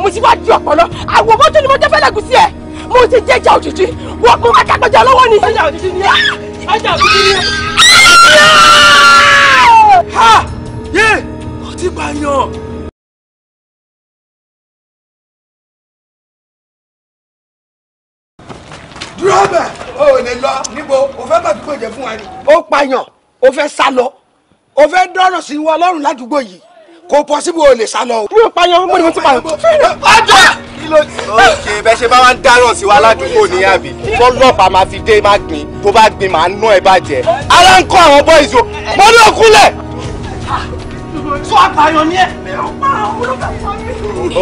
ọmọ tí wàá di ọ̀pọ̀lọ́ àwọn mọ́tò ni mo jẹ́ fẹ́ lẹ́gùn sí ẹ̀ mo ti jẹ́ ìjà òjijì wọ́n mú ajagbọ́jà lọ́wọ́ ni. ọjà òjijì ni ọjà òjijì ni. ha yé ọtí pààyàn. dúró bẹ̀ o ò lè lọ níbo o fẹ́ bàtúkọ̀ jẹ fún wa ni. ó pààyàn ó fẹ́ sá lọ ó fẹ́ dọ́rọ̀ sí wa lọ́rùn ládùúgbò yìí kò pọ́sibú o lè sá lọ. mi ò pààyàn mo ni mo ti pààyàn. ọjọ́ òkè bẹ́ẹ̀ ṣe bá wá ń dáràn sí wa ládùúgbò ní àbí tọ́lọ́pàá máa fi dé má gbin tó bá gbin máa ná ẹ bàjẹ́ ara ń kọ́ àwọn boys o mo ní òkúlẹ̀. sọ àpàyàn ni ẹ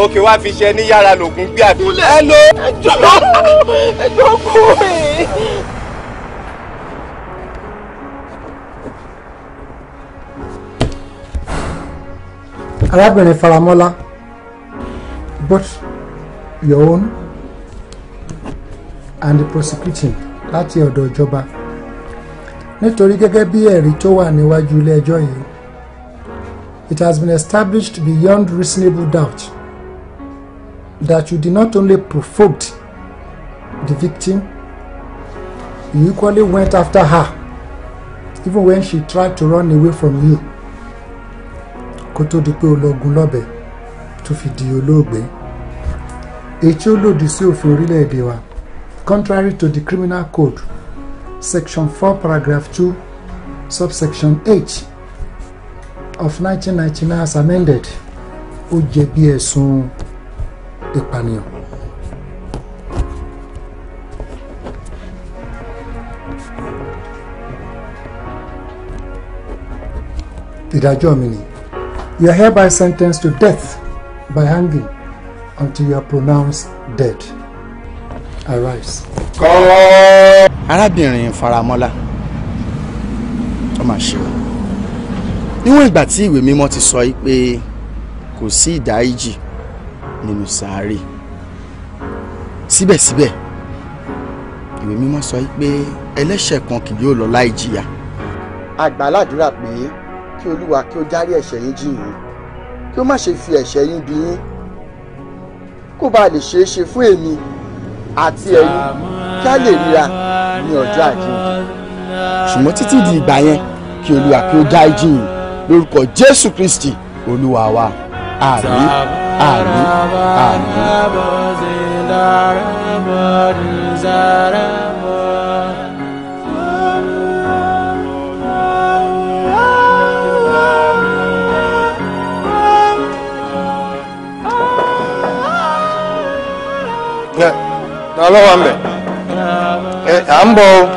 òkè wá fi ṣe ní yàrá lògùn gbé àdúgbò. ẹ lọ ẹ jọ ẹ. arábìnrin faramọ́lá both your own and the prosecuting láti ọ̀dọ̀ ìjọba nítorí gẹ́gẹ́ bí ẹ̀rí tó wà níwájú ilé ẹjọ́ yìí it has been established beyond reasonable doubt that you did not only provoked the victim you equally went after her even when she tried to run away from you kó tó di pé ó lọ́bẹ̀ tó fi di olóògbé èyí tí ó lòdì sí òfin orílẹ̀-èdè wa contrary to the criminal code section four paragraph two subsection h of nineteen ninety nine as amended ó jẹ̀bi ẹ̀sùn ìpànìyàn. ìdájọ́ mi nìyí. You are hereby sentenced to death by hanging until you are pronounced dead. Arise. Arábìnrin Faramọ́lá, ó mà ṣe o. Níwọ̀n ìgbà tí ìwé mímọ́ ti sọ pé kò sí ìdáríjì nínú sàárè. Síbẹ̀síbẹ̀, ìwé mímọ́ sọ pé ẹlẹ́ṣẹ̀ kan kì yóò lọ láì jìyà. Àgbàládùúrà pé kí olúwa kí ó dárí ẹ̀ṣẹ̀ yín jì kí ó má ṣe fi ẹ̀ṣẹ̀ yín bí yín kó bá lè ṣeé ṣe fún èmi àti ẹ̀yin kí a lè ríra ní ọjọ́ àjíǹde. ṣùgbọ́n títí di ìgbà yẹn kí olúwa kí ó dárí jì yín lórúkọ jésù kristi olúwa wa àmín àmín àmín. Nalowa mbe. Ẹ à ń bọ̀ o,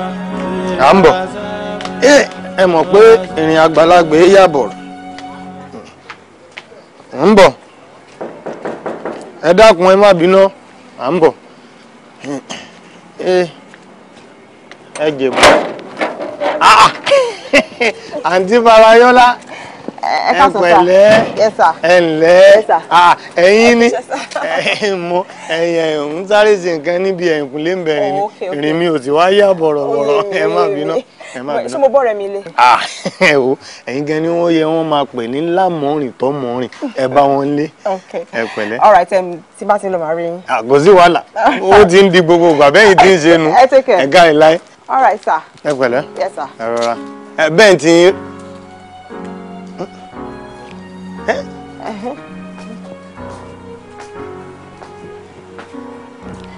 à ń bọ̀. e, ẹ mọ̀ pé ìrìn àgbàlagbà yàbọ̀. Ń bọ̀. Ẹ dákun ẹ má bínú, à ń bọ̀. Ẹ ẹ ẹ pẹ̀lẹ́ ẹ ǹlẹ́ ẹ̀yin ni mo ẹ̀yìn ń sáré sí nǹkan níbi ẹ̀yìnkùnlé ń bẹ̀rẹ̀ ni ìrìn oh, mi ò sì wá yà bọ̀rọ̀bọ̀rọ̀ ẹ má bínú ẹ má bínú. ṣé mo bọ́ rẹ̀ mi lé. ẹ wo ẹ̀yin gan ni wọ́n yẹ wọ́n máa pè ní lámọ̀ọ́rìn tọ́mọ̀ọ́rìn ẹ bá wọn lé ẹ pẹ̀lẹ́. all right tí bá ti lọ màá rí yín. kò sí wàhálà ó ti ń di gbogbo ìgbà bẹ́yìn tí ń ṣe nu ẹ̀ka ìláyé. all right sir. ẹ pẹ̀lẹ́ ẹ rọra ẹ bẹ́ẹ̀ ti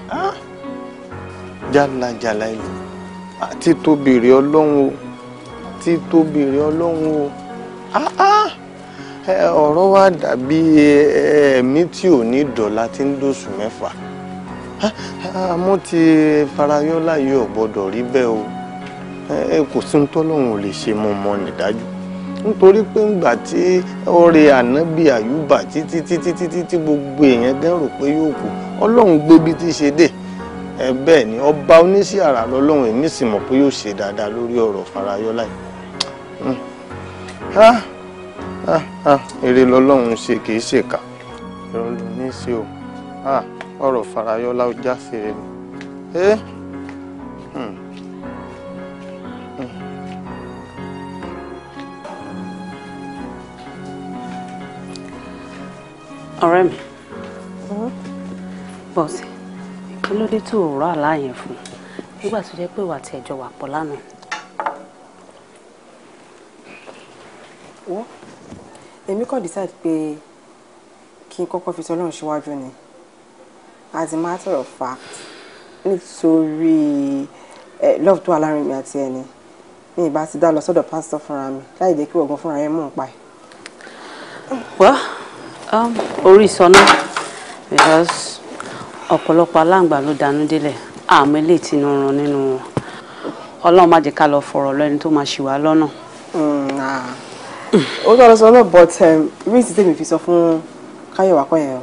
Ah. jàlàjàlà ìlú títóbi rẹ̀ ọlọ́run o títóbi rẹ̀ ọlọ́run o ah, ah. ọ̀rọ̀ wa dàbí ẹ̀mí tí ò ní dọ̀la tí ń dòṣù mẹ́fà àmọ́ ti farayọ́lá yìí ò gbọ́dọ̀ rí bẹ́ẹ̀ o kò sí ní tọ́lọ́run ò lè ṣe mọ́ mọ́ nìdájú nítorí pé ńgbà tí ọrẹ ànábì àyùbá títí títí títí tí gbogbo èèyàn gan rò pé yóò kú ọlọ́run gbébi tí ṣe dé ẹ bẹ́ẹ̀ ni ọba oníṣẹ́ àrà lọ́lọ́run èmi sì mọ̀ pé yóò ṣe dáadáa lórí ọ̀rọ̀ farayọ́lá yìí èrè hmm. lọ́lọ́run ṣe kì í ṣèkà ìrọ̀lù ní ṣe o ọ̀rọ̀ farayọ́lá ó já sí rẹ̀ ni. Eh? Hmm. ọ̀rẹ́ mi bọ́ọ̀sì kí ló dé tó rọ àlàyé fún nígbà tó jẹ́ pé ìwà tí ẹ̀jọ̀ wà pọ̀ lánàá. wọ́n èmi kàn decide pé kí n kọ́kọ́ fi tọ́lọ́run síwájú ni as a matter of fact nítorí love tó wà láàrin mi àti ẹni mi ìbá ti dá lọ sọ́dọ̀ pásítọ̀ fúnra mi láì jẹ́ kí ọ̀gbọ́n fúnra yẹn mọ̀ ń pa ẹ̀. Ah, orí sọnà because ọ̀pọ̀lọpọ̀ aláǹgbà ló dànù délẹ̀ àmọ́ ilé ìtinú ràn nínú wọn ọlọ́run má jẹ́ ká lọ fọ̀rọ̀ lẹ́ni tó máa ṣì wá lọ́nà. Mm, ah. ó tọ́lọ sọ náà but um, ríìsì tèmi fi sọ fún káyọ̀wá kọ́ yẹn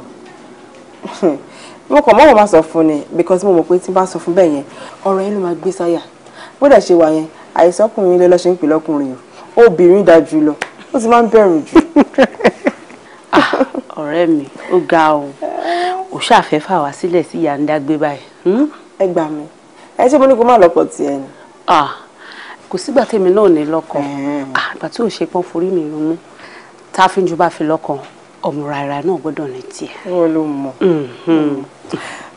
o mo kàn mọ́wọ́ máa sọ fún ni because mo mọ̀ pé tí n bá sọ fún bẹ́ẹ̀ yẹn ọ̀rọ̀ yẹn ló máa gbé sáyà bó dẹ̀ ṣe wà yẹn àìsàn ọkùnrin ilé lọ́sẹ̀ ń pè lọ́kùnrin o obìnrin dájú lọ ó ti máa ń bẹ̀rù jù. ọ̀rẹ́ mi ó ga o ò ṣàfẹ́ fà wá sílẹ̀ sí ìyá ń dágbé báyìí. Hmm? ẹ gbà mí ẹ ṣe mo ní kó má lọ́pọ̀ tiẹ̀ ni. kò sígbà tèmi náà ní lọ́kàn àgbà tí ò ṣe pọ́n forí mi rún mú tá a fi ń bá fi lọ́kàn ọmọ náà gbọ́dọ̀ ní tiẹ̀. wọ́n ló mọ̀ mm-hmm.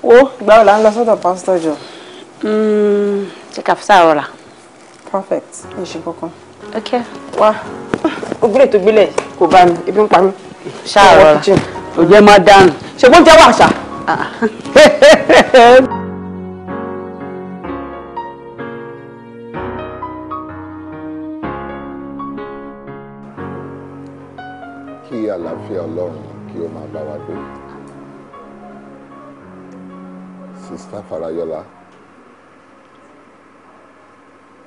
wo ìgbà la ń lọ sọ́dọ̀ pásítọ̀ jọ. Mm, ṣé kàfíṣà rọra. perfect ẹ ṣe kankan. ok wá ògbìnrin tó gbélé kò bá mi ebi ń pa mí ṣáàrọ̀ kò jẹ́ máa dànù ṣe bó jẹ́ wàṣà. Ah. kí àlàáfíà ọlọ́run kí ó máa bá wa gbé sista Farayọlá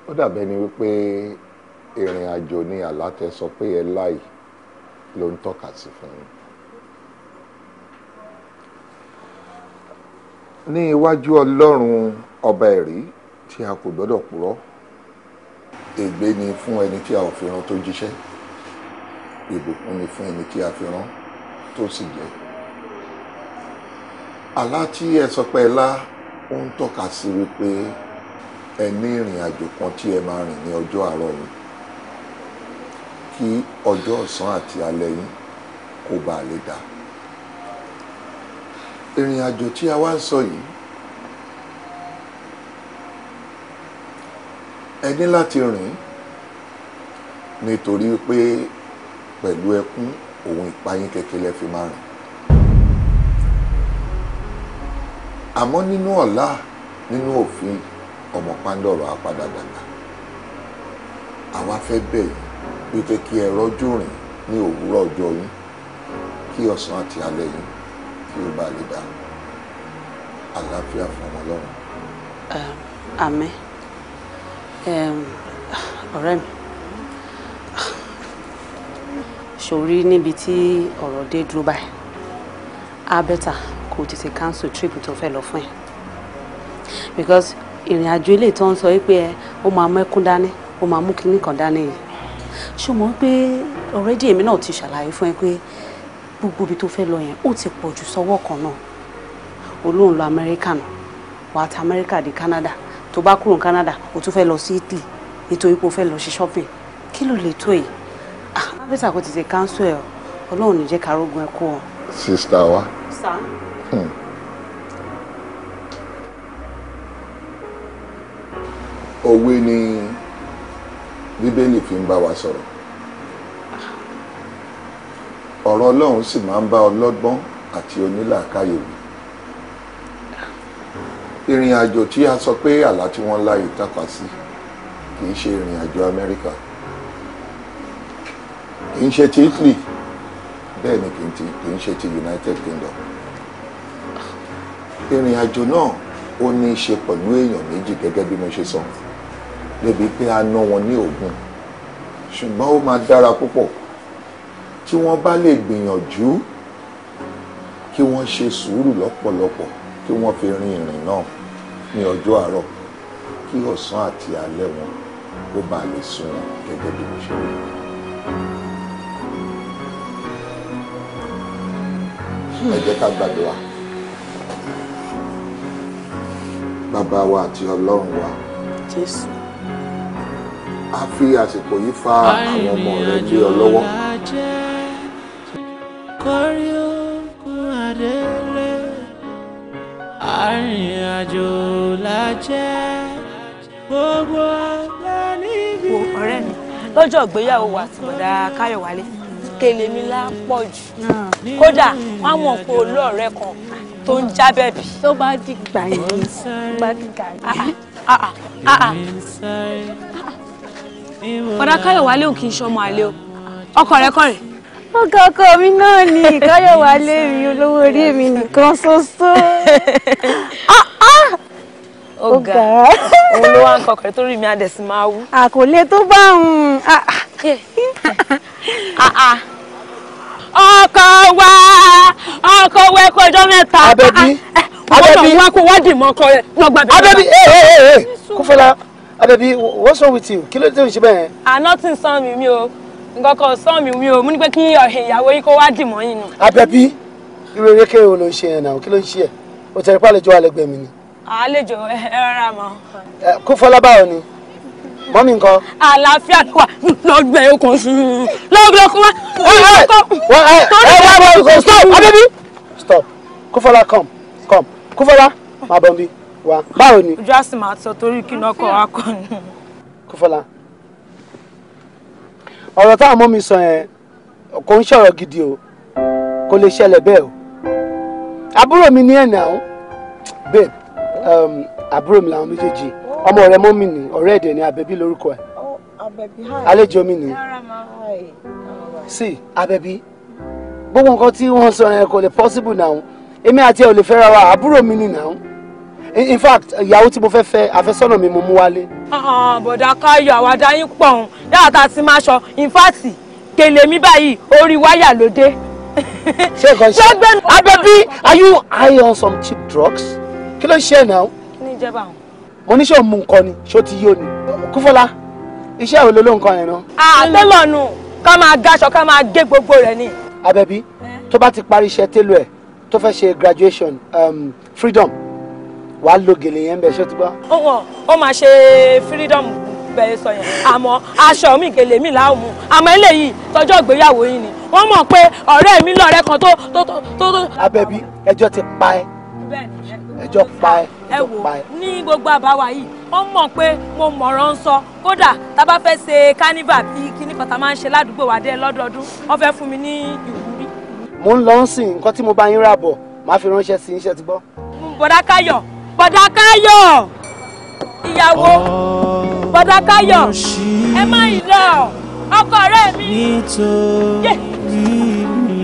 ó dàbẹ́ ni wípé ìrìn àjò ni àlá tẹ sọ pé ẹ láì ló ń tọ́ka sí fún yín. ní iwájú ọlọ́run ọba ẹ̀rí tí a kò gbọ́dọ̀ purọ́ ègbé ni fún ẹni tí a ò fi rán tó jíṣẹ́ ìbùkún ni fún ẹni tí a fi rán tó sì jẹ́ àlá tí ẹ sọ pé ẹlá ó ń tọ́ka sí wípé ẹ ní ìrìn àjò kan tí ẹ máa rìn ní ọjọ́ àárọ̀ yìí kí ọjọ́ ọ̀sán àti alẹ́ yín kó bá a lè dá ìrìn àjò tí a wá ń sọ yìí ẹ ní láti rìn nítorí pé pẹ̀lú ẹkún òun ìpayín kékeré lẹ fi máa rìn àmọ́ nínú ọ̀la nínú òfin ọmọ pàǹdọ̀rọ̀ apàdàdàgbà àwa fẹ́ bẹ̀ wípé kí ẹ rọ́jú rìn ní òwúrọ̀ ọjọ́ yín kí ọ̀sán àti alẹ́ yín kí ó bá lè dá àlàáfíà fún ọmọ ọlọ́run. àmín ọ̀rẹ́ mi ṣòrí níbi tí ọ̀rọ̀ dé dúró báyìí á bẹ́tà kó tètè cancel trip tó fẹ́ lọ fún ẹ because ìrìn àjò ilé tó ń sọ wípé ẹ ó máa mú ẹkún dání ó máa mú kinní kan dání yìí ṣé o mọ̀ pé already èmi náà ti ṣàlàyé fún ẹ pé gbogbo ibi tó fẹ́ lọ yẹn ó ti pọ̀ jù sọ́wọ́ kan náà olóhùn lọ amẹ́ríkà náà wà á ta amẹ́ríkà dé canada tó bá kúrò canada ó tún fẹ́ lọ sí italy nítorí pé ó lọ ṣe shopping kí ló lè tó yìí ah abẹ́sà kò tètè cancel ẹ̀ ọlọ́run ní jẹ́ karógun ẹ̀ sista wa. sa. Hmm. òwe ni bíbélì fi ń bá wa sọ̀rọ̀ ọ̀rọ̀ ọlọ́run sì máa ń bá ọlọ́gbọ́n àti onílàákàyè wí ìrìn àjò tí a sọ pé àlá tí wọ́n láyè tàpá sí kì ṣe ìrìn àjò Amẹ́ríkà kì ṣe ti Italy bẹ́ẹ̀ ni kì ṣe ti United Kingdom ìrìn àjò náà ó ní í ṣe pẹ̀lú èèyàn méjì gẹ́gẹ́ bí mo ṣe sọ. So débi pé a ná wọn ní oògùn ṣùgbọ́n ó máa dára púpọ̀ tí wọ́n bá lè gbìyànjú kí wọ́n ṣe sùúrù lọ́pọ̀lọpọ̀ kí wọ́n fi rin ìrìn náà ní ọjọ́ àárọ̀ kí ọ̀sán àti alẹ́ wọn kó bàa lè sùn wọn gẹ́gẹ́ bí mo ṣe rí. ẹ jẹ́ ká gbàdúrà bàbá wa àti ọlọ́run wa. jésù a fi àsìkò yìí fa àwọn ọmọ rẹ lé ọ lọ́wọ́. kọrí okun adélé arìnrìnàjò la jẹ́ gbogbo ọ̀la níbi. wo ọ̀rẹ́ mi lọ́jọ́ ìgbéyàwó wa ti bọ̀dá káyọ̀wálé kele mi lá pọ̀ jù hmm. kódà wọn àwọn òpó olóòrẹ́ kan tó ń jábẹ́bì. tó bá dìgbà yìí tó bá dìgbà yìí. Ah, ah, ah, ọ̀dà káyọ̀wálé ò kì í ṣọmọ àlè o ọkọ rẹ kọ́ rẹ̀. ọkọ ọkọ mi náà ni káyọ̀wálé mi olówó orí mi nìkan ṣoṣo. Ah, ah! ọ̀gá òun ló wá ń kọkọrẹ tó rí mi adẹ̀sí máa wú. àkọlé tó bá ń. Ah, ọkọ wa ọkọ wa ẹkọ ọjọ́ mẹ́ta. abẹbí abẹbí eh, wọn kò wá dì mọ ọkọ rẹ lọgbàdàn. abẹbí ee ee ee kófẹlá. Abebi, what's wrong with you? Kí ló dé òun ṣe bẹ́ẹ̀? Ah, nothing sàn mi mi o. Nǹkan kan sàn mi mi o. Mo ní pé kí ìyàwó yín kó wá dì mọ́ yín nù. Abebi, irú eré kéré ló ń ṣe yẹn náà? Kí ló ń ṣe ẹ̀? O tẹ̀lé pa àlejò alẹ́gbẹ́ mi ni. Àlejò ẹ rárá mọ. Kó fọlá báwo ni? Mọ́mí nǹkan. Àlàáfíà wà lọ́gbẹ̀ẹ́ okùn sí i. Lọ́gbẹ̀ẹ́ okùn wá. Ẹ wá wá stop Abebi. Stop. Kó come come. Kó fọlá wa báwo ni. ojú àsì máa sọ torí kí náà kọ akọ ni. Kúfọlá ọ̀rọ̀ táwọn mọ́ mi sọ yẹn kò ń ṣọ̀rọ̀ gidi o kò lè ṣẹlẹ̀ bẹ́ẹ̀ o àbúrò mi ní ẹ̀nà o babe um, àbúrò mi làwọn méjèèjì ọmọ rẹ mọ́ mi ní ọ̀rẹ́ ẹ̀dẹ̀ ni Àbẹ̀bí lórúkọ ẹ̀ oh, àlejò mi ní sí Àbẹ̀bí gbogbo nǹkan tí wọ́n sọ yẹn kò lè possible now èmi àti ẹ̀ ò lè fẹ́ra wa àbúrò mi ní now in fact ìyàwó tí mo fẹ́ fẹ́ àfẹ́sọ́nà mi mo mú wálé. Ah, ah, bọ̀dà káyọ̀ àwàdà yín pọ̀ ọ̀hún dáàtà sí máa ṣọ in fact kèlè mi báyìí orí wáyà ló dé. ṣé nǹkan ṣe abẹ́bí are you high on some cheap drugs? kí ló ń ṣe ẹ̀ náà. kí ni ìjẹba àwọn. mo ní ṣé òun nǹkan ni ṣó ti yóò ni kúfọ́lá iṣẹ́ ìwé ló nǹkan yẹn náà. àtẹ́lọ̀ ah, nù ká máa gaṣọ ká máa gé gbogbo rẹ̀ ni. abẹ́bí eh. tó bá ti parí iṣẹ́ télò ẹ̀ tó fẹ́ ṣe graduation um, freedom wà á lo gèlè yẹn bẹ ṣé ti gbọ́. ọ̀hún ó máa ṣe freedom bẹ̀rẹ̀ sọ yẹn àmọ́ aṣọ mi gèlè mi làá mú eléyìí tọjọ́ ìgbéyàwó yìí ni wọ́n mọ̀ pé ọ̀rẹ́ mi lọ́rẹ́ kan tó tó tó. abẹ́bí ẹjọ́ ti pa ẹ́ ẹjọ́ pa ẹ́ ẹ wò ní gbogbo àbáwá yìí ó mọ̀ pé mo mọ̀rọ̀ ń sọ kódà tá a bá fẹ́ ṣe carnival bí kíní pàtà máa ń ṣe ládùúgbò wa dé lọ́dọọdún wọ́n fẹ́ fún mi ní ìwúrí. mo ń lọ sí nǹkan tí mo bá yín rà bọ̀ máa fi ránṣẹ́ sí iṣẹ́ ti gbọ́. bọ̀dá káyọ̀ bọ̀dá káyọ̀ ìyàwó bọ̀dá káyọ̀ ẹ má yìí lọ ọkọ rẹ mi. nítorí mi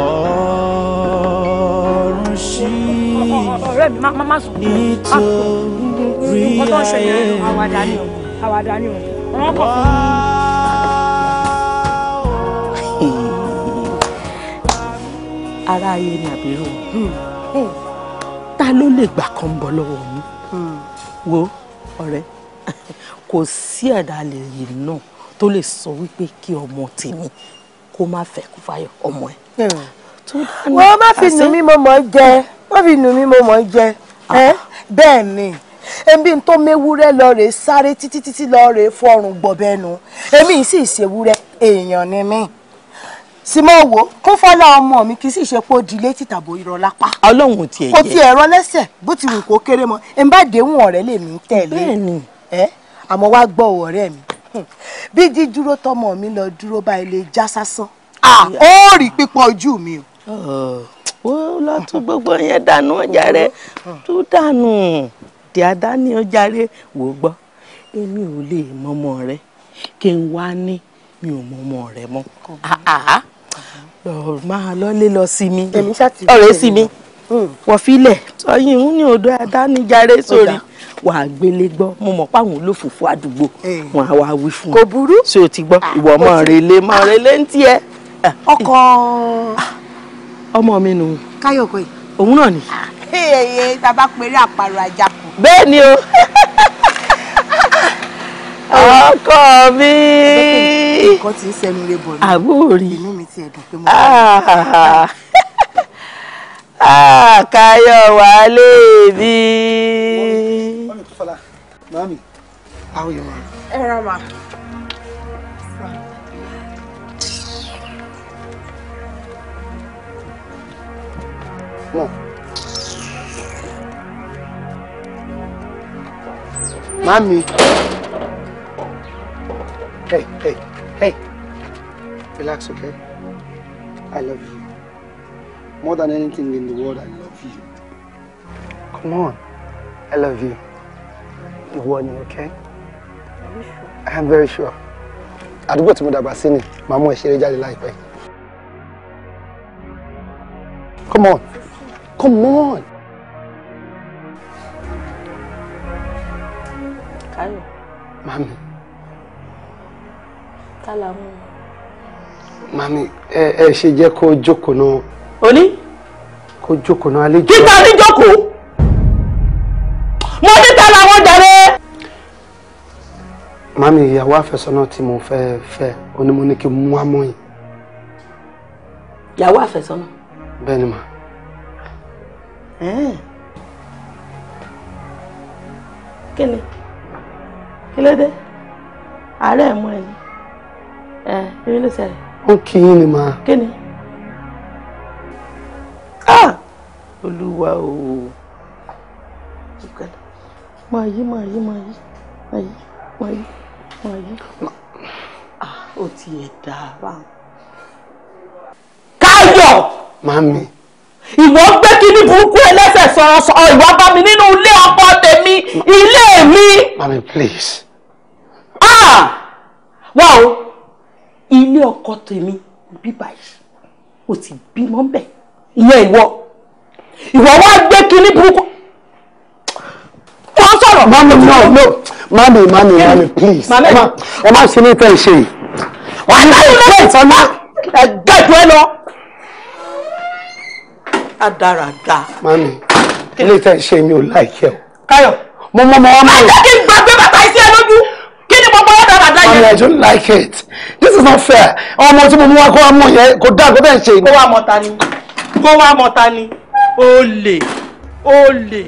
ọ̀run ṣí. ọ̀rẹ́ mi má má sùn. nítorí ayé mi ọ̀tọ̀ ń ṣe yẹn àwàdà ni o àwàdà ni o wọ́n kọ̀ fún mi. ara ayé ni àbírò ta ló lè gbà kan bọ́ lọ́wọ́ mi hmm. wo ọ̀rẹ́ kò sí ẹ̀dá lè yìí náà tó lè sọ wípé kí ọmọ tèmi kó má fẹ́ kú fáyọ̀ ọmọ ẹ̀. Hmm. wọ́n má fi nù mí mo mọ̀ jẹ má fi nù mí mo mọ̀ jẹ ah. bẹ́ẹ̀ ni èmi tó méwúrẹ́ lọ rèé sáré títí títí lọ rèé fọrùn gbọ̀bẹ́nu èmi sì ṣèwúrẹ́ èèyàn ni mí sì mọ wò kún fọlá ọmọ mi kì í sì ṣe pé ó di létí tàbó irọ́ lápá. ọlọ́run ò tiẹ̀ jẹ́ kò tiẹ̀ rọ lẹ́sẹ̀ bó ti wù kó kéré mọ́ ẹ̀ ń bá déhùn ọ̀rẹ́ lèmi ń tẹ̀lé. bẹ́ẹ̀ni. ẹ àmọ́ wá gbọ́ ọ̀rẹ́ mi bí dídúró tọmọ mi lọ dúró bá ilé já sásán ó rí pípọ̀ ojú mi o. ó lọ tún gbogbo yẹn dànù ọjà rẹ tún dànù tí a ọjà rẹ wò gbọ́ èmi ò lè mọmọ rẹ kí n wá ní mi ò mọmọ rẹ mọ́ máa lọ́lé lọ sí mi ọ̀rẹ́ sí mi hmm. wọ́n filẹ̀ sọyìn ń ní odò adánijáre sórí wà á gbélé gbọ́ mo mọ̀ páwọn olófòfò àdúgbò eh. wọn á wá wí fún un kò burú ṣé o ti gbọ́ ah, ìwọ ọmọ rèlé ọmọ ah. rèlé ń tiẹ̀. Ah. ọkọ ọmọ mi nù. káyọ̀kọ̀ yìí. òun náà ni. ẹ̀ẹ́dẹ̀ tàbá péré àparò àjàkù. bẹ́ẹ̀ ni o. ọkọ mi. nǹkan ti ń sẹnu rẹ bọ̀ ní. àbúrò inú mi ti ẹ̀dùn pé mo bá a. káyọ̀ wálé mi. mọ́mí tó fọlá mọ́mí àwọn èèyàn Mami. Hey, hey, hey. Relax, okay? I love you. More than anything in the world, I love you. Come on. I love you. Ìwọ ni, okay? Are you sure? I am very sure. Àdúgbò tí mo dàgbà sí ni, màá mú ìṣeré jáde life. Come on. Come on. Kayo. Mami bàtà làwọn. mami ẹ ẹ ṣe jẹ́ kó jókòó náà. o ní. kó jókòó náà àlejò. títa ní jókòó mo títa làwọn jàre. mami ìyàwó àfẹ́sọ́nà tí mo fẹ́ fẹ́ onímọ̀ ní kí n mú amọ̀ yìí. ìyàwó àfẹ́sọ́nà. bẹ́ẹ̀ ni kí ni kí ló dé àárẹ̀ mú ẹ̀yìn ẹ èmi ló ṣẹlẹ̀. wọ́n kì í ni ma, kí ni. Ah! olúwa o máa yí máa yí máa yí máa yí máa yí máa yí. Ah, ó ti ẹ̀ dáa báwọn. káyọ̀. màmí ìwọ gbé kíní burúkú ẹlẹ́sẹ̀ sọ̀rọ̀ sọ̀rọ̀ ìwà bá mi nínú ilé ọkọ tèmi ilé mi. mami please. ah wá o. Wow ilé ọkọ tèmi bí báyìí o ti bímọ bẹ ìyẹn ìwọ ìwọ wá gbé kinní burúkú wọn sọ̀rọ̀. mami no no mami mami mami please ẹ má ṣe ní tẹ́ ẹ ṣe yìí wàá láyé tẹ́ ẹ sọ́nà ẹ gẹ̀ẹ́dù ẹ lọ. adarada. mami ilé tẹ́ ẹ ṣe mi ò láìkẹ́ o. káyọ̀. mo mọ mọ ọmọ rẹ. má jẹ́ kí n gbàgbé bàtà iṣẹ́ lójú mean I don't like it. This is not fair. Ọmọ tí mo mú wá kó wá mọ̀ yẹn kò dáa kó bẹ́ẹ̀ ṣe. Kó wá mọ ta ni. Kó wá mọ ta ni. Olè. Olè.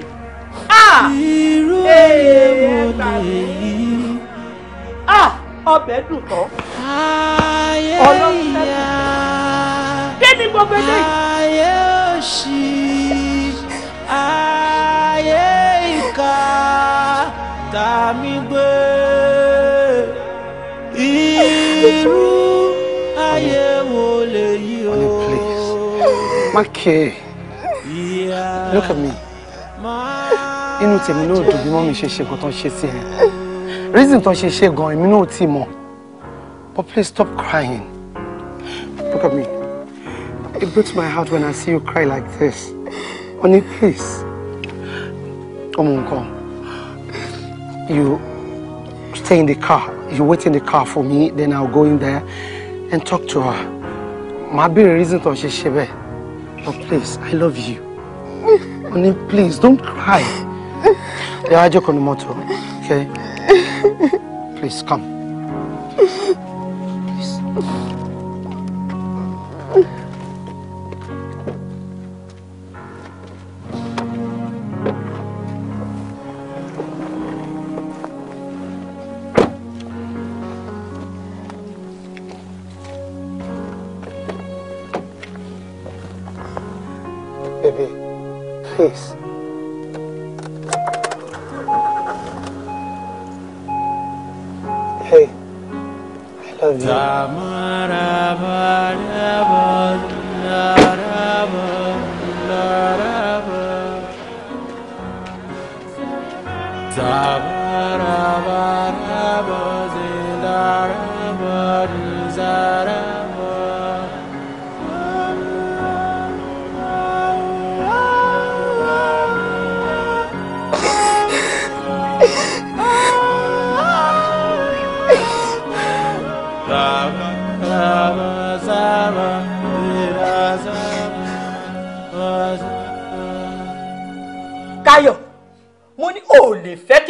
Ah! Irú èèwọ̀ lèyí. Ah! Ọbẹ̀ dùn tán. Ọlọ́run lẹ́nu. Kí ni Ayé òṣì, ayé ìka, tàmí gbé. irú ayé wo lè yí o. please má kí ẹ look at me inú tèmi ló dùn bí mọ́mí ṣe ṣe nǹkan tó ń ṣe sí ẹ reason tó ń ṣe ṣe gan-an èmi náà ti mọ̀ but please stop crying look at me it breaks my heart when I see you cry like this honey please ọmọ nǹkan you stay in the car. You wait in the car for me, then I'll go in there and talk to her. Má a reason tó ṣe ṣe But please, I love you. Honey, please, don't cry. Yeah, I joke on the motor, okay? Please, come. Please. place. Hey, I love you.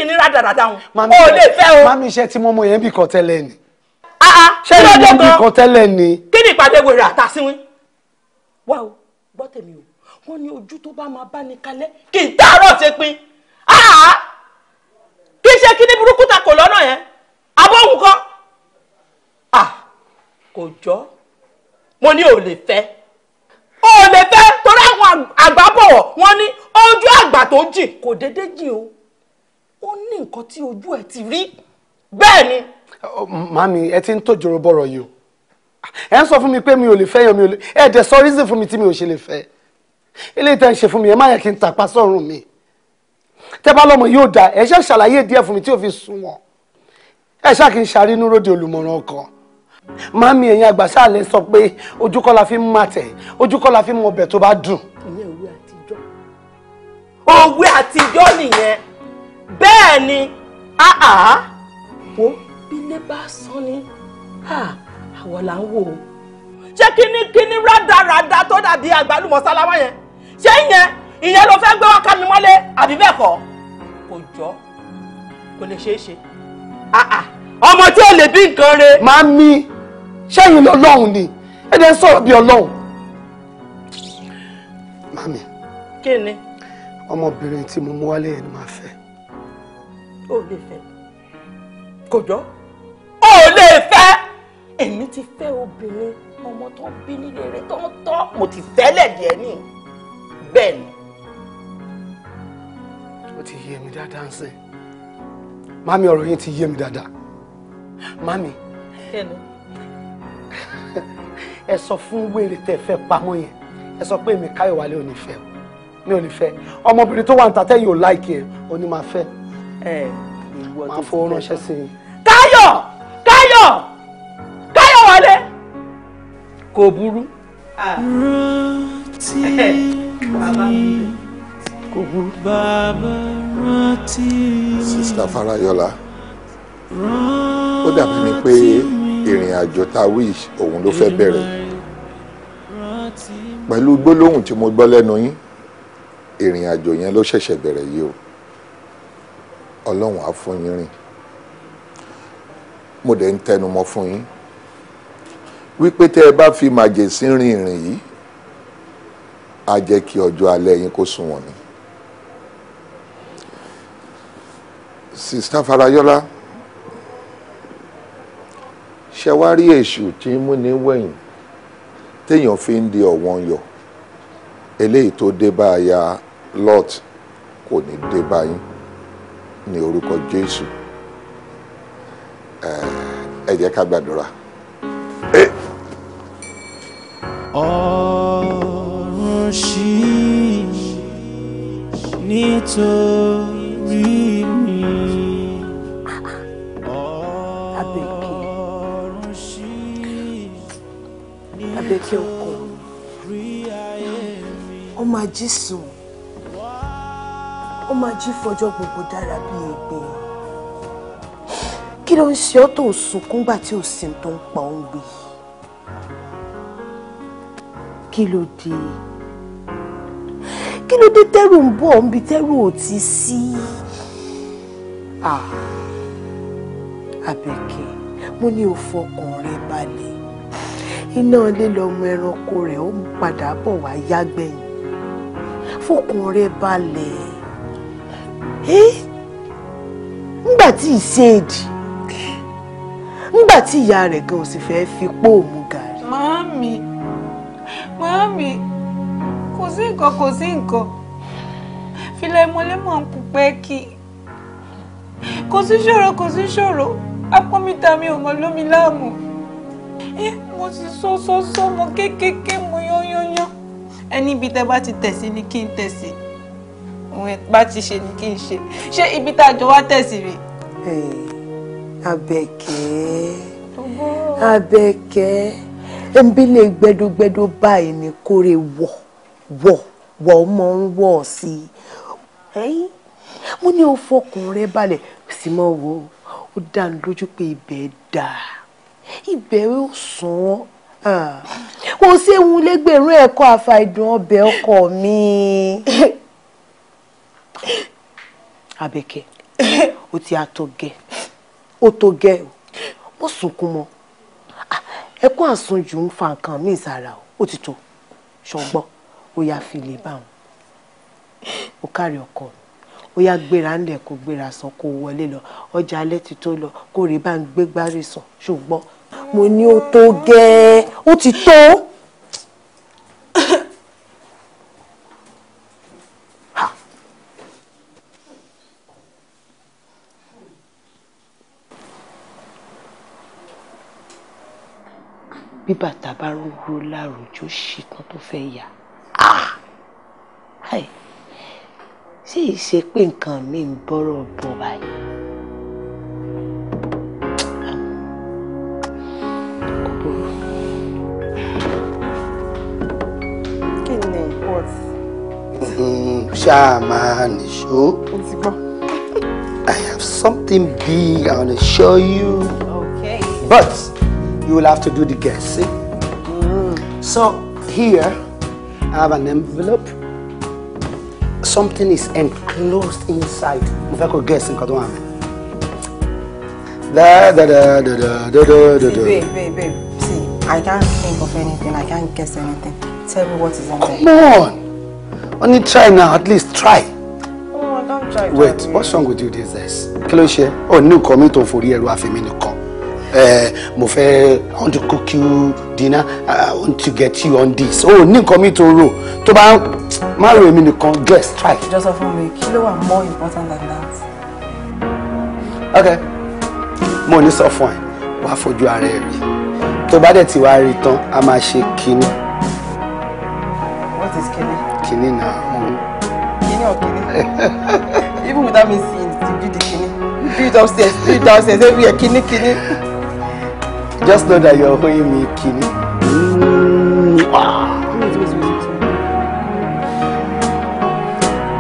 kìíní rádaràda wọn. mami o lè fẹ́ o. mami iṣẹ́ ti mo mọ yẹn bì kọ́ ni. Ah ah. dé gan. ṣé ìbí kọ́ tẹ́lẹ̀ ni. kí ni ìpàdé wèrè àtàsíwín. wá o gbọ́ tèmi o wọ́n ní ojú tó bá máa bá ní kalẹ̀ ah, ah, ah. kì í tààrọ̀ ṣe pin. kì Ah. ṣe kí ni burúkú ta kò lọ́nà yẹn abóhùn kan. kò jọ mo ní ò lè fẹ́ ò lè fẹ́ torí àwọn àgbà bọ̀wọ̀ wọ́n ní ojú àgbà tó jìn kò déédéé jìn o ó ní nǹkan tí ojú ẹ ti rí bẹ́ẹ̀ ni. Oh, màmí ẹ ti ń tòjòrò bọ̀rọ̀ yìí o ẹ ń sọ fún mi pé mi ò lè fẹ́ yan mi ò lè ẹ dẹ̀ sọ reason fún mi tí mi ò ṣe lè fẹ́ eléyìí tẹ́ ń ṣe fún mi ẹ má yẹ kí n tàpá sọ́run mi tẹ́ bá yóò dáa ẹ ṣe ṣàlàyé díẹ̀ fún mi tí ò fi sùn wọ̀n ẹ ṣáà kí n ṣàrínú ròde olùmọ̀ràn ọkàn màmí ẹ̀yin àgbà ṣáà sọ pé ojúkọ́ la fi ń màtẹ̀ ojúkọ́ la fi ń mọbẹ̀ tó bá dùn. ìyẹn òwe àtijọ́ òwe àtijọ́ nìyẹn bẹ́ẹ̀ ni àá wo bílé bá sán ni àwọ̀ là ń wò ó ṣé kínníkínní rádaràda tó dàbí àgbálùmọ̀ sálámà yẹn ṣé ìyẹn ìyẹn ló fẹ́ gbé wá ká mi mọ́lé àbí bẹ́ẹ̀ kọ́ kò jọ kò lè ṣeé ṣe ọmọ tí ò lè bí nǹkan re. màámi ṣẹ́yìn lọ́lọ́run ni ẹ dẹ́ ń sọ̀rọ̀ bí ọlọ́run. màámi. kí ni. ọmọbìnrin tí mo mú wálé yẹn ni màá fẹ́ ò lè fẹ́ kò jọ ò lè fẹ́ èmi ti fẹ́ obìnrin ọmọ tó bí nílé rẹ tó ń tọ́ mo ti fẹ́lẹ̀ díẹ̀ ní bẹ́ẹ̀ ni. ó ti yé mi dáadáa ń sìn mami ọ̀rọ̀ yín ti yé mi dáadáa mami. kẹ́nu ẹ sọ fún wèrè tẹ fẹ́ pamọ́ yẹn ẹ sọ pé èmi káyọ̀wálé ò ní fẹ́ mi ò ní fẹ́ ọmọbìnrin tó wà ń tatẹ́yìn ò láìkì ẹ̀ ò ní máa fẹ́ ẹ ìwọ tó fọ ránṣẹ́ sí i. káyọ̀ káyọ̀ káyọ̀ wọlé kò burú. rántí mi kò burú. bàbá rántí mi. sista Farayola ó dàbí ni pé ìrìn àjò ta wish òun ló fẹ́ bẹ̀rẹ̀ pẹ̀lú gbólóhùn tí mo gbọ́ lẹ́nu yín ìrìn àjò yẹn ló ṣẹ̀ṣẹ̀ bẹ̀rẹ̀ yìí o ọlọ́run á fún yín rìn mo dẹ̀ ń tẹnumọ́ fún yín wípé tẹ́ ẹ bá fi màjèsí rin ìrìn yìí á jẹ́ kí ọjọ́ alẹ́ yín kó sunwọ̀n ni. sista Farayọlá ṣe wá rí èṣù tí ń múni wẹ̀yìn téèyàn fi ń di ọ̀wọ́n yọ eléyìí tó dé bá aya lot kò ní dé bá yín ní orúkọ Jésù ẹ jẹ́ ká gbàdúrà. ọ̀run ṣí nítorí mi. abẹ́kẹ́ abẹ́kẹ́ ọkọ ọmọ Jésù ó máa jí fọjọ́ gbogbo dára bí ẹgbẹ́ kí ló ń ṣe ọ́ tó ń sunkún gbà tí ò sí tó ń pa òun gbé kí ló dé kí ló dé tẹ́rù ń bọ̀ ń bi tẹ́rù ò ti sí àbẹ̀kẹ́ mo ní o fọkàn rẹ balẹ̀ iná ilé ẹranko rẹ̀ ó ń padà bọ̀ wá yá gbẹ̀yìn fọkàn rẹ balẹ̀. Eh? ńgbà tí ìṣe èdì ńgbà tí ìyá rẹ̀ gan sì fẹ́ fi póòmù gàrí. màámi màámi kò sí nǹkan kò sí nǹkan filemọ́lẹ́mọ̀ ń pupẹ́ kí kò sí ṣòro kò sí ṣòro apọ́mítà mi ò mọ lómi láàmú eh, mo ti sọ sọ sọ mo kéékèèké mo yán yán yán ẹni ibi tẹ bá ti tẹ̀sí ni kí n tẹ̀sí òun bá ti ṣe ni kí n ṣe ṣé ibi tá a jọ wá tẹ̀sí rè. abẹ́kẹ́ abẹ́kẹ́ ẹ̀ńbí lè gbẹ́dúgbẹ́dú báyìí ní kórè wọ̀ wọ̀ wọ̀ ọmọ ń wọ̀ sí i mo ní o fọkàn rẹ balẹ̀ sì mọ́ wo ó dá mi lójú pé ibẹ̀ dáa ibẹ̀ ó sàn án ah. kò séwu lẹ́gbẹ̀rún ẹ̀kọ́ àfàìdùn ọbẹ̀ ọkọ mi. Abẹ́kẹ́ o ti ato o tó gẹ o mo sunkún mọ́ ah, ẹkún àsunjù ń fa nǹkan míì sára o ó ti tó ṣọgbọ́n ó yá fi lè bá wọn ó kárí ọkọ o ó yá gbéra ńlẹ̀ kó gbéra sàn kó wọlé lọ ọjà alẹ́ ti tó lọ kó rí bá ń gbé gbárí sàn ṣùgbọ́n mo ní ó tó gẹ́ẹ́ ó ti tó. bí bàtà bá rúru láròjó ṣetán tó fẹ́ yà á ah! ṣé ìṣe pé nǹkan mi ń bọ́rọ̀ bọ̀ báyìí. kí what. Hmm, ṣáà máa nìṣó. mo I have something big I wanna show you. Okay. But you will have to do the guess, see? Mm. So here, I have an envelope. Something is enclosed inside. Mo fẹ́ kó guess nǹkan tó Da da da da da da da da. Babe, babe, babe. See, I can't think of anything. I can't guess anything. Tell me what is in there. Come on. Only try now. At least try. Oh, don't try. Wait, what's wrong with you these days? Kí ló ṣe? Oh, new coming to for year, Afemi nìkan. Eh, mo fẹ́ i want to cook you dinner ah, i want to get you on this Oh, ní nǹkan mi tó rò tó bá má rò èmi nìkan guess try. Just sọ me kilo. kí more important than that. Okay. mo ní sọ fún ẹ wàá fojú ara ẹ rí tó bá dẹ̀ ti wá rí tán a máa ṣe kínní. what is kínní. kínní na. kínní or kínní even without me seeing you do the kínní do it upstairs do it downstairs everywhere kínní kínní. Just know that you're owing me kini.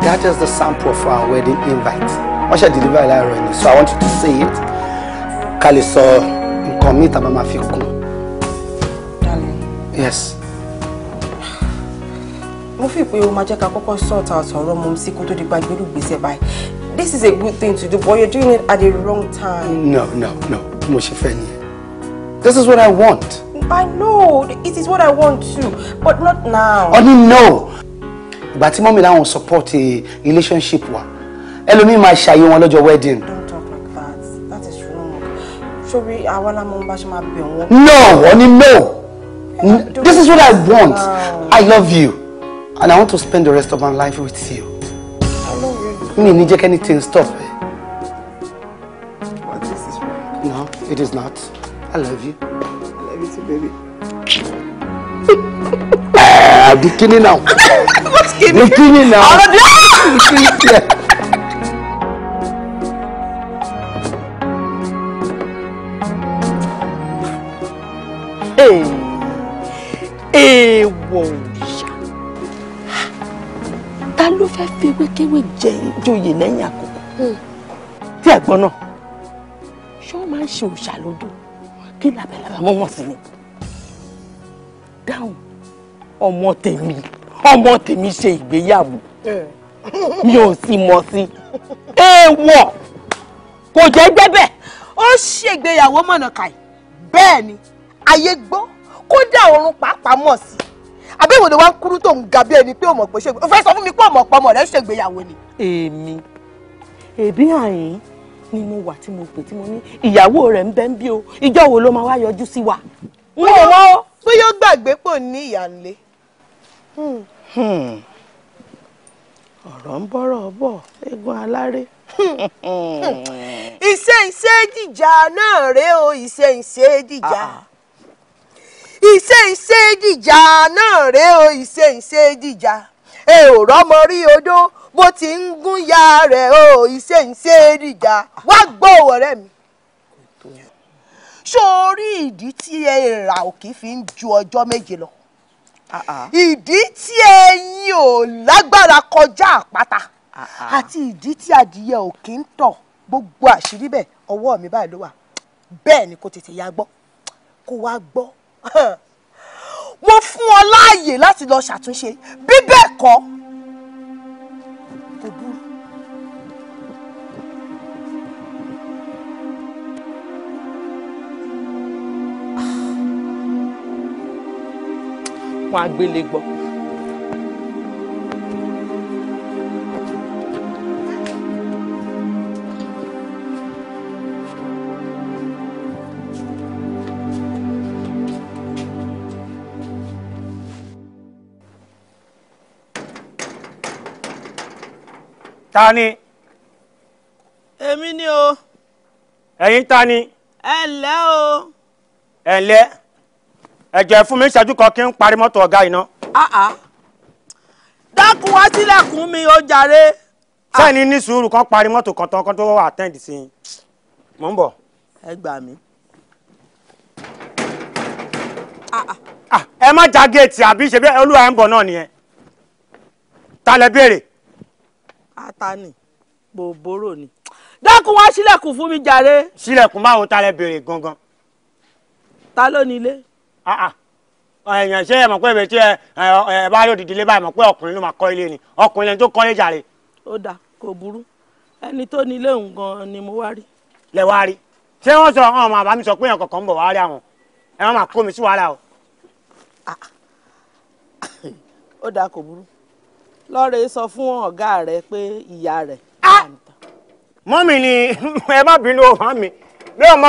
That is the sample for our wedding invite. Wọ́n ṣe deliver láàárọ̀ ni so I want you to say it. Ká lè sọ nǹkan mi tàbí máa fi kún. Darling. Yes. Mo fi pé o máa jẹ́ ká kọ́kọ́ sort out ọ̀rọ̀ mọ́ sí kó tó di gbàgbérù gbèsè báyìí. This is a good thing to do but you're doing it at the wrong time. No, no, no. Mo ṣe fẹ́ nìyẹn. This is what I want. I know. It is what I want too. But not now. Only no. Ìgbà tí mọ́mí láwọn support a eh, relationship wa. Ẹlòmíì máa ṣàyè wọn your wedding. Don't talk like that. That is wrong. Sori, àwa la mọ bá ṣe máa No, only no. This is what I want. I love you. And I want to spend the rest of my life with you. I love you too. Me, Nijek, anything, stop. But this is wrong. No, it is not. I love you. I love you too, baby. Eh, bikini the kidney now. What's kidney? The kidney now. Oh, no. the kidney, yeah. Èèwọ̀ òrìṣà. Ta ló fẹ́ fi wékéwé jẹ ìjòyè lẹ́yìn àkókò? Hmm. Tí ẹ̀gbọ́n náà, ṣé wọ́n máa ń ṣe òòṣà kí làbàlàbà mọ́ wọ́n sí ni dáhùn ọmọ tèmi ọmọ tèmi ṣe ìgbéyàwó mi ò sì mọ̀ sí èèwọ̀ kò jẹ́ gbẹ́bẹ̀. ó ṣègbéyàwó mọ̀nàkàì bẹ́ẹ̀ ni ayé gbọ́ kódà ọ̀run pàápàá mọ̀ sí àbí ìwòlò wa ń kúrú tó ń ga bí ẹni pé ọmọ pé ṣègbéyàwó o fẹ́ sọ fún mi pé ọmọ pọmọ rẹ ṣègbéyàwó ni. èmi èbí àyín ni mo wà tí mo pè tí mo ní ìyàwó rẹ̀ ń bẹ ń bí o ìjọ wo ló máa wá yọjú sí wa. n ò mọ bóyá ó gbàgbé pò ní ìyàlẹ́. Hmm. Hmm. ọ̀rọ̀ ń bọ́rọ̀ bọ̀ eégún aláré. Hmm. ìṣe ìṣe jìjà náà rèé o ìṣe ìṣe jìjà ah, ah. ìṣe ìṣe jìjà náà rèé o ìṣe ìṣe jìjà ẹ ò rọ́mọ rí odó bó ti ń gún ya rẹ̀ o iṣẹ́ ń ṣe é dìjà wá gbọ́ ọ̀rẹ́ mi. sórí ìdí tí èèrà òkè fi ń ju ọjọ́ méje lọ ìdí tí ẹyin ò lágbára kọjá àpáta àti ìdí tí adìyẹ òkè ń tọ̀ gbogbo àṣírí bẹ́ẹ̀ ọwọ́ mi báyìí ló wà bẹ́ẹ̀ ni kò tètè ya gbọ́ kó wá gbọ́ mo fún ọ láàyè láti lọ ṣàtúnṣe bí kọ́. kan àgbélébọ̀. ta ni. èmi ni o. ẹ̀yin ta ni. ẹ ǹlẹ́ o. ẹ ẹ̀jẹ̀ fún mi ṣẹ́jú kan kí n parí mọ́tò ọ̀gá iná. dákun wá sílẹ̀kùn mi ó jàre. sẹ́ni ah. ní sùúrù kan parí mọ́tò kan tán kan tó wà àtẹ́ǹdì sí i mò ń bọ̀. ẹ gbà mí. Ah, ẹ má já géètì àbí ṣe bí olúwa ẹ̀ ń bọ̀ náà nìyẹn ta lẹ béèrè. átani bòbóró ni dákun wá sílẹ̀kùn fún mi jàre. sílẹ̀kùn báwo ta lẹ béèrè gangan. ta ló ní Ah, ah. Eh, eh, ṣé ẹ mọ̀ pé ẹ̀mẹ̀ tí ẹ bá rí òdìdí ilé báyìí mọ̀ pé ọkùnrin ló máa kọ́ ilé ni ọkùnrin lẹni tó kọ́ ilé jàre. ó dà kò burú ẹni tó ní ilé òun gan ni mo wá rí. lẹ wá rí ṣé wọn sọ ọmọ àbá mi sọ pé èèyàn kọ̀ọ̀kan ń bọ̀ wá rí àwọn ẹ wọn máa kó mi sí wàhálà o. Ah, ó dà kò burú lọ́ọ̀rẹ́ sọ fún ọ̀gá rẹ pé ìyá rẹ̀. Ah! mọ́mì ni ẹ má bínú o mọ́mì bí ọmọ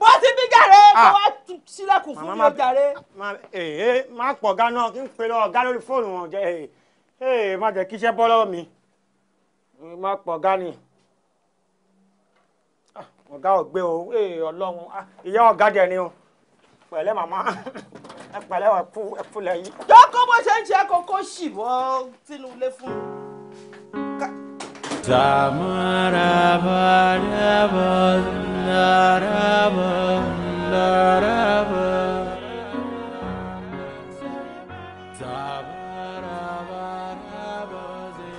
bó ti bí jàre kó ah. wá sílẹ̀kùn fún mi ó jàre. ee eh, eh, má pọ̀ ọ̀gá náà kí n pe ọ̀gá lórí fóònù wọn jẹ ee eh, má jẹ́ kí iṣẹ́ bọ́ lọ́wọ́ mi má pọ̀ ah, ọ̀gá ni ọ̀gá ọ̀gbẹ́ o ee ọlọ́run ah, ìyá ọ̀gá jẹ ni o pẹ̀lẹ́ màmá ẹ pẹ̀lẹ́ ẹ̀kú ẹ̀kú lẹ́yìn. dọ́kọ́ bó ṣe ń ṣe kókó ṣì bọ́ sínú ilé fún mi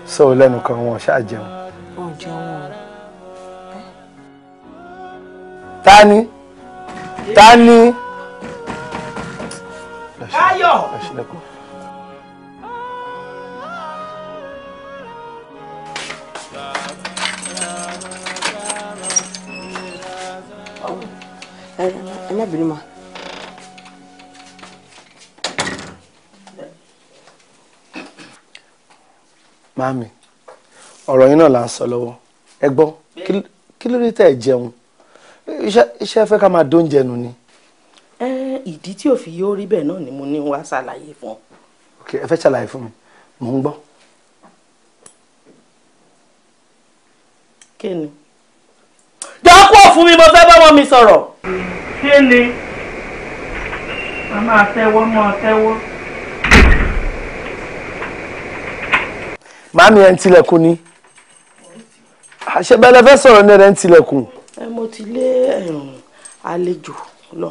so lẹ́nu kan wọn ṣáà jẹun. wọn jẹun o. Eh? ta ni ta ni. Táyọ̀. ẹ má bínú ma. Mami, ọ̀rọ̀ yín náà là ń sọ lọ́wọ́. Ẹ gbọ́, kí ló dé tẹ̀ ẹ jẹun? Iṣẹ́ fẹ́ ká máa dóúnjẹ nù ni. Ìdí tí òfin yóò rí bẹ́ẹ̀ náà ni mo ní wá ṣàlàyé fún ọ. Ok, ẹ fẹ́ ṣàlàyé fún mi, mò ń gbọ́. Kí ni? Dọ́kọ̀ fún mi, mo fẹ́ bá wọn mi sọ̀rọ̀ kéle a máa tẹ́wọ́ máa tẹ́wọ́. màámi ẹ ń tilẹ̀kùn ni àṣebẹ́lẹ́ fẹ́ sọ̀rọ̀ ní ẹ ń tilẹ̀kùn. ẹ mo ti lé àlejò lọ.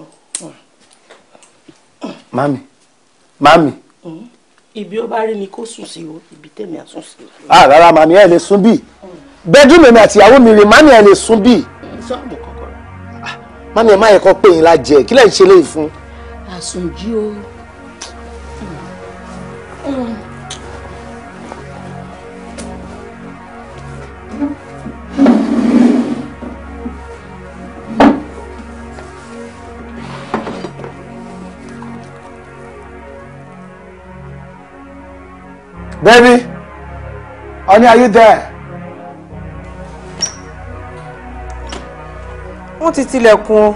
màámi màámi. Mm. ibi ó bá rí ni kó sùn sí o ibi tèmi á sùn sí o. Ah, rárá màámi ẹ lè sún bíi mm. bẹ́ẹ̀dúmẹ̀mí àtìyàwó mi rè màámi ẹ lè sún bíi mami ẹ má yẹ kó pé yín lájẹ kí lẹ ṣe léyìí fún. àsùnjí o Baby, honey, are you there? wọ́n ti tilẹ̀kùn o.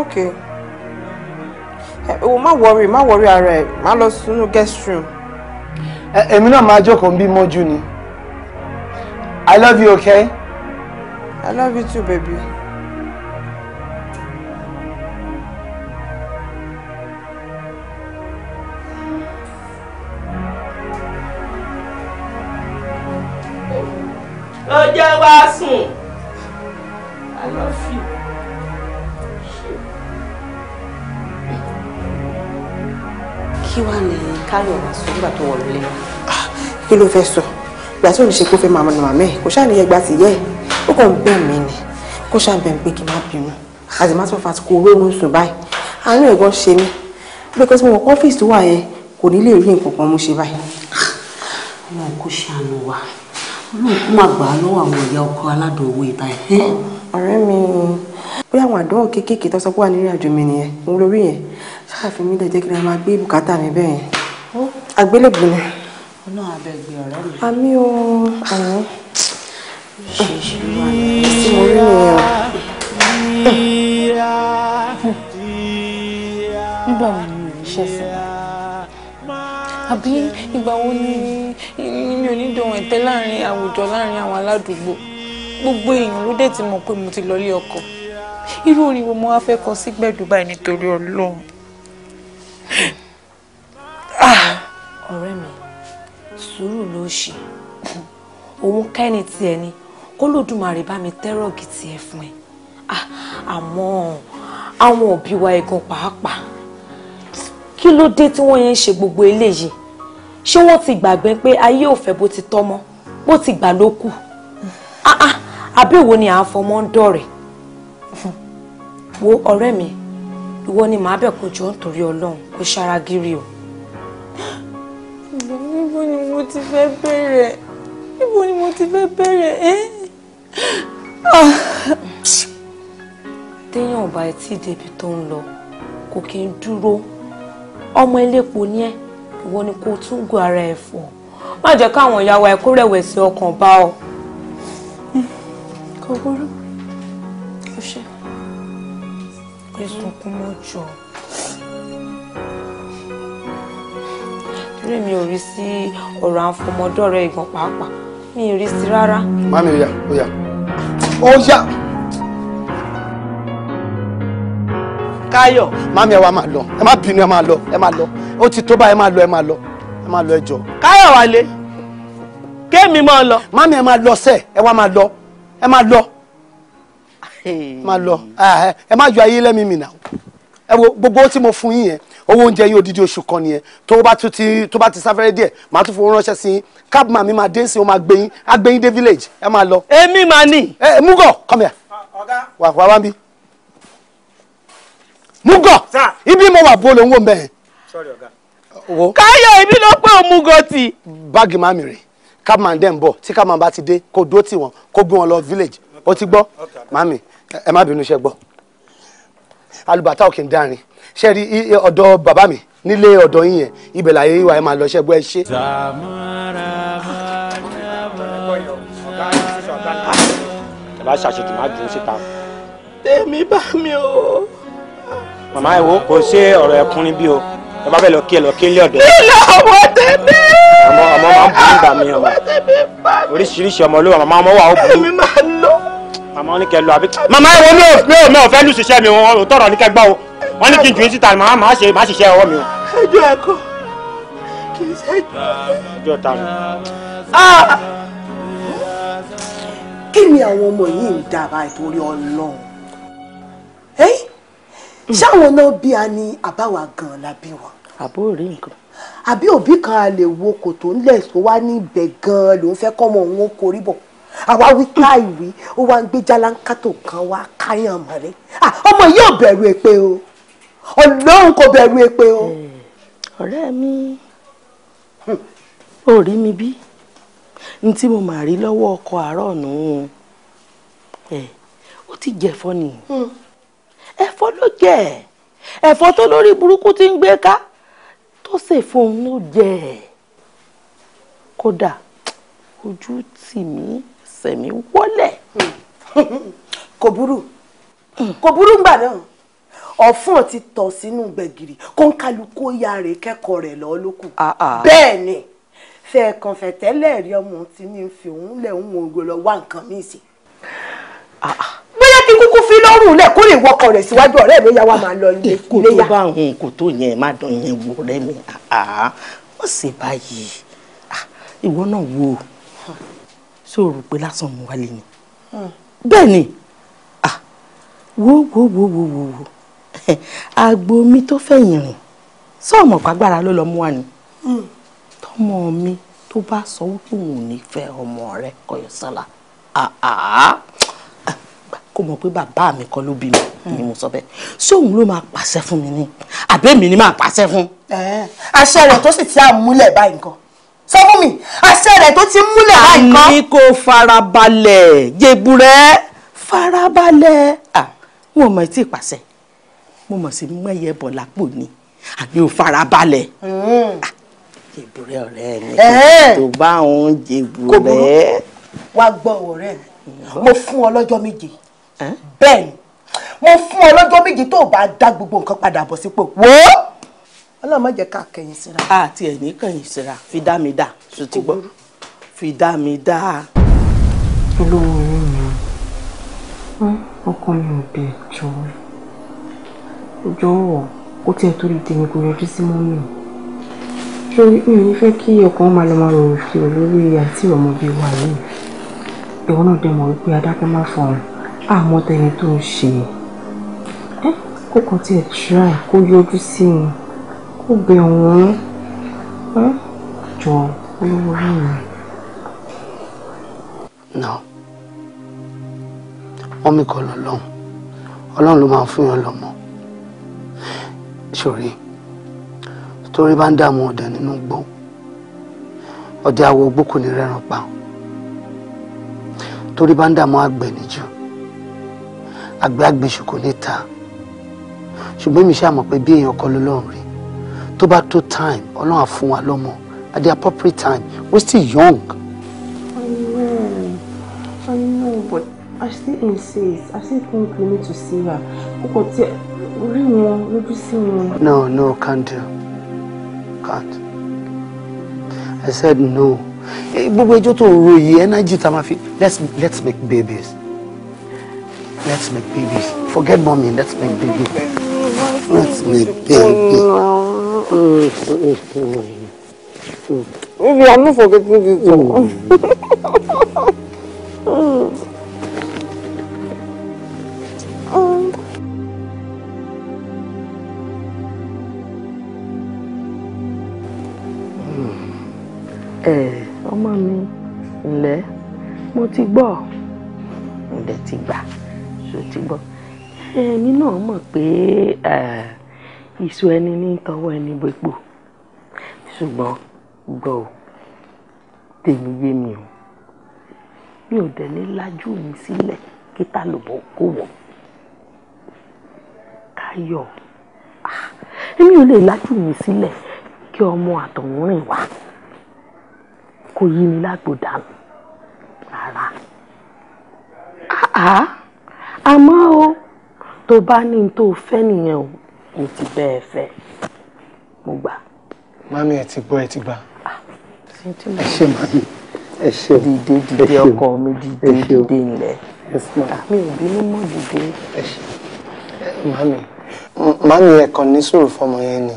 ok ẹ má wọrí má wọrí ara ẹ má lọ sínú guest room. èmi náà máa jókòó ń bí mọ́jú ni i love you okay. i love you too baby. ló wá sùn I love you. kí wàá ní káyọ̀ wá sùn nígbà tó wọ̀ lulẹ̀. Ah, kí ló fẹ́ sọ ìgbà tí òun ṣe kó fẹ́ máa nà mẹ́ kò ṣáà níyẹn gba tìyẹ́ ẹ̀ ó kàn ń bẹ̀ mí ni kó ṣáà bẹ̀ ń pé kí n má bínú as a matter of fact kò rórun sùn báyìí àánú ẹ̀gbọ́n ṣe mí because mo wọ ọ́fíìsì tó wà yẹn kò ní lè rí nǹkan kan mú ṣe báyìí. Ah, ọmọ kò ṣàánú wa olóhùn kó má gbà á lọ́wọ́ àwọn ìyá ọkọ aládùn owó ìta ẹ̀. ọ̀rẹ́ mi bí àwọn àdánwò kéékèèké tó sọ pé wà nínú àjò mi nìyẹn mo lórí yẹn ṣáàfin mi lè jẹ́ kí n máa gbé bùkátà mi bẹ́ẹ̀ yẹn àgbélébùú ni. ọlọ́run abẹ́ gbé ọ̀rẹ́ mi. àmì o àwọn. ṣe ṣe wà ní mo rí nìyẹn nígbà wo ni mo rí iṣẹ́ sí àbí ìgbà wo ni mi ò ní dohun ẹ̀tẹ́ láàrin àwùjọ láàrin àwọn aládùúgbò gbogbo èèyàn ló dé ti mọ̀ pé mo ti lọlé ọkọ irú orin wo mo wá fẹ́ kọ sí gbẹ̀dù báyìí nítorí ọlọ́run. Ah! ọ̀rẹ́ mi sùúrù ló ṣe òun kẹ́ni tiẹ̀ ni kó lódùmarè bá mi tẹ́rọ̀gì tiẹ̀ fún ẹ ah! àmọ́ àwọn òbí wa ẹ̀gàn pàápàá kí ló dé tí wọ́n yẹn ń ṣe gbogbo eléyìí ṣé wọ́n ti gbàgbé pé ayé ò fẹ́ bó ti tọ́ mọ́ bó ti gbà ló kù ah, ah, àbí wo ni à ń fọmọ ń dọ̀rẹ̀ wo ọ̀rẹ́ mi ìwọ ni màá bẹ̀ kó jọ nítorí ọlọ́run kó ṣara gírí o. níbo ni mo ti fẹ́ bẹ̀rẹ̀ níbo ni mo ti fẹ́ bẹ̀rẹ̀ ẹ́. Ah. téèyàn ò bá ẹ tí ì débi tó ń lọ kò kí ń dúró ọmọ elépo ni ẹ ìwọ ni kò tún gùn ara ẹ fọ má jẹ́ káwọn ìyá wa ẹkú rẹ̀wẹ̀sì ọkàn bá ọ. kò burú ó ṣe ẹsùn kún mọ́jọ. torí mi ò rí sí ọ̀rọ̀ àfọmọdọ́rẹ̀ ìgbọ̀n pàápàá mi ò rí sí rárá. má mi ò yá ó yá ó yá. káyọ̀. mami ẹ wá máa lọ ẹ má bínú ẹ máa lọ ẹ máa lọ ó ti tó báyìí ẹ máa lọ ẹ máa lọ ẹ máa lọ ẹ jọ. káyọ̀ wálé kéèmí máa lọ. mami ẹ máa lọ sẹ ẹ wá máa lọ ẹ máa lọ ẹ máa lọ ah, eh, ẹ má yọ ayé lẹ́mìí mi ẹ wo gbogbo tí mo fún yín yẹn owó oúnjẹ yín odidi oṣù kan nìyẹn tó bá tún ti tó bá ti sáfẹ́rẹ́ díẹ̀ màá tún fowó ránṣẹ́ sí yín cab man mi dé sí i máa gbé yín á gbé yín dé village ẹ máa lọ. èmi máa nì. ẹ eh, múgọ̀ come here. Ah, ọ̀gá wà wá wá bí. Mugọ̀ ibi mo wà bó ló ń wò mbẹ́. káyọ̀ ibi ló pé òmùgọ̀ tì. báàgì máa mi rè kábman dẹ̀ ń bọ̀ tí kábman bá ti dé kó dó tì wọ́n kó gbé wọn lọ village ó ti gbọ́ màmí ẹ má bínú iṣẹ́ gbọ́ alùbátà òkè ń dárin ṣe rí ọ̀dọ̀ bàbá mi nílé ọ̀dọ̀ yín yẹn ibẹ̀ láyé ìwà ẹ̀ máa lọ ṣẹ́gbọ́ ẹ ṣe. ẹ bá ṣàṣetì má dùn síta. tèmi bá mi o. Mama, ìwò kò ṣe ọ̀rọ̀ ẹ̀kúnrin bí o ẹ bá fẹ́ lọ kí ẹ lọ kí ilé ọ̀dọ́. ilé ọmọ tẹ̀mí. ọmọ ọmọ máa ń burú ìgbà mi ọmọ oríṣiríṣi ọmọ ló wà màmá ọmọ wà ó burú. èmi máa lọ. màmá wọn ní kẹ lọ àbí. màmá ìwò mi ò mi ò fẹ́ lù ṣiṣẹ́ mi ò tọrọ ní kẹgbọ́ o wọ́n ní kí n jù í síta màá ṣe màá ṣiṣẹ́ ọwọ́ mi o. ẹjọ́ ẹ̀kọ́ kì í ṣẹ́jọ́. ẹjọ́ ta ni. Ah! kí ni àwọn ọmọ yìí ń dábàá ìtorí ọlọ́run? Eh? Mm. ṣáwọn náà bí a ní àbáwá gan-an la bí wọn. àbó rí nǹkan. àbí òbí kan a lè wo kòtò ńlẹ̀ tó wá ní ibẹ̀ gan-an lòún fẹ́ kọ́mọ òun ó korí bọ̀ àwa wí ká ó wá ń gbé jálánkátó kan wá káyàn mọ́lẹ̀ ọmọ yìí ò bẹ̀rù èpè o ọlọ́run kò bẹ̀rù èpè o. Eh, ọ̀rẹ́ mi hmm. ò rí mi bí n tí mo mà rí lọ́wọ́ ọkọ̀ àárọ̀ nù ún eh, ó ti jẹ̀fọ́ nìyí ẹ̀fọ́ ló jẹ ẹ̀fọ́ tó lórí burúkú ti ń gbé ká tó ṣe fún un ló jẹ kódà ojú tì mí sẹ̀mí wọlé. kò burú kò burú ń gbà náà ọ̀fun ti tọ̀ sínú gbẹ̀gìrì kó ń kálukú ya rẹ̀ kẹ́kọ̀ọ́ rẹ̀ lọ lókù ah, ah. bẹ́ẹ̀ ni ṣe é tẹ́lẹ̀ rí ọmọ tí ní fi òun lẹ̀ ń wọ́n lọ wá nǹkan míì sí. Ah, bóyá kí kúkú lọ́rùn lẹ̀ kó lè wọkọ̀ rẹ̀ síwájú ọ̀rẹ́ mi yàwá máa lọ ilé kò tó bá òun kò tó yẹn má dán yẹn wo ọ̀rẹ́ mi wọ́n sì báyìí ìwọ náà wo ṣé o rò pé lásán mo wálé ni hmm. bẹ́ẹ̀ ni wo wo wo wo wo agbo mi tó fẹ̀yìn rìn sọ́ọ̀mọ̀ pàgbára ló lọ mú wa ni hmm. tọmọ mi tó bá sọ wípé òun ò ní fẹ́ ọmọ rẹ kọyọsọlá kó mọ̀ pé bàbá mi kọ́ ló bí mi ni mo sọ bẹ́ẹ̀ ṣé òun ló máa pàṣẹ fún mi ni àbẹ́mi ni máa pàṣẹ fún. àṣẹ rẹ̀ tó sì ti àmúlẹ̀ báyìí nǹkan sọ fún mi àṣẹ rẹ̀ tó ti múlẹ̀ báyìí nǹkan. àní kò farabalẹ̀ jẹ̀bùrẹ́ farabalẹ̀ wọn ò mọ̀ tí ì pàṣẹ mo mọ̀ sí mẹ́yẹ bọ̀ lápò ni àbí ò farabalẹ̀ hmm. jẹ̀bùrẹ́ ọ̀rẹ́ mi tó bá òun jẹ̀bùrẹ́. wá gbọ́ ọ̀rẹ́ mi mo fún ọ lọ́jọ́ méje bẹ́ẹ̀ ni mo fún ọ lọ́jọ́ méjì tó bá dá gbogbo nǹkan padà bọ̀ sípò wò ó ọlọ́run má jẹ́ ká kẹ̀yìn síra. a ti ẹ̀ ní kẹ̀yìn síra fi dá mi dá ṣùtì gbọ́ fi dá mi dá. olówó orí mi ọkọ mi ò bẹ̀ jọ jọ̀wọ́ kó tiẹ̀ tó lè tèmi kò yọjú sí mọ́ mi ṣé mi ò ní fẹ́ kí ọkàn máa lọ máa rò òfin olórí àti ọmọ bíi wà yìí ìwọ náà dẹ̀ mọ̀ wípé adákẹ́ má fọ̀rùn àmọ̀tẹ́yìn tó ń ṣe kó kàn tiẹ̀ try kó yọjú sí mi kó bẹ̀ wọ́n jọ olówó mi. nà wọ́n mi kọ́ lọ́lọ́run ọlọ́run ló máa ń fún yàn lọ́mọ ṣòrí torí bá ń dààmú ọdẹ nínú gbó ọdẹ awo gbókùn ní rẹran pa torí bá ń dààmú àgbẹ̀ níjù àgbàgbèsù kò lè ta ṣùgbọ́n mi ṣáà mọ̀ pé bí èèyàn kọ́ ló lọ́rùn rí tó bá tó time ọlọ́run á fún wa lọ́mọ at the appropriate time We still young. I know I know but I still insist I still think we need to see her kókò tí orí wọn lójú sí wọn. no no can't do can't I said no eh, gbogbo ẹjọ́ tó ń ro yìí energy tá a fi let's let's make babies. Let's make babies. Forget mommy. Let's make babies. Let's make babies. Baby, I'm not forgetting this one. um. ọmọ mi ǹlẹ́ mo ti gbọ́ ǹdẹ̀ ti gbà èmi náà mọ̀ pé ìṣù ẹni ní tọwọ́ ẹni gbogbo ṣùgbọ́n gbọ́ ò tèmi yé mi o mi ò dẹ̀ ní lájú mi sílẹ̀ kí tálùbọ̀ kò wọ̀ káyọ̀ ah, èmi ò lè lájú mi sílẹ̀ kí ọmọ àtọ̀hún rìn wá kò yí mi lágbo dànù rárá ah, ah, àmọ́ o tó bá ní tó fẹ́ nìyẹn o mo ti bẹ́ẹ̀ fẹ́ mo gbà. mami ẹ ti gbọ́ ẹ ti gbà. Ah, ẹ ṣe mami ẹ ṣe dìde dìde ọkọ mi dìde dìde ńlẹ ah, mi ò bínú mọ́ dìde. mami mami ẹ kàn ní sùúrù fọmọ yẹn ni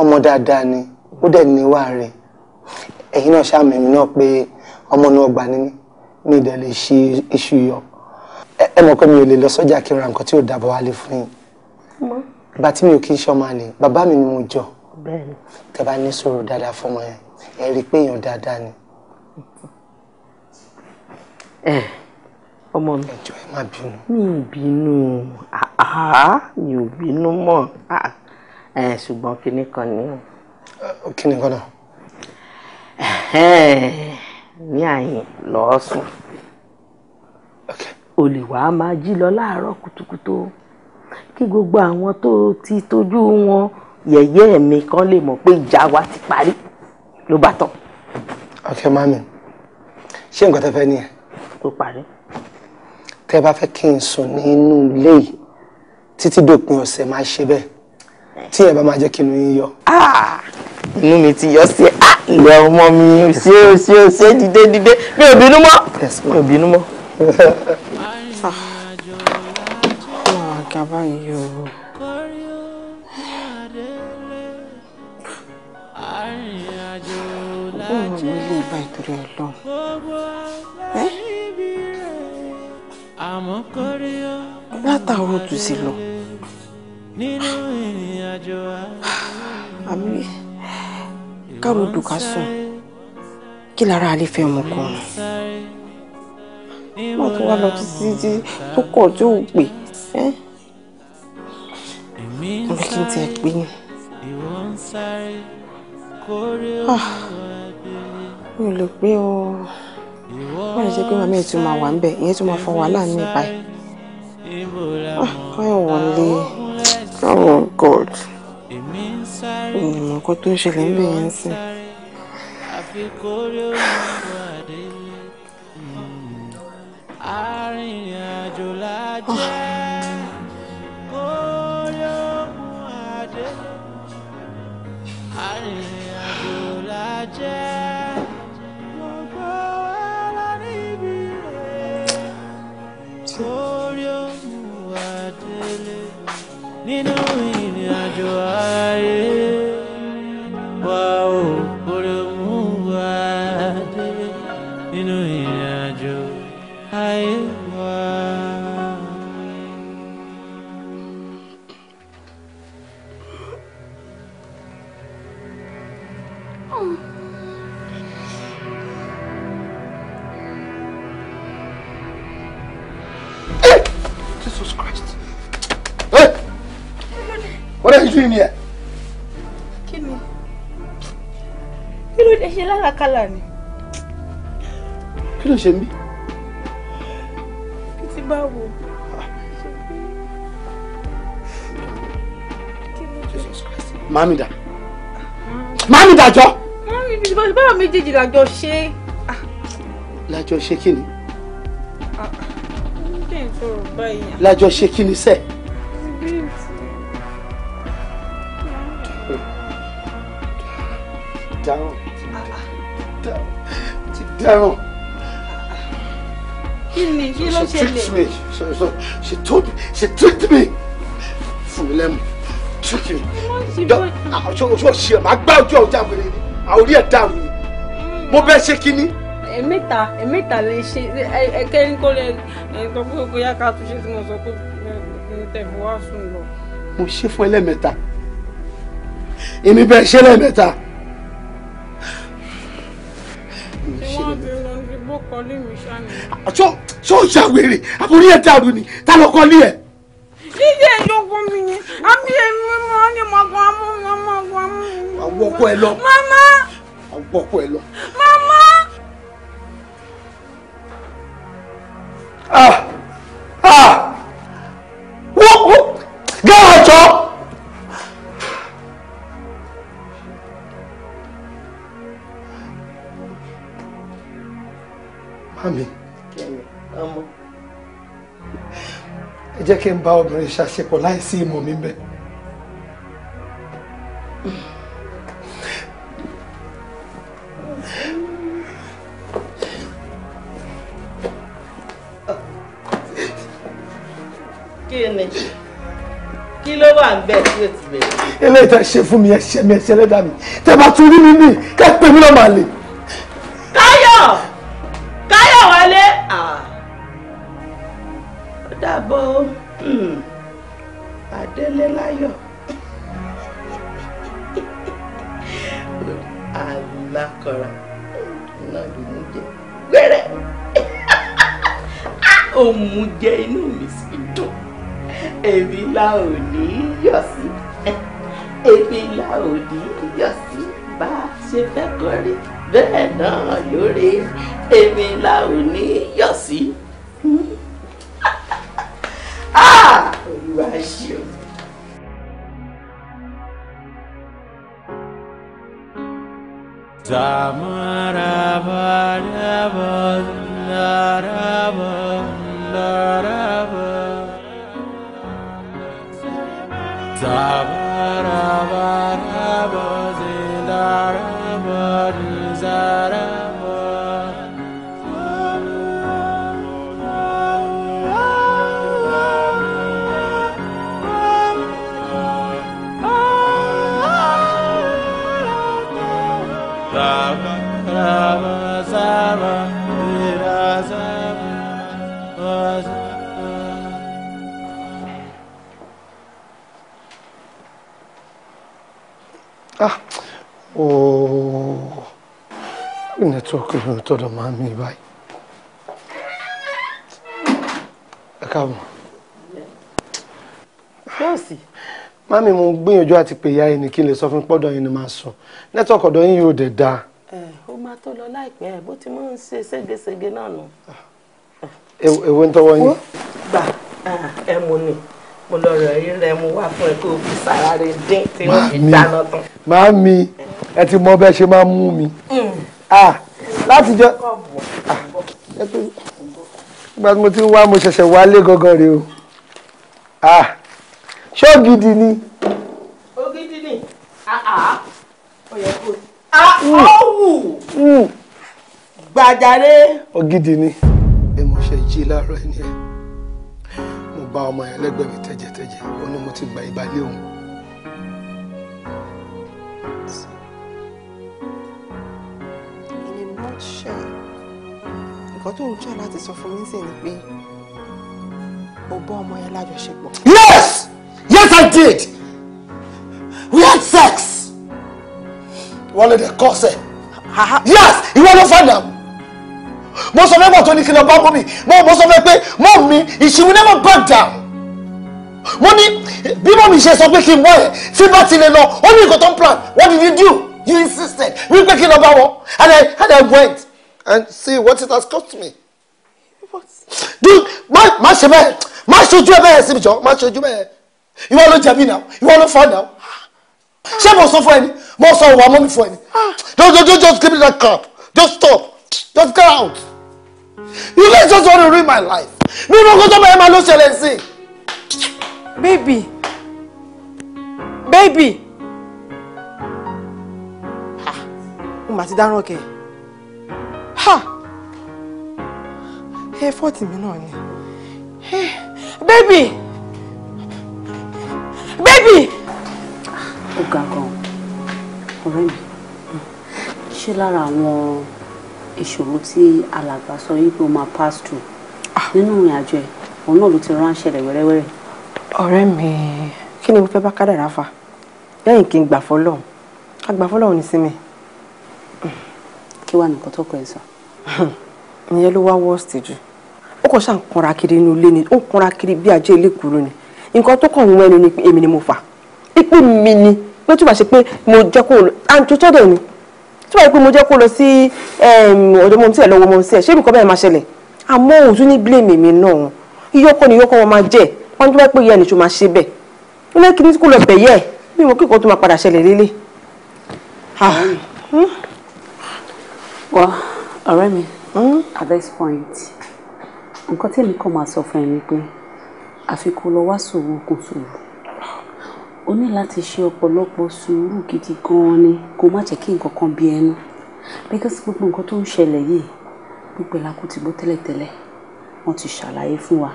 ọmọ dáadáa ni ó dẹ̀ níwá rẹ̀ ẹ̀yin náà ṣàmì mi náà pé ọmọ náà gbà ní mi ìdẹ̀ lè ṣe iṣu yọ ẹ mọ̀ pé mi ò lè lọ sọ́jà kí n ra nǹkan tí ò dábọ̀ wálé fún yín bá tí mi ò kí n ṣọmọ àlè bàbá mi ni mo jọ tẹ bá ní sọ̀rọ̀ dáadáa fọmọ yẹn ẹ rí i pé èèyàn dáadáa ni. ẹ ọmọ mi ẹjọ ẹ má bínú. mi ò bínú mi ò bínú mọ ṣùgbọ́n kinní kan ni. kinní kan náà. ní àyìn lọ́ọ́ sùn o lè wàá máa jí lọ láàárọ̀ kùtùkùtù kí gbogbo àwọn tó ti tójú wọn yẹ̀yẹ́ mi kan lè mọ̀ pé ìjà wa ti parí ló bá tán. ok mami ṣé nǹkan tẹ́ fẹ́ ni ẹ. tó parí. tẹ́ bá fẹ́ kí n sùn nínú ilé yìí títí dòpin ọ̀sẹ̀ máa ṣe bẹ́ẹ̀ tí ẹ bá máa jẹ́ kí inú yín yọ. Ah! inú mi ti yọ sí ẹ ah! ilẹ̀ ọmọ mi ò ṣe ò ṣe ò mi ò bínú mọ́ mi ò bínú mọ́. Wọ́n àga báyìí o. Wọ́n mú ilé ìgbà ìtòrí ọlọ́run. Látàárọ̀ tó sì lọ. Àbí károdò ká sùn kí lára alẹ́ fẹ́ mú wọn tó wá lọ títí tí tó kọ̀ tí ò pè ẹ́ mo fi kí n tiẹ̀ pé ni. Ah, mi ò lè pé o wọ́n lè ṣe pé màmí ẹ̀ tún máa wà ń bẹ̀ ìyẹn tún máa fa wàhálà ní ìbáyìí. Ah, wọ́n yóò wọlé oh god ìmọ̀ nǹkan tó ń ṣẹlẹ̀ ń bẹ̀ yẹn sí. Oh. arìnrìnàjò la jẹ́ kólókun adé arìnrìnàjò la jẹ́ gbogbo wa la níbi sí ni ẹ. kí ni kí ló dé ṣe lálàkàlà ni. kí ló ṣe mí. kí ti bá wò. mami da mami da jọ. mami báwo méjèèjì làjọ ṣe. Ah. làjọ ṣe kí ni. Ah. kí n sọ̀rọ̀ báyìí. làjọ ṣe kí ni sẹ́ẹ̀. dẹrùn. kí me. kí so ṣẹlẹ̀. she tricked me she told me she tricked me fún mi lẹ́mu tricked me. Ah, ṣé o ṣe máa gbá ojú you. wẹrẹ ni àwọn orí ẹ̀ dàrú ni mo bẹ́ ṣe kínní ẹ̀mẹ́ta ẹ̀mẹ́ta lè ṣe ẹ̀kẹ́rin kọ́ lẹ sọ pé bóyá ká tún ṣe tí mo sọ pé tẹ̀fọ́ wá sùn lọ. mo ṣe fún ẹlẹ́mẹ̀ta èmi bẹ́ẹ̀ ṣe lẹ́mẹ̀ta. kọ́lé mi ṣáà mi. ṣó o ṣàwèrè àbúrí ẹ̀ dàrú ni ta ló kọ́lé ẹ̀. jíjẹ ìyókù mi ni àbí èmi mọ ni mo kàn mú mi mo kàn mú mi. àwọn ọkọ ẹ lọ. mama. àwọn ọkọ ẹ lọ. mama. ah ah wọ́n kú àjọ. Mami. Kẹ́mi, ọmọ. Ẹ jẹ́ kí n bá obìnrin ṣàṣepọ̀ láìsí ìmọ̀ mi bẹ́ẹ̀. kíni kí ló wà ń bẹ tí o ti bẹ. eléyìí tẹ ṣe fún mi ẹ̀ṣẹ̀ mi ẹ̀ṣẹ̀ lẹdá mi tẹ bá tún rí mi ní kẹ mi lọ màá lè. Táyọ̀ bọ̀ wálé. ó dàbọ̀ hmm. adélé láyọ̀ alákọ̀ọ́ra náà ló mú jẹ gbẹrẹ òun jẹ inú mi sì dùn èmi la ò yọ̀ sí èmi la ò yọ̀ sí bá a ṣe fẹ́ kọrí bẹ́ẹ̀ náà lórí èmi la ò ní yọ̀ sí. Ah! olúwa ṣeun. Damara, bara, bara. Rama Rama Sama Virasama Ah, oh, network ló ń tọ́dọ̀ máa ń mi báyìí. Ẹ káàbọ̀. Bọ́ọ̀sì mami mo gbìyànjú àti pè ya ẹni kí n lè sọ fún pọ́dọ̀ yín ni máa sùn nẹ́tọ̀kì ọ̀dọ̀ yín yóò dẹ̀ dáa. ẹ eh, ó máa tó lọ láìpẹ́ bó ti máa ń ṣe ségesège náà nù. èwo ń tọwọ́ yín. gbà eh, ẹ mo nì mo lọ rọ yín rẹ mo wá fún ẹ kó o fi sára rẹ dín tí mo fi dáná tán. màámi ẹ ti mọ bẹ́ẹ̀ ṣe máa ń mú mi. Mm. Ah, láti jọ ah, ìgbà tí mo ti ń wá mo ṣẹ̀ṣẹ̀ wálé gangan rèé o. Ah, Ogidi ni. Ogidi ni àá ah, ah. ó yẹ kó ọ̀wù ah, gbàjáre. ògidì ni bí mo ṣe jí láàárọ̀ ẹni ẹ mo bá ọmọ yẹn lẹ́gbẹ̀ẹ́ mi tẹ́jẹ̀tẹ́jẹ̀ ó ní mo ti gba ìbálẹ̀ òun. nǹkan tó ń jẹ́ láti sọ fún mi sí ni pé o bọ́ ọmọ yẹn lájọṣepọ̀. yes. Yes, I did. We had sex. One of the course, sẹ̀. Yes, ìwọ ló fàdà. Mo sọ fẹ́ bọ̀ tó ní kí lọ bá mọ́ mi. Mo sọ fẹ́ pé mọ́ mi she will never back down. Money, ní bí mọ́ mi ṣe sọ pé kí n bọ̀ ẹ̀ tí bá ti lè lọ, plan. What did you do? You insisted. we kí lọ bá wọn. And I and I went and see what it has cost me. What, Dude, má ṣe bẹ́ẹ̀, má ṣojú ẹ bẹ́ẹ̀ síbi jọ, má ṣojú bẹ́ẹ̀ ìwọ ló jẹ̀bi náà ìwọ ló fà náà ṣé mo sọ fún ẹni mo sọ ìwà mọ́mí fún ẹni don't don't don't just give me that crap just stop just get out you guys just wanna ruin my life mi ò mọ kó tó bẹ́ẹ̀ máa ló ṣẹlẹ̀ sí. baby baby mo mà ti dáràn kẹ ẹ fọ́ọ̀tì mi náà ni baby. Baby, ó ga gan-an ọ̀rẹ́ mi ṣé lára àwọn ìṣòro tí alàgbà sọ yìí pé ó máa pass through ah. nínú ìrìn àjò ẹ̀ òun náà ló ti ránṣẹ́ rẹ̀ wẹ́rẹ́wẹ́rẹ́. ọ̀rẹ́ mi kí ni mo fẹ́ bá kádàrá fa lẹ́yìn kí n gbà fọlọ́hún ká gbà fọlọ́hún ní sinmi. kí wàá nìkan tó kọ ẹ sọ. ìyẹn ló wá wọ́ọ̀sì jù ó kàn ṣàǹkanra kiri inú ilé ni ó kanra kiri bí ajé ilé kúrò ni nǹkan tó kàn ń wẹ́nu ni èmi ni mo fà ipe mi ni pé tí wàá ṣe pé mo jẹ́ kó lọ àǹtí tó dẹ̀ ni tí wàá ṣe pé mo jẹ́ kó lọ sí ehm, ọ̀dọ́ lọ́wọ́ mọ̀ sílẹ̀ ṣé nǹkan bẹ́ẹ̀ máa ṣẹlẹ̀ àmọ́ òtún ní blame mi náà iyọ́kọ́ ni iyọ́kọ́ wọn máa jẹ́ wọn tó bá pé ìyá ẹnìṣó máa ṣe bẹ́ẹ̀ ilé kìíní kò lọ bẹ̀yẹ̀ bí mo kíkọ́ tó máa padà ṣẹlẹ̀ lélẹ̀. Hmm? Hmm? at this point nǹkan tí èmi kàn máa sọ fún ẹ ni pé àfi kó lọ wá sùúrù kò sùúrù o ní láti ṣe ọ̀pọ̀lọpọ̀ sùúrù gidi gan-an ni kó má jẹ́ kí nǹkan kan bí ẹnu because gbogbo nǹkan tó ń ṣẹlẹ̀ yìí gbogbo ẹ̀ la kú ti gbọ́ tẹ́lẹ̀tẹ́lẹ̀ wọ́n ti ṣàlàyé fún wa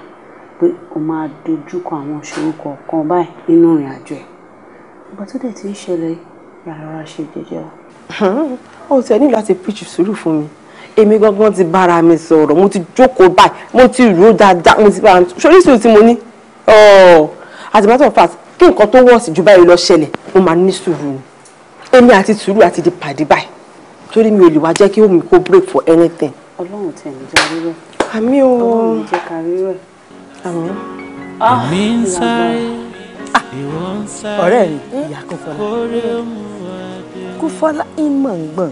pé o máa dojú àwọn ìṣòro kọ̀ọ̀kan báyìí nínú ìrìn àjò ẹ̀ ìgbà tó dẹ̀ ti ń ṣẹlẹ̀ yàrá ṣe jẹ́jẹ́ o. o tẹ ní láti pitch sùúrù fún mi èmi gangan ti bára mi sọ̀rọ̀ mo ti jókòó báyìí mo ti rò dáadáa mo ti bára mi sọ̀rọ̀ oríṣiríṣi tí mo ní oh, as a matter of fact kí nǹkan tó wọ̀ sí ju báyìí lọ ṣẹlẹ̀ mo máa ní sùúrù ni èmi àti sùúrù àti di pàdé báyìí torí mi ò lè wá jẹ́ kí omi kó break for anything. ọlọ́run tẹ̀ ń jẹ́ rírọ̀ àmì o ọlọ́run jẹ́ ká rírọ̀ àmì. Ah. èmi ń sáré ah. ìwọ ń sáré ọ̀rẹ́ mi ìyá kúfọ́lá ń gbọ̀n.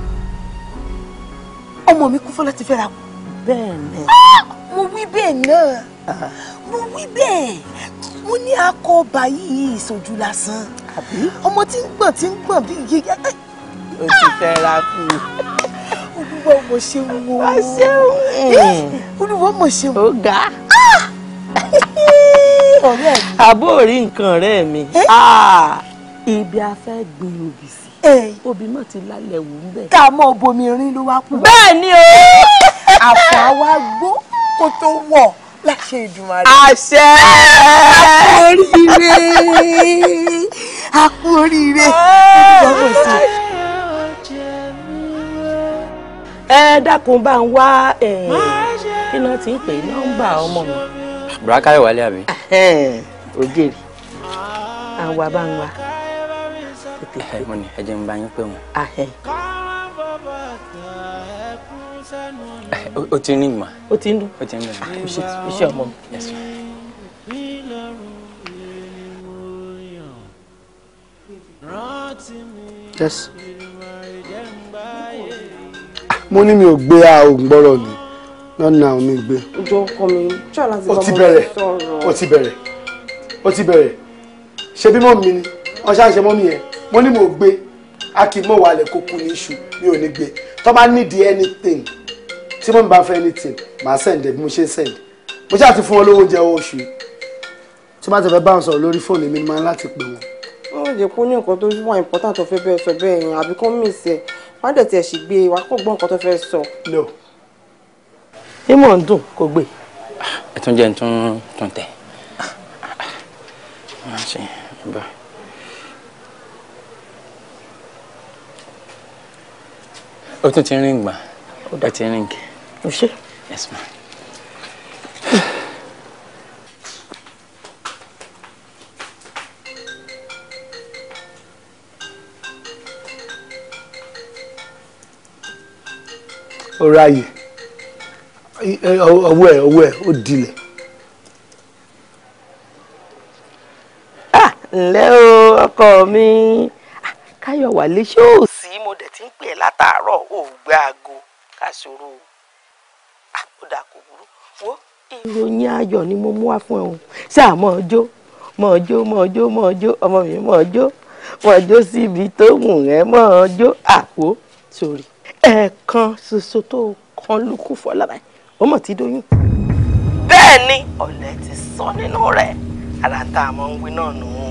ọmọ mi kú fọlẹ́ ti fẹ́ ra kú. bẹ́ẹ̀ ni. Ah! mo wí bẹ́ẹ̀ náà mo wí bẹ́ẹ̀ mo ní akọ ọba yìí ìṣojú lásán ọmọ tí ń gbọ̀n tí ń gbọ̀n bí yíyá. o ti fẹ́ ra kú. olúwa mo ṣe wo. wá ṣeun. olúwa mo ṣe wo. ó ga. Ah! àbó rí nǹkan ọ̀rẹ́ mi eh? ah! ibi a fẹ́ gbin òbí sí obì náà ti lálẹ́ wò ń bẹ̀. ká mọ bomi rin ló wá kú. bẹ́ẹ̀ ni o. àpò àwa gbó kó tó wọ̀ láṣẹ Èdùmàrè. àṣẹ. àkóríire àkóríire ìgbọ́kọ̀ ẹ dákun bá ń wá kí náà ti ń pè nọ́mbà ọmọ mi. bùrákàyọ̀ wálé àbí. ojèrè àwa bá ń wá tètè pé. mo ní ẹ jẹ́ ń bá yín pé wọ́n. o ti ní ìgbà. o ti ń dún. o ti ń bẹ̀rẹ̀. o ah, ṣe ọmọ mi. yes. mo ní mi ò gbé a ò ń gbọ́rọ̀ ni lọ́nà àwọn mi gbé. ojú ọkọ mi ṣọ́ láti bá ọmọ mi sọ̀rọ̀. o ti bẹ̀rẹ̀ o ti bẹ̀rẹ̀ ṣe bí mọ́ mi ni wọ́n ṣáà ṣe mọ́ mi yẹn mo ní mo gbé a kì í mọ̀ wàlẹ̀ kó ní iṣu mi ò gbé tó bá nídìí anything tí mo ń bá fẹ́ anything màá send ẹ̀ bí mo ṣe send mo ṣáà ti fún wọn lówó oúnjẹ oṣù tí wọ́n bá ti fẹ́ bá wọn sọ̀rọ̀ lórí fóònù mi ni máa ń láti pè wọ́n. wọ́n lè kó ní nǹkan tó wà important tó fẹ́ bẹ́ẹ̀ sọ bẹ́ẹ̀ yẹn àbí kó mí ìsẹ̀ wọ́n á dẹ̀ tiẹ̀ sì gbé e, wa kó gbọ́ nǹkan tó fẹ́ sọ. no. ìmọ̀ ń dùn kò gbé. ẹ tún jẹ́ ń tún tún tẹ̀. Ah, ah, ah. ó tún ti rìn gbà ó dá ti rìn kì. o ṣe. yes ma. ó ráàyè ọwọ́ ẹ̀ ọwọ́ ẹ̀ ó dilẹ̀. Ah, ǹlẹ́ o ọkọ mi ah, káyọ̀ wà lè ṣóòsì tí mo dẹ̀ ti ń pè é látàárọ̀ ò aago káṣoro àkódà kò burú wo. ìròyìn ayọ̀ ni mo mú wá fún ẹ o ṣáà mọ̀ ọ́ jó mọ̀ ọ́ jó mọ̀ ọ́ jó mọ̀ ọ́ jó ọmọ mi mọ̀ ọ́ jó mọ̀ ọ́ jó síbi tó wù ẹ́ mọ̀ ọ́ jó àwo sórí. ẹ̀ẹ̀kan ṣoṣo tó kan lukú fọlábàá ó mọ̀ ti dóyún. bẹ́ẹ̀ ni ọ̀lẹ́ ti sọ nínú rẹ̀ ara tá a mọ̀ ń wí náà nù ú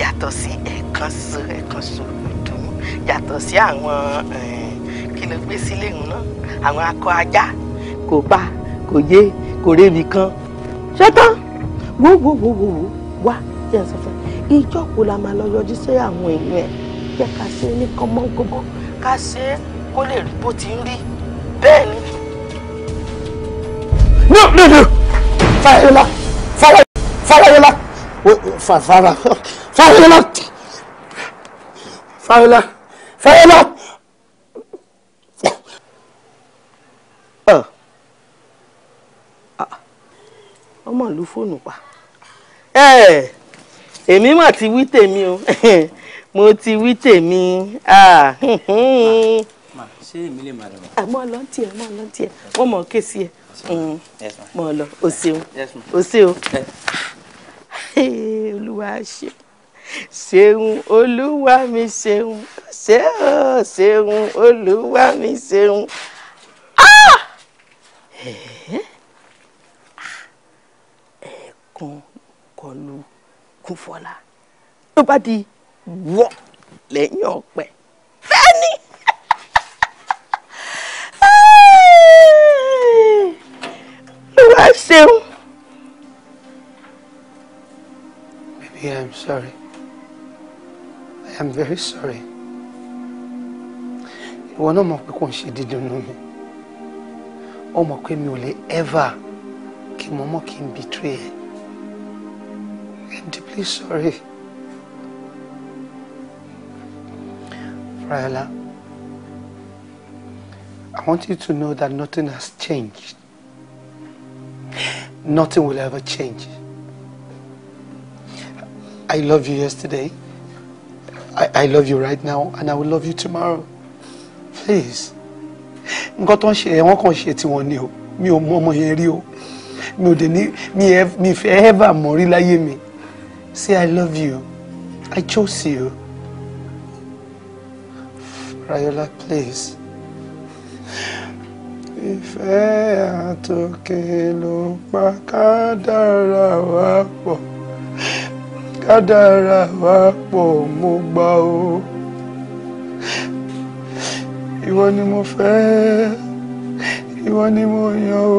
yàtọ̀ sí ẹ̀ẹ̀kan ṣoṣo ẹ̀ẹ̀kan ṣoṣo yàtọ̀ sí àwọn eh, kí ló gbé sílé ìhùn náà àwọn akọ ajá kò pa kò yé kò rébi kan ṣetán wo wo wo wo wá jẹ́ ẹ sọ fún ẹ ìjọ kò la máa lọ yọjú sí àwọn èèyàn ẹ̀ jẹ́ ká ṣe é ní kọ́mọ́kọ́mọ́ ká ṣe é kó lè rí bó ti ń rí bẹ́ẹ̀ ni. no no no Farayola Farayola Farayola Farayola. Fáyọlá Fáyọlá. Ah. Ah. ọmọ ìlú fóònù pa eh, èmi mà ti wí tèmi o mo ti wí tèmi. Ah. ṣé èmi lè máa dọ̀bà. àmọ́ ọ lọ ń tiẹ̀ mọ́ ọ lọ ń tiẹ̀ wọ́n mọ̀ ọ́ ké sí ẹ mọ́ ọ mm. lọ o ṣeun o ṣeun eh. olúwa ṣeun ṣeun olúwa mi ṣeun ṣe ó ṣeun olúwa mi ṣeun. Ah! ẹ̀ẹ̀kan ah! kọlu kúfọ́lá ló bá di wọ́ lẹ́yìn ọ̀pẹ. bẹ́ẹ̀ ni. olúwa ṣeun. Baby, I'm sorry. I am very sorry. Ìwọ náà mọ̀ pé kò ń ṣe dídùn nù mí. Ó mọ̀ pé mi ò lè ever kí mo mọ̀ kí n betray ẹ. I am deeply sorry. Fariola, I want you to know that nothing has changed. Nothing will ever change. I love you yesterday. I, I love you right now and I will love you tomorrow. Please. Nǹkan tó ń ṣe ẹ̀wọ̀n kan ṣe tiwọn ni o. Mi ò mọ ọmọ yẹn rí o. Mi ò dé ní mi fẹ́ ever mọ̀ rí láyé mi. Say I love you. I chose you. Rayola, please. Ìfẹ́ àtòkè ló pa kádàrá wa pọ̀ kádàrá wa pọ̀ mo gbà o ìwọ ni mo fẹ́ ìwọ ni mo yàn o.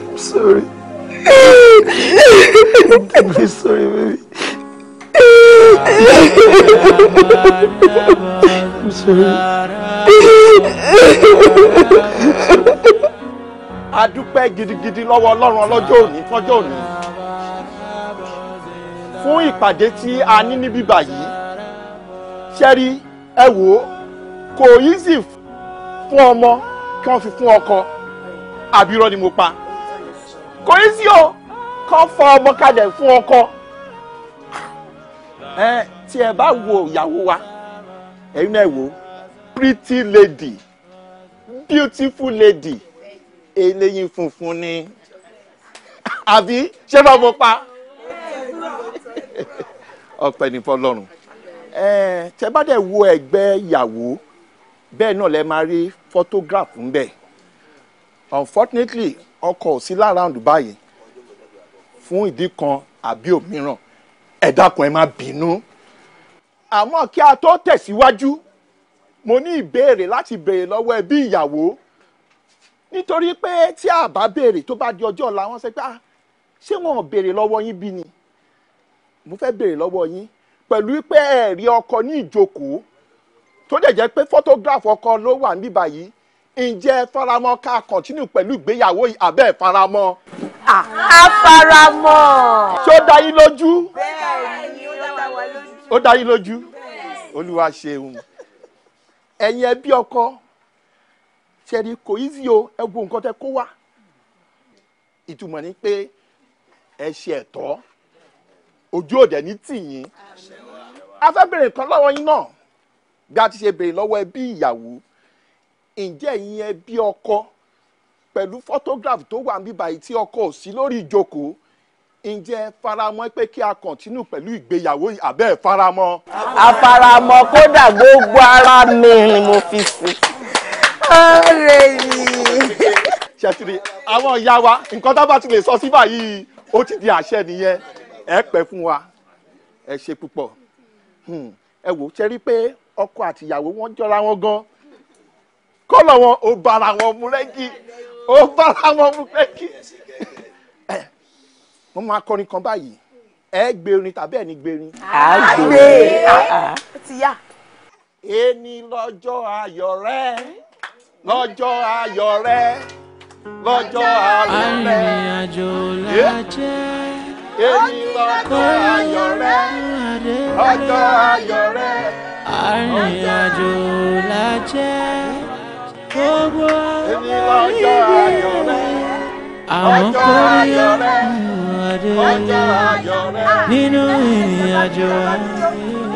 I'm sorry. I'm sorry, baby. I'm sorry a dúpẹ́ gidigidi lọ́wọ́ ọlọ́run ọlọ́jọ́ òní fọ́jọ́ òní fún ìpàdé tí a ní níbí báyìí ṣẹ́rí ẹ wò ó kò easy fún ọmọ kí wọ́n fi fún ọkọ àbí irọ́ ni mo pa kò easy o kọ́ fọ ọmọ kalẹ̀ fún ọkọ ẹ tí ẹ bá wo ìyàwó wa ẹ̀yin náà wò ó pretty lady beautiful lady eléyìí funfun ni àbí ṣé bá mo pa ọpẹ́ ní fọ́lọ́run tẹ bá dẹ̀ wo ẹgbẹ́ ìyàwó bẹ́ẹ̀ náà lẹ máa rí photograph ńbẹ̀ unfortunately ọkọ ò sí láraàndù báyìí fún ìdí kan àbí òmíràn ẹ dákun ẹ má bínú àmọ́ kí a tó tẹ̀síwájú mo ní ìbéèrè láti béèrè lọ́wọ́ ẹbí ìyàwó nítorí pé tí a bá béèrè tó bá di ọjọ́ ọ̀la wọn ṣe pé ah ṣé wọn ò béèrè lọ́wọ́ yín bí ni mo fẹ́ béèrè lọ́wọ́ yín pẹ̀lú pé ẹ rí ọkọ ní ìjókòó tó dẹ̀ jẹ́ pé photograph ọkọ ló wà ní báyìí ǹjẹ́ faramọ́ ká continue pẹ̀lú ìgbéyàwó yìí àbẹ́ faramọ́. a faramọ́. ṣé ó dá yín lójú. bẹ́ẹ̀ni ó dá wa lójú. ó dá yín lójú. olúwa ṣeun ẹ̀yin ẹbí ọkọ ṣẹ́ni kò í sí o ẹ wo nǹkan tẹ kó wá ìtumọ̀ ni pé ẹ ṣe ẹ̀tọ́ ojú òde ní tìyín afẹ́bẹ̀rẹ̀ kan lọ́wọ́ yín náà bí a ti ṣe béèrè lọ́wọ́ ẹbí ìyàwó ǹjẹ́ ìyẹn ẹbí ọkọ pẹ̀lú photograph tó wà níbí báyìí tí ọkọ ò sí lórí ìjókòó ǹjẹ́ faramọ́ pé kí a kọ̀ntínú pẹ̀lú ìgbéyàwó abẹ́ faramọ́. àfaramọ́ kódà gbogbo ara mi ni mo fi sí ọ̀rẹ́ mi. ṣètìrì àwọn ìyá wa nǹkan tá a bá ti lè sọ sí báyìí ó ti di àṣẹ nìyẹn ẹ pẹ́ fún wa ẹ ṣe púpọ̀ hmm. ẹ wò ó ṣe rí pé ọkọ àtìyàwó wọn jọra wọn gan kọlọ wọn ò bára wọn mu lẹ́gì ó bára wọn mu lẹ́gì mo máa kọrin kan báyìí ẹ gbèrin tàbí ẹni gbèrin. àgbè ó ti yá. ẹni lọ́jọ́ ayọ̀ rẹ̀ lọ́jọ́ ayọ̀ rẹ lọ́jọ́ ayọ̀ rẹ arìnrìnàjò lajẹ́ èyí lọ́jọ́ ayọ̀ rẹ lọ́jọ́ ayọ̀ rẹ arìnrìnàjò lajẹ́ gbogbo àwọn ìdí rẹ àwọn kórìíra ọdẹ nínú ìrìnàjò ayọ̀ rẹ.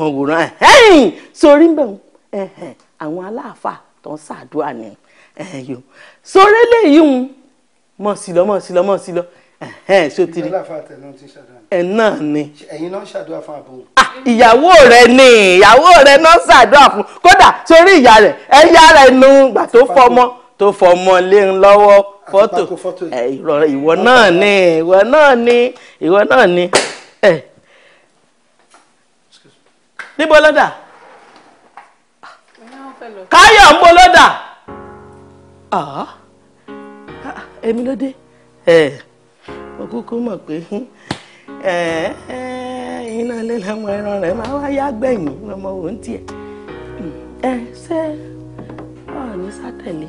mo wòran ẹ̀hìn sórí ń bẹ̀rù ẹ̀hìn àwọn aláàfà tó ń ṣàdúrà ni ẹ̀hìn yòó sórí léyìí ń mọ̀ sí lọ mọ̀ sí lọ mọ̀ sí lọ ẹ̀hìn sotiri ẹ̀ náà ni. ẹ̀yin náà ṣàdúrà fún àbúrò. Ah, ìyàwó rẹ ni ìyàwó rẹ náà ṣàdúrà fún kódà sórí ìyá rẹ ẹ̀yà rẹ nu gbà tó fọmọ tó fọmọ lé ń lọ́wọ́ fọ́tò ìwọ náà ni ìwọ náà ni ìwọ náà ni níbo ló dà káyọ̀ ń bo ló dà èmi ló dé mo kúkú mọ̀ pé iná ilé làwọn ẹran rẹ̀ máa wá yá gbẹ̀yìn ọmọ òun tiẹ̀ ẹ ṣé ọ̀ọ́ni sátẹ̀lé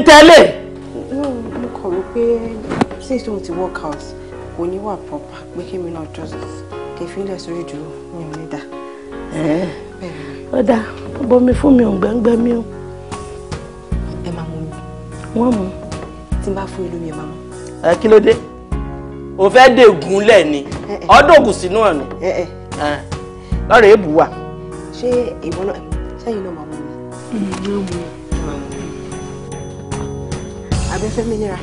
ntẹ̀lé. mo kọ̀ wípé since don't work out oníwà pọ̀pà pé kí mi náà just kí n fílẹ̀ sórí ìdúró mi ò ní dà. ó dà bomi fún mi ò ń gbẹ́ngbẹ́ mi o. ẹ máa mú mi. wọ́n mú. tí n bá fún ìlú mi ẹ máa mú. ẹ kí ló dé o fẹ́ dègùn lẹ̀ ni ọdọ̀gùn sínú ẹ̀ ni lọ́rọ̀ èébù wà. ṣé ìwọ náà sẹ́yìn náà máa mú mi. àbẹ́fẹ́ mm, mi nira.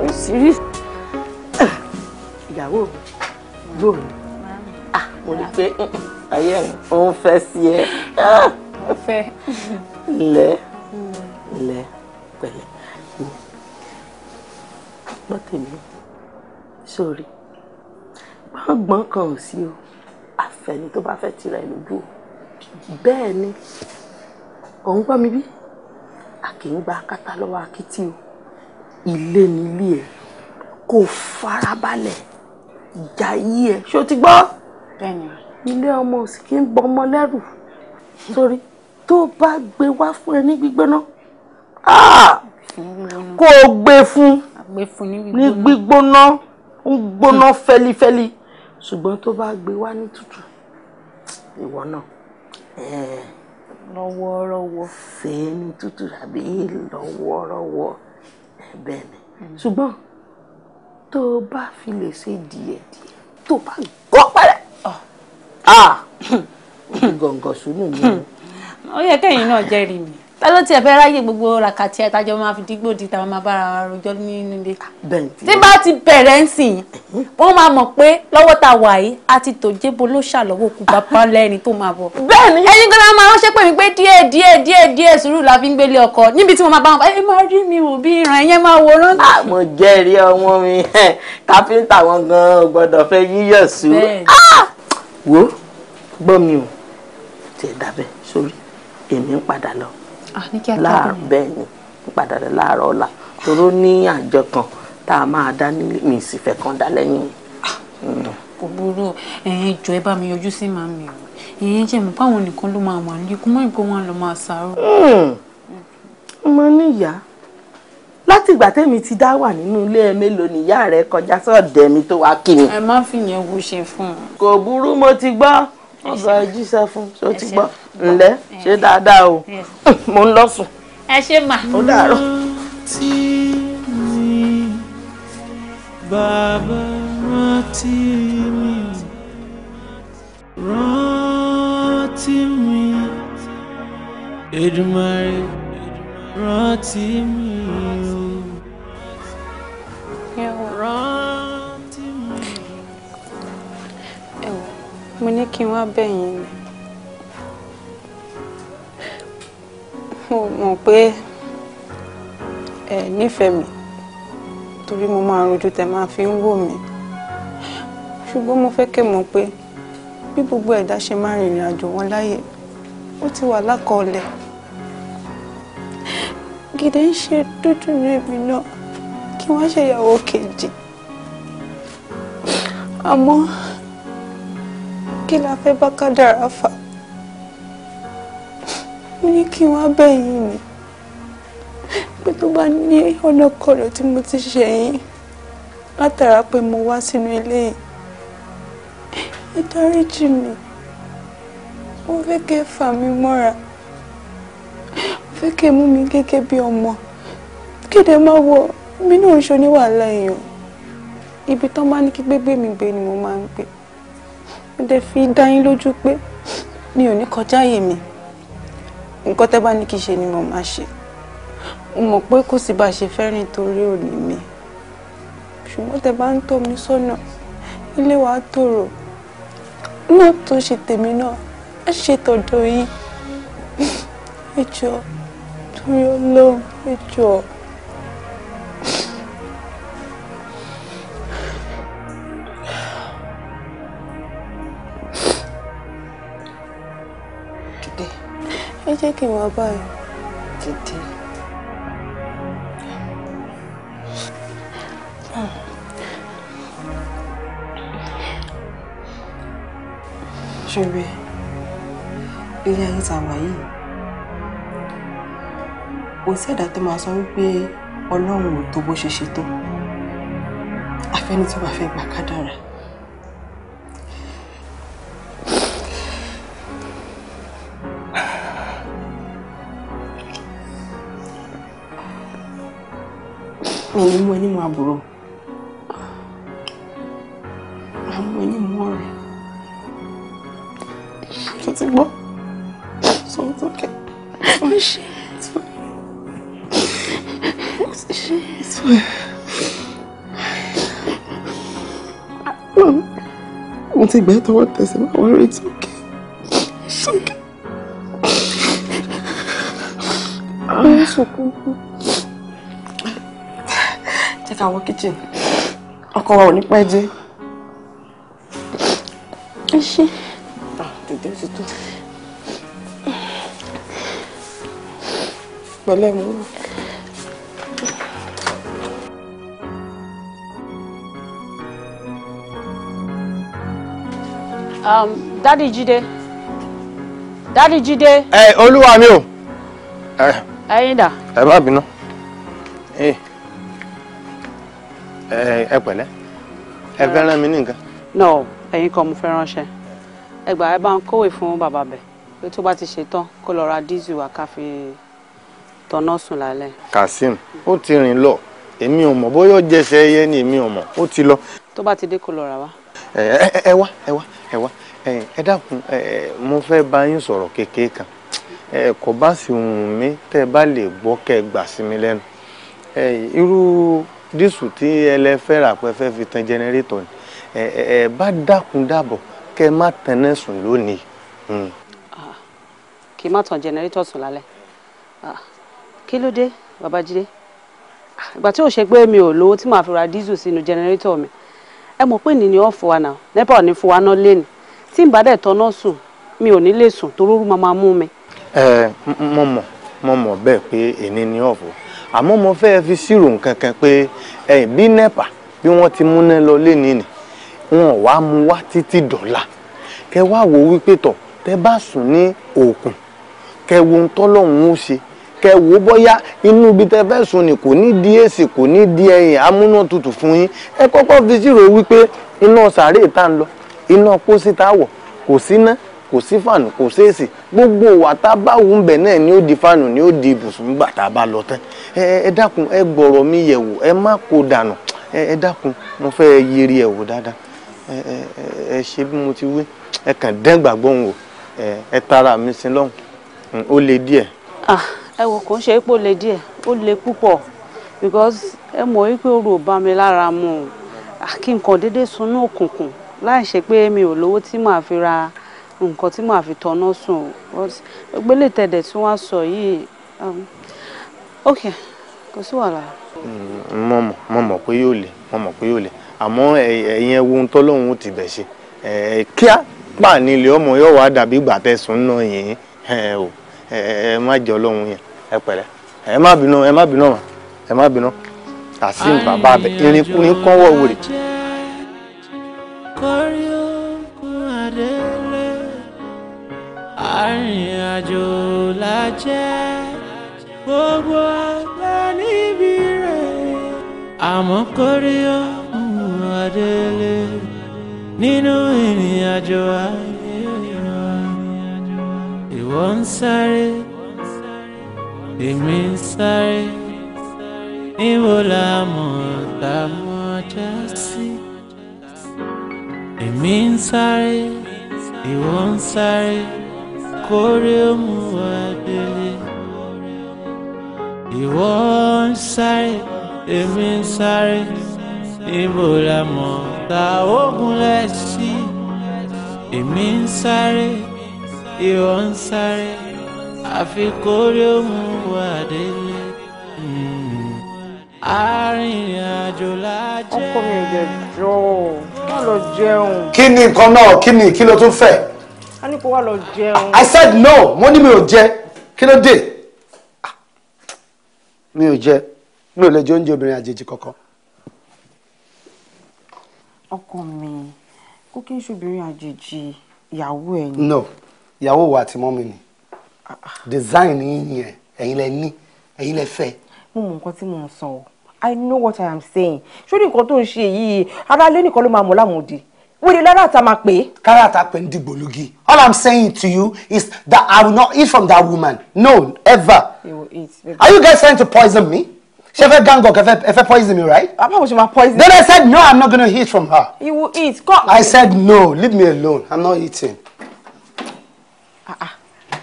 oríṣiríṣi ìyàwó yóò rí ah, mo rí pé ayé rẹ ò ń fẹ́ sí ẹ. mo ah, fẹ́. lẹ lẹ pẹ̀lẹ́ gbọ́ tèmi sórí gbọ́ngbọ́n kan ò sí o àfẹ́ni tó bá fẹ́ tira ẹ̀ lójú o bẹ́ẹ̀ ni òun gbọ́ mi bí àkìngbà kátà lọ́wọ́ akitì o ilé nílé ẹ kó farabalẹ̀ ìjà yí ẹ ṣó ti gbọ́. ilé ọmọ òsì kì í bọ ọmọ lẹ́rù sórí tó bá gbé wá fún ẹ ní gbígbóná ah! kó gbé fún ní gbígbóná ń gbóná fẹlifẹli ṣùgbọ́n tó bá gbé wá ní tútù ìwọ náà lọ́wọ́rọ́wọ́ fẹ́ ní tútù àbí lọ́wọ́rọ́wọ́ bẹ́ẹ̀ ni ṣùgbọ́n tó o bá fi lè ṣe díẹ̀díẹ̀ tó o bá gbọ́ padà ó ti gọ̀ǹgọ̀ sínú mi. ó yẹ kẹ́yìn náà jẹ́rìí mi ta ló tiẹ̀ fẹ́ ráyè gbogbo ràkàtì ẹ̀tajọ́ máa fi dígbò di tàwọn máa bára rojọ́ nínú ilé. tí bá ti bẹ̀rẹ̀ ń sìn wọ́n máa mọ̀ pé lọ́wọ́ ta wà yìí a ti tò jébo ló ṣàlọ́wọ́ kù bàbá lẹ́ni tó máa bọ̀. bẹ́ẹ̀ni ẹyin kan máa ránṣẹ́ pè mí pé díẹ̀ díẹ̀ díẹ̀ díẹ̀ sùúrù la fi ń gbélé ọkọ níbi tí mo máa bá wọn ẹ máa rí mi wò bí ìran ẹ̀yẹ́ máa wòran. Ah, mo jẹ́rìí ọmọ mi káfíńtà wọn gan-an gbọ́dọ̀ fẹ́ yíyọ̀ ah! wo gbọ́ mi ò tẹ̀ dábẹ́ sórí èmi ń padà lọ Ah, láàárọ̀ bẹ́ẹ̀ ni padà rẹ̀ láàárọ̀ ọ̀la toró ní àjọ kan tá a máa dá nílé mi sì fẹ́ kan dá lẹ́yìn. Ah, kò burú ẹ̀yin jọ ẹ bá mi yọjú sí màmí o ẹ̀yin jẹ́ mi báwọn nìkan ló máa wà nílé kó mọ́ ìgbó wọn lọ máa ṣàárò. Hmm. mo níyà láti ìgbà tẹ́mi ti dá wà nínú ilé ẹ mélòó nìyá rẹ kọjá sọ́ọ̀dẹ̀ mi tó wá kí mi. ẹ má fìyẹn wo ṣe fún un. kò burú mo ti gbọ́ wọ́n bá jíṣẹ́ fún ṣé o ti gbọ́ ǹlẹ́ ṣe dáadáa o mo ń lọ ẹ ṣe mà. ó dàárọ̀. tí mi bàbá rántí mi rántí mi Èdùmàrè rántí mi o rántí. mo ní kí n wá bẹ̀yìn ni mo mọ̀ pé ẹ nífẹ̀ẹ́ mi torí mo máa rojú tẹ máa fi ń wò mí ṣùgbọ́n mo fẹ́ kẹ́ mọ̀ pé bí gbogbo ẹ̀dá ṣe máa rìnrìn àjò wọn láyè ó ti wà lákọọ́lẹ̀ gidi ń ṣe dúdú ní ibi náà kí wọ́n ṣèyàwó kejì àmọ́ kí la fẹ́ bá kádàrá fà mo ní kí wọ́n bẹ̀yìn ni pé tó bá ní ọ̀nà kọ̀rọ̀ tí mo ti ṣe yín látara pé mo wá sínú ilé yìí ẹ dáríjì mi mo fẹ́ kẹ́ ẹ fà mí mọ́ra mo fẹ́ kẹ́ mú mi gẹ́gẹ́ bí ọmọ kéde má wọ mi náà ń ṣe oníwàhálà èèyàn ibi tán bá ní kí gbégbé mi gbé ni mo máa ń gbé ẹ dẹ̀ fi dá yín lójú pé mi ò ní kọjá àyè mi nǹkan tẹ́ bá ní kí n ṣe ni mo máa ṣe mo mọ̀ pé kò sí bá a ṣe fẹ́ rìn torí òní mi ṣùgbọ́n tẹ́ bá ń tọ́ mi sọ́nà ilé wa tòrò náà tó ṣe tèmi náà á ṣe tọ̀dọ̀ yín ẹ jọ̀ọ́ torí Ọlọ́run ẹ jọ̀ọ́. jẹ́ kí n wá báyìí. Dìde. Ṣeré, ilé ayé ta wà yìí. Kò sí ẹ̀dá tó máa sọ wípé Ọlọ́run ò tó bó ṣe ṣe tó. Afẹ́ni tó bá fẹ́ gbà kádàrá. mi ní mú ẹ nímú àbúrò màá mú ẹ nímú ọ̀rẹ́ tó ti gbọ́ sọ tó kẹ ó ṣe ètò ó ti ṣe ètò ẹ. mo ti gbẹ́ tọwọ́ tẹsẹ̀ máa wọ́n rí tó kẹ tó kẹ. ó ń sọkún kú jẹ́ ká wọ kitchen ọkọ wa ò ní pẹ́ dé. ẹ ṣe. Ah, tètè ti tó. pẹ̀lẹ́ mo um, dadi jide. dadi jide. ẹ eh, olúwa mi o. Eh. ẹ̀yin dà. ẹ má bínú. Eh ẹ pẹ̀lẹ́ ẹ fẹ́ rán mi ní nǹkan. no ẹ̀yin kan mo fẹ́ ránṣẹ́ ẹ gbà ẹ bá ń kówè fún bàbá bẹ̀ pé tó bá ti ṣe tán kó lọ ra díìsù wá ká fi tọ́nà sùn lálẹ́. Kazeem ó ti rìn lọ èmi ò mọ̀ bóyá ó jẹsẹ̀ ẹyẹ ni èmi ò mọ̀ ó ti lọ. tó bá ti dé kó lọ rà wá. ẹ ẹ wá ẹ wá ẹ wá ẹ dákun mo fẹ́ bá yín sọ̀rọ̀ kékeré kan kò bá sì wù mí tẹ́ ẹ bá lè gbọ́ kẹ́ ẹ gbà sí mi lẹ́nu irú dísù tí ẹlẹ fẹ́ rà pé fẹ́ fi tan jẹnẹrétọ̀ ni ẹ ẹ bá dákun dábọ̀ kẹ́ ẹ má tan sùn lónìí. Hmm. Ah, kì í má tan jẹnẹrétọ̀ sùn lálẹ́ ah, kí ló dé babájídé ah, ìgbà tí ò ṣe pé mi ò lówó tí màá fi ra dísù sínú jẹnẹrétọ̀ mi ẹ mọ̀ pé nìyí ọ̀fọ̀ wa náà nẹ́pà ò ní fún wa náà lẹ́nu tí n bá dẹ̀ tọ́ náà sùn mi ò ní lè sùn toróorú máa máa mú mi. ẹ mọ mọ mo mọ̀ bẹ́ẹ̀ pé èní ni ọ̀fọ̀ àmọ́ mo fẹ́ fi ṣírò nǹkan kan pé ẹ̀yìn bí nepa bí wọ́n ti múná lọ léni nì wọn wá mú wá títí dọ̀la kẹ wá wò wípé tọ̀ tẹ bá sùn ní òkun kẹ wo ohun ó ṣe kẹ wò bóyá inú ibi tẹ fẹ́ sùn ni kò ní di èsì kò ní di ẹ̀yìn amúnátutù fún yín ẹ kọ́kọ́ fi ṣírò wípé iná sàárè tá ń lọ iná pósí tá wọ̀ kò síná kò sí fàánù kò sí èsì gbogbo wa tá a bá wù ń bẹ̀ náà ni ó di fàánù ni ó di ibùsùn nígbà tá a lọ tán ẹ dákun ẹ gbọ̀rọ̀ mi yẹ̀ wò ẹ má kó dànù ẹ dákun mo fẹ́ yiri ẹ̀ wò dáadáa ẹ ṣe bí mo ti wí ẹ kàn gbàgbọ́ wò ẹ tara mi sin lọ́hùn ó le díẹ̀. ẹ wò kò ń ṣe é pò le díẹ̀ ó le púpọ̀ because ẹ mọ̀ wípé oru bá mi lára mu kí nǹkan tí màá fi tọ́nà sùn o gbélé tẹ̀dẹ̀ tí wọ́n sọ yìí um, ok kò sí wàhálà. Mm, mo mọ̀ pé yóò lè mo mọ̀ pé yóò lè àmọ́ ẹ̀yin ẹ wo ohun tọ́lọ́hún ti bẹ̀ ṣe kíá pà ní ilé ọmọ yóò wá dàbí ìgbà tẹ̀sùn náà yìí o ẹ má jẹ́ ọlọ́run yẹn ẹ pẹ̀lẹ́ ẹ má bínú ẹ má bínú ẹ má bínú kàsí bàbá abẹ irin kúrin kọ́wọ́ wòlé. arìnrìnàjò la jẹ́ gbogbo ọgbẹ́ níbi rẹ̀ àmọ́ kórè ọmọ adélé nínú ìrìnàjò ayé wa ìwọ ń sáré èmi ń sáré níbo la mọ̀ tá a mọ̀ já sí èmi ń sáré. He won't say kórè mú wá délé ìwọ ń sáré èmi ń sáré ibo la mọ̀ ta ogun lẹ̀ sí èmi ń sáré ìwọ ń sáré àfi kórè mú wá hmm. arìnrìnàjò la jẹ́. ọkọ mi jọ ọ má lọ jẹun. kí ni nǹkan náà kí ni kí ló tún fẹ́. I said no wọ́n ní mi ò jẹ kí ló dé ah, mi ò jẹ mi ò lè jẹ oúnjẹ obìnrin àjèjì kankan. ọkọ mi kó kí n ṣobìnrin àjèjì ìyàwó ẹ ni. no ìyàwó wa àti mọ́mí ni ah, ah. design yẹn ẹ̀yin lẹ ní ẹ̀yin lẹ fẹ́. mo mọ nǹkan tí mo ń sọ I know what I am saying ṣó ní nǹkan tó ń ṣe yìí ara lé nìkan ló máa mọ̀ lámòdì we dey learn how to ma pe. character pendigboligi all i'm saying to you is that i will not eat from that woman no ever. you will eat. are you guys trying to poison me. She fẹ́ gang up ẹ fẹ́ poison me right. báwo ṣe ma poison. then i said no i'm not gonna eat from her. you will eat. Come. i said no leave me alone i'm not eating. ah ah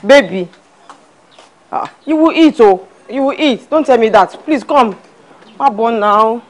baby ah you will eat oh you will eat don't tell me that please come ma born now.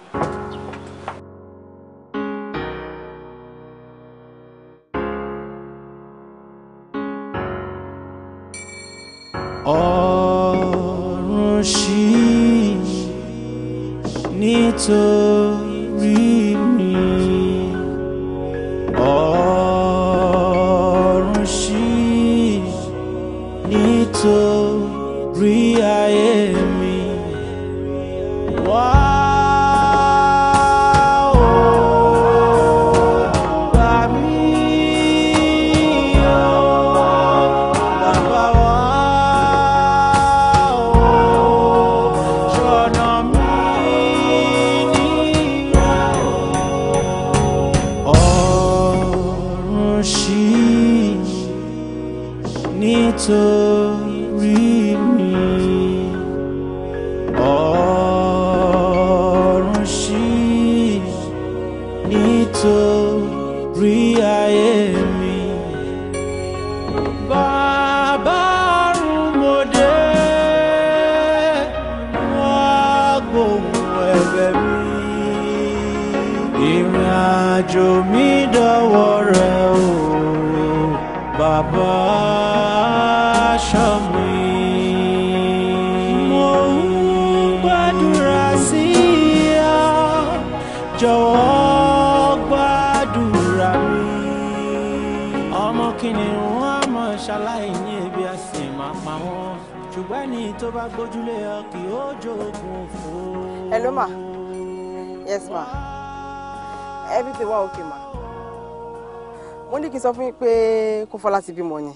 pé Kúnfọlá ti bímọ ni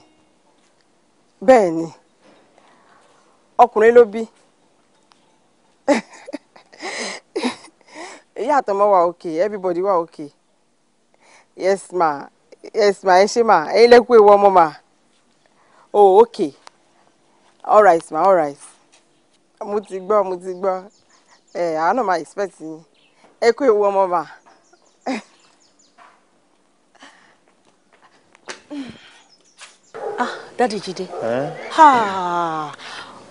bẹ́ẹ̀ ni ọkùnrin ló bí ìyá àtọmọ wa okay everybody wa okay yes ma yes ma ẹ ṣe ma ẹ̀yin lẹkùn ewu ọmọ ma oh okay all right ma all right mo ti gbọ́ mo ti gbọ́ ẹ àánú ma expect yín ẹ kú ewu ọmọ ma. dáàdì jíde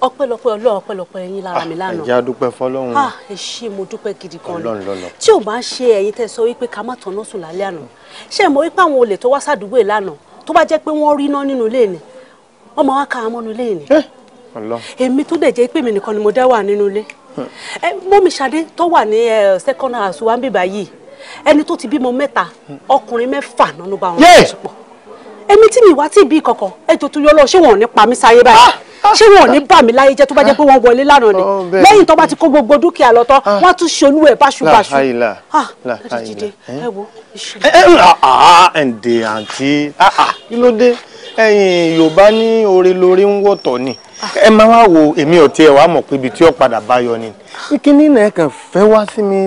ọpẹ́lọpẹ́ Ọlọ́run ọpẹ́lọpẹ́ ẹ̀yin lára mi lánàá ẹjẹ adúpẹ́ fọ́lọ́run ha ẹ ṣé mo dúpẹ́ gidi kan ni tí ò bá ń ṣe ẹ̀yin tẹ́ sọ wípé ká má tọ̀nà sùn lálẹ́ àná ṣé mo wípé àwọn olè tó wá sàdúgbò ìlànà tó bá jẹ́ pé wọ́n rí iná nínú ilé ni wọ́n máa wá ká amọ́nu ilé ni èmi tó dẹ̀ jẹ́ pé mi nìkan ni mo dá wà nínú ilé mọ́mi Ṣadé tó wà ní second house wa ń bíbá yìí ẹni tó ti bímọ mẹ́ta ọkùnrin mẹ́fà nánú bá wọn lọ́sọ̀pọ̀ èmi tí mi wá tí bí kankan ẹ tó tún yọ lọ ṣé wọn ò ní pa mí sáyé báyìí ah, ah, ṣé wọn ò ní ah. bà mí láyé jẹ́ tó bá jẹ́ pé wọn wọlé lánàá ni oh, lẹ́yìn tó bá ti kó gbogbo dúkìá lọ tán wọn tún ṣe olú ẹ báṣubàṣu eh? ẹǹdè eh, eh, àǹtí kí ló dé ẹ̀yin Yorùbá ní oore lórí ń wọ̀tọ̀ ni ẹ máa wá wo èmi ò tiẹ̀ wá mọ̀ pé ibi tí ó padà bá yọ ni ìkíní náà kàn fẹ́ wá sí mi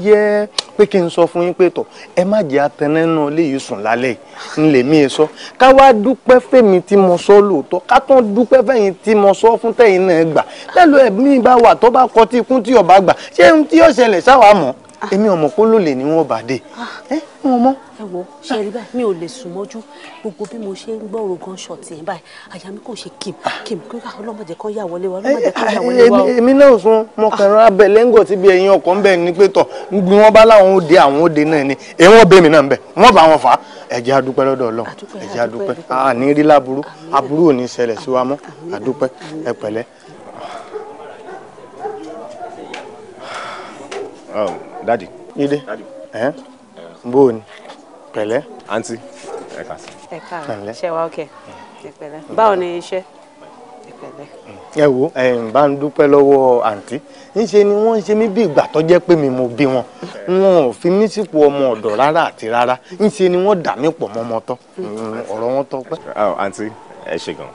yẹ pé kí n sọ fún yín pé tọ̀ ẹ má jẹ́ atẹnẹ́nà léyìí sùn lálẹ́ ńlẹ̀ mí sọ ká wá dúpẹ́ fèmi tí mo sọ lóòótọ́ ká tún dúpẹ́ fẹ̀yìn tí mo sọ fún tẹ̀yìn náà gbà lẹ́lu ẹ̀mí bá wà tó bá kọtí ikún tí ọba gbà ṣé ohun tí yóò ṣẹlẹ̀ sáwàá mọ̀. Ah. èmi ò mọ̀ pé lòlè ni wọ́n bá dé ah. ẹ wọn mọ. ẹ wo ṣe rí báyìí mi ò lè sùn mọ́jú gbogbo bí mo ṣe ń gbọ́rọ̀ gan ṣọ̀tì ẹ̀ báyìí àyà mi kò ṣe kìm ah. kìm kí ọlọ́mọdé kan yà wọlé wa ọlọ́mọdé kan yà wọlé wa o. èmi náà sún mo kẹrin abẹ lẹ́ńgọ̀ tí bí ẹ̀yin ọkọ̀ ń bẹ̀ ni pé tọ̀ bí wọ́n bá láwọn òde àwọn òde náà ni èyí wọ́n bẹ̀ mí náà ń bẹ̀ wọ́n bá wọn fà á ẹ jẹ́ adúpẹ́ lọ́dọ̀ Ọlọ́run ẹ jẹ́ adúpẹ́ àní rí láburú aburú dadi. ide nbó ni pẹ̀lẹ́. àǹtí ẹ kà sí. ẹ kà rẹ wa ok ẹ pẹ̀lẹ́ báwo ni iṣẹ́ ẹ pẹ̀lẹ́. ẹ wo ẹ ń bá ń dúpẹ́ lọ́wọ́ àǹtí ńṣe ni wọ́n ń ṣe mí bí ìgbà tó jẹ́ pé mi mo bí wọn wọn ò fi mí sípò ọmọ ọ̀dọ̀ rárá àti rárá ńṣe ni wọ́n dà mí pọ̀ mọ́mọ́ tọ́ mm, ọ̀rọ̀ wọn tọ́ pẹ́. àǹtí oh, ẹ ṣe gan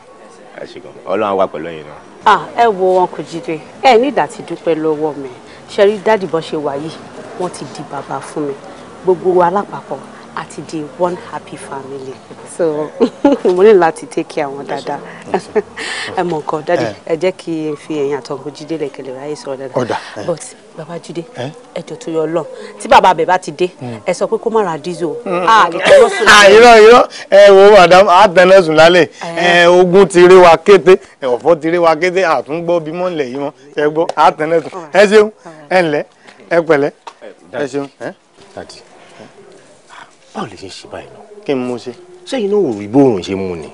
ẹ ṣe gan Ọlọ́run á wà pẹ̀lú ẹ̀yin náà. Ah, ẹ wo wọn jíde ẹ ní ìdá ti dúpẹ́ lọ́wọ́ mi ṣe rí dáàdì bọ́ ṣe wà yìí wọ́n ti di bàbá fún mi gbogbo wa lápapọ̀ àti di one happy family so mo ní láti take care wọn dáadáa ẹ mọ nǹkan dáàdì ẹ jẹ́ kí n fi ẹ̀yìn àtọkùn jíde lẹ́kẹ̀lẹ̀ ráyè sọ̀rọ̀ dáadáa but Babájídé ẹjọ tó yọ lọ tí bàbá bẹ bá ti dé hmm. ẹ sọ pé kó má ra diesel hmm. a lè tọwọ́ sùn. Ah, irọ́ irọ́ ẹ wo madam àtẹnẹ sùn lálẹ́ eh. ẹ ogun ti rí wa kété ọ̀fọ̀ ti rí wa kété àtúngbọ́ bímọ ńlẹ̀ yìí mọ́ ẹ gbọ́ àtẹnẹ sùn hmm. ẹ ṣeun ẹ ǹlẹ́ ẹ pẹ̀lẹ́ eh, ẹ ṣeun. Eh? dadi báwo lè ṣe ṣe báyìí náà. kí ni mo ṣe. sẹ́yìn náà wò rí bóòrùn ṣe mú ni.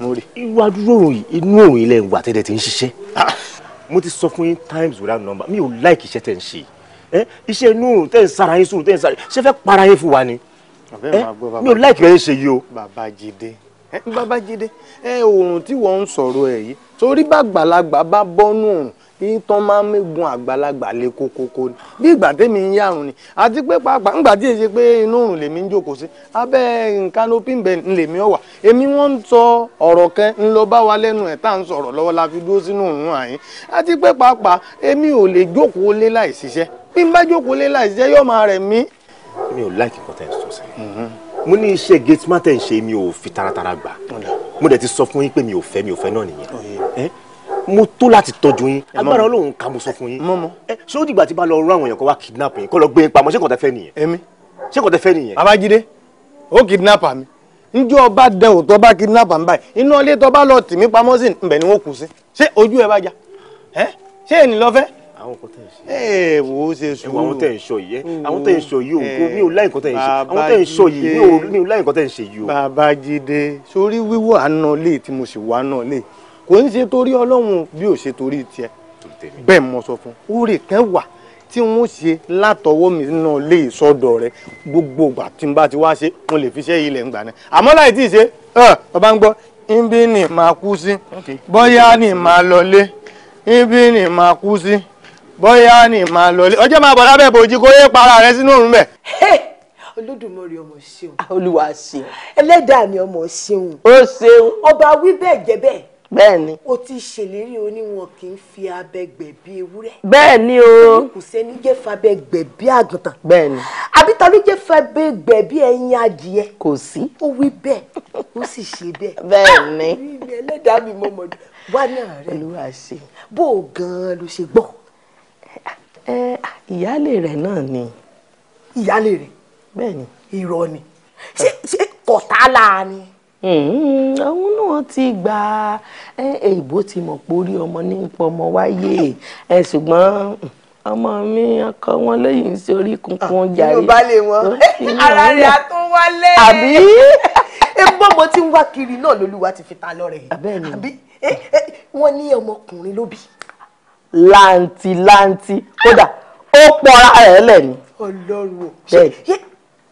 mo rí. irú adúrò òrùn inú òrùn ilẹ̀ ìgbà tẹ́lẹ̀ ti ń ṣiṣẹ́. Ah mo ti sọ fún yín times without number mi ò like iṣẹ́ tẹ̀ ń ṣe ẹ iṣẹ́ inú tẹ̀ ń sara yín sùn tẹ̀ ń sara ṣé fẹ́ para yín fún wa ni ẹ mi ò like rẹ̀ ṣe yìí o. bàbá jídé bàbá jídé ẹ oòrùn tí wọ́n ń sọ̀rọ̀ ẹ̀ yìí torí bàgbàlagbà bá bọ́nú òrùn ìtàn máa ń mẹ́gun àgbàlagbà lé kókókó ni bí ìgbà tẹ́mi ń yàrùn ni àti pé pàápàá ńgbà tí èsì pé inú òrùn lèmi ń jókòó sí abẹ́ nǹkan ló pín bẹ́ẹ̀ lèmi ọ̀wà èmi wọ́n ń sọ ọ̀rọ̀ kan ń lọ bá wa lẹ́nu ẹ̀ tá à ń sọ̀rọ̀ lọ́wọ́ la fi dúró sínú òrùn àyín àti pé pàápàá èmi ò lè jókòó lé láì ṣiṣẹ́ bí n bá jókòó lé láì ṣiṣẹ́ yóò máa rẹ̀ mí. mi ò láìkí kọ́tà ẹ̀ sọ sẹ́yìn mhm. mo ní iṣẹ́ gate man tẹ̀ ń ṣe mi ò fi taratara gbà mo dẹ̀ ti sọ fún yín pé mi ò fẹ́ mi ò fẹ́ náà nìyẹn mo tó láti tọ́jú yín agbára Ọlọ́run ká mo sọ fún yín mọ́mọ́ ẹ ṣé ó dìgbà tí bá lọ rú àwọn èèyàn kan wá kidnap yín kó lọ gbé yín pamọ́ ṣé kò tẹ́ fẹ́ nìyẹn èmi ṣé kò tẹ́ fẹ́ nìyẹn. babájídé ó kidnapper mi njẹ́ ọba dẹ òótọ́ bá kidnapper mi báyìí inú ọlẹ́ tó lọ tì pamọ́ sí ibẹ̀ ni wọ́n kù sí ṣé ojú ẹ bá já ṣé ènì lọ fẹ́ àwọn kan tẹ̀ ń ṣe. ẹ wo ṣe sùúrù àwọn tẹ̀ ń sọ yìí tẹ̀ ń sọ yìí òǹkó àwọn tẹ̀ ń sọ yìí kò ń ṣe torí ọlọ́run bí ò ṣe torí tiẹ̀ bẹ́ẹ̀ mo sọ fún oore kan wà tí wọ́n ṣe látọwọ́ mi náà lè sọ́dọ̀ rẹ gbogbo ìgbà tí n bá ti wá ṣe mo lè fi ṣe ilẹ̀ ń gbà náà àmọ́ láì tí ì ṣe ọba ń gbọ́ ibi ni màá kú sí bóyá ni màá lọlé ibi ni màá kú sí bóyá ni màá lọlé ọjọ́ máa bọ̀ lábẹ́ ìbòjì kó yé para rẹ sínú òrùn bẹ̀. olódùmarè ọmọ ṣeun olúwa ṣeun ẹlẹ́dàá mi ọmọ ṣeun ó ṣeun ọba wí bẹ́ẹ̀ jẹ́ bẹ́ẹ̀ bẹ́ẹ̀ni. o ti ṣèlérí o ní wọn kì í fi abẹ gbẹ̀bí ewúrẹ́. bẹ́ẹ̀ni o. kò sẹ́ni jẹ́ fabẹ gbẹ̀bí àgùntàn. bẹ́ẹ̀ni. àbí ta ló jẹ́ fabẹ gbẹ̀bí ẹyin adìyẹ. kò sí. ó wí bẹ́ẹ̀ ó sì ṣe bẹ́ẹ̀. bẹ́ẹ̀ni. ẹlẹ́dàá mi mọ̀ mọ̀ wá náà rẹ̀. olúwa ṣe. bó o gan-an ló ṣe gbọ́. ẹ ìyáálé rẹ̀ náà ni. ìyáálé rẹ̀. bẹ́ẹ̀ni. irọ́ ni. ṣé ṣé kọ̀tá la òun náà ti gba èèbó ti mọ̀ pé ọmọ ní ń pọmọ wáyé ẹ ṣùgbọ́n ọmọ mi ọkọ wọn lóyìn sí orí ah, jàre. yóò lè wọn ara rẹ̀ á tún wálé. àbí. ebó mo ti ń wá kiri náà lolúwa ti fi ta lọ́rẹ. àbẹ́ẹ̀ni. Ah, àbí wọ́n ní ọmọkùnrin ló bí. láǹtì kódà ó pọra rẹ̀ lẹ́nu. ọlọ́run o ṣe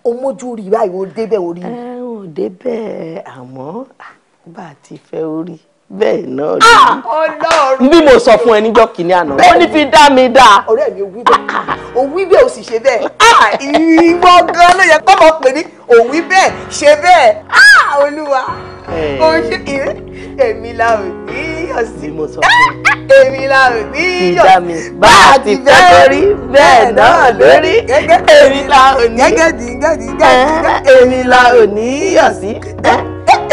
o mójú rí báyìí o débẹ̀ orí débẹ̀ àmọ́ bá a ti fẹ́ orí bẹ́ẹ̀ náà rí i ah, bí mo sọ fún ẹ níjọ́ kìíní àná ó ní fi dá mi dá. ọ̀rẹ́ mi ò wí bẹ́ẹ̀ ah, ah. ò wí bẹ́ẹ̀ ò sì ṣe bẹ́ẹ̀ ìwọ gan ló yẹ kọ́mọ pè ní ò wí bẹ́ẹ̀ ṣe bẹ́ẹ̀ olúwa ò eh. ṣe èmi la ò ní yọ̀ sí mo sọ fún èmi la ò ní yọ̀ ìjà mi bá a ti fẹ́ lórí bẹ́ẹ̀ náà lórí èmi la ò ní èmi la ò ní yọ̀ sí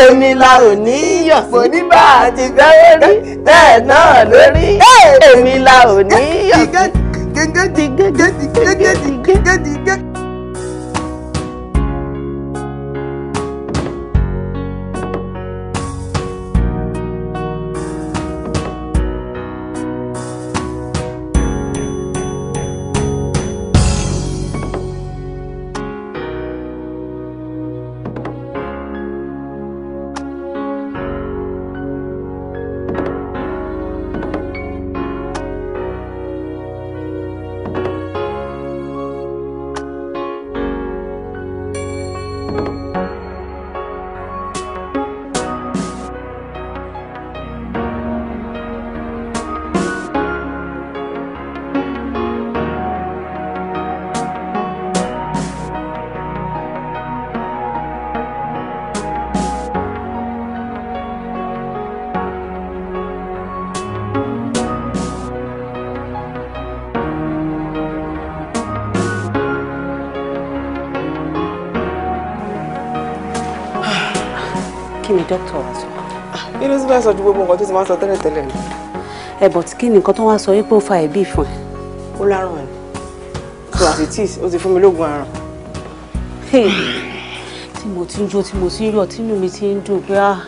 èmi la ò ní yọ̀ sí. mo ní bá a ti fẹ́ lórí bẹ́ẹ̀ náà lórí èmi la ò ní yọ̀ sí. dókítà wa sọ. inú sí bá sọ ju gbogbo nǹkan tó ti máa ń sọ tẹ́lẹ̀ tẹ́lẹ̀ lọ. ẹ bọ̀ tí kí ni nǹkan tó wá sọ wípé ó fa ẹ̀bí fún ẹ. ó lárùn ẹ̀ tó àti tíì ó ti fún mi lóògùn aràn. tí mo ti ń jó tí mo ti ń yọ̀ tí inú mi ti ń dùn pé ah,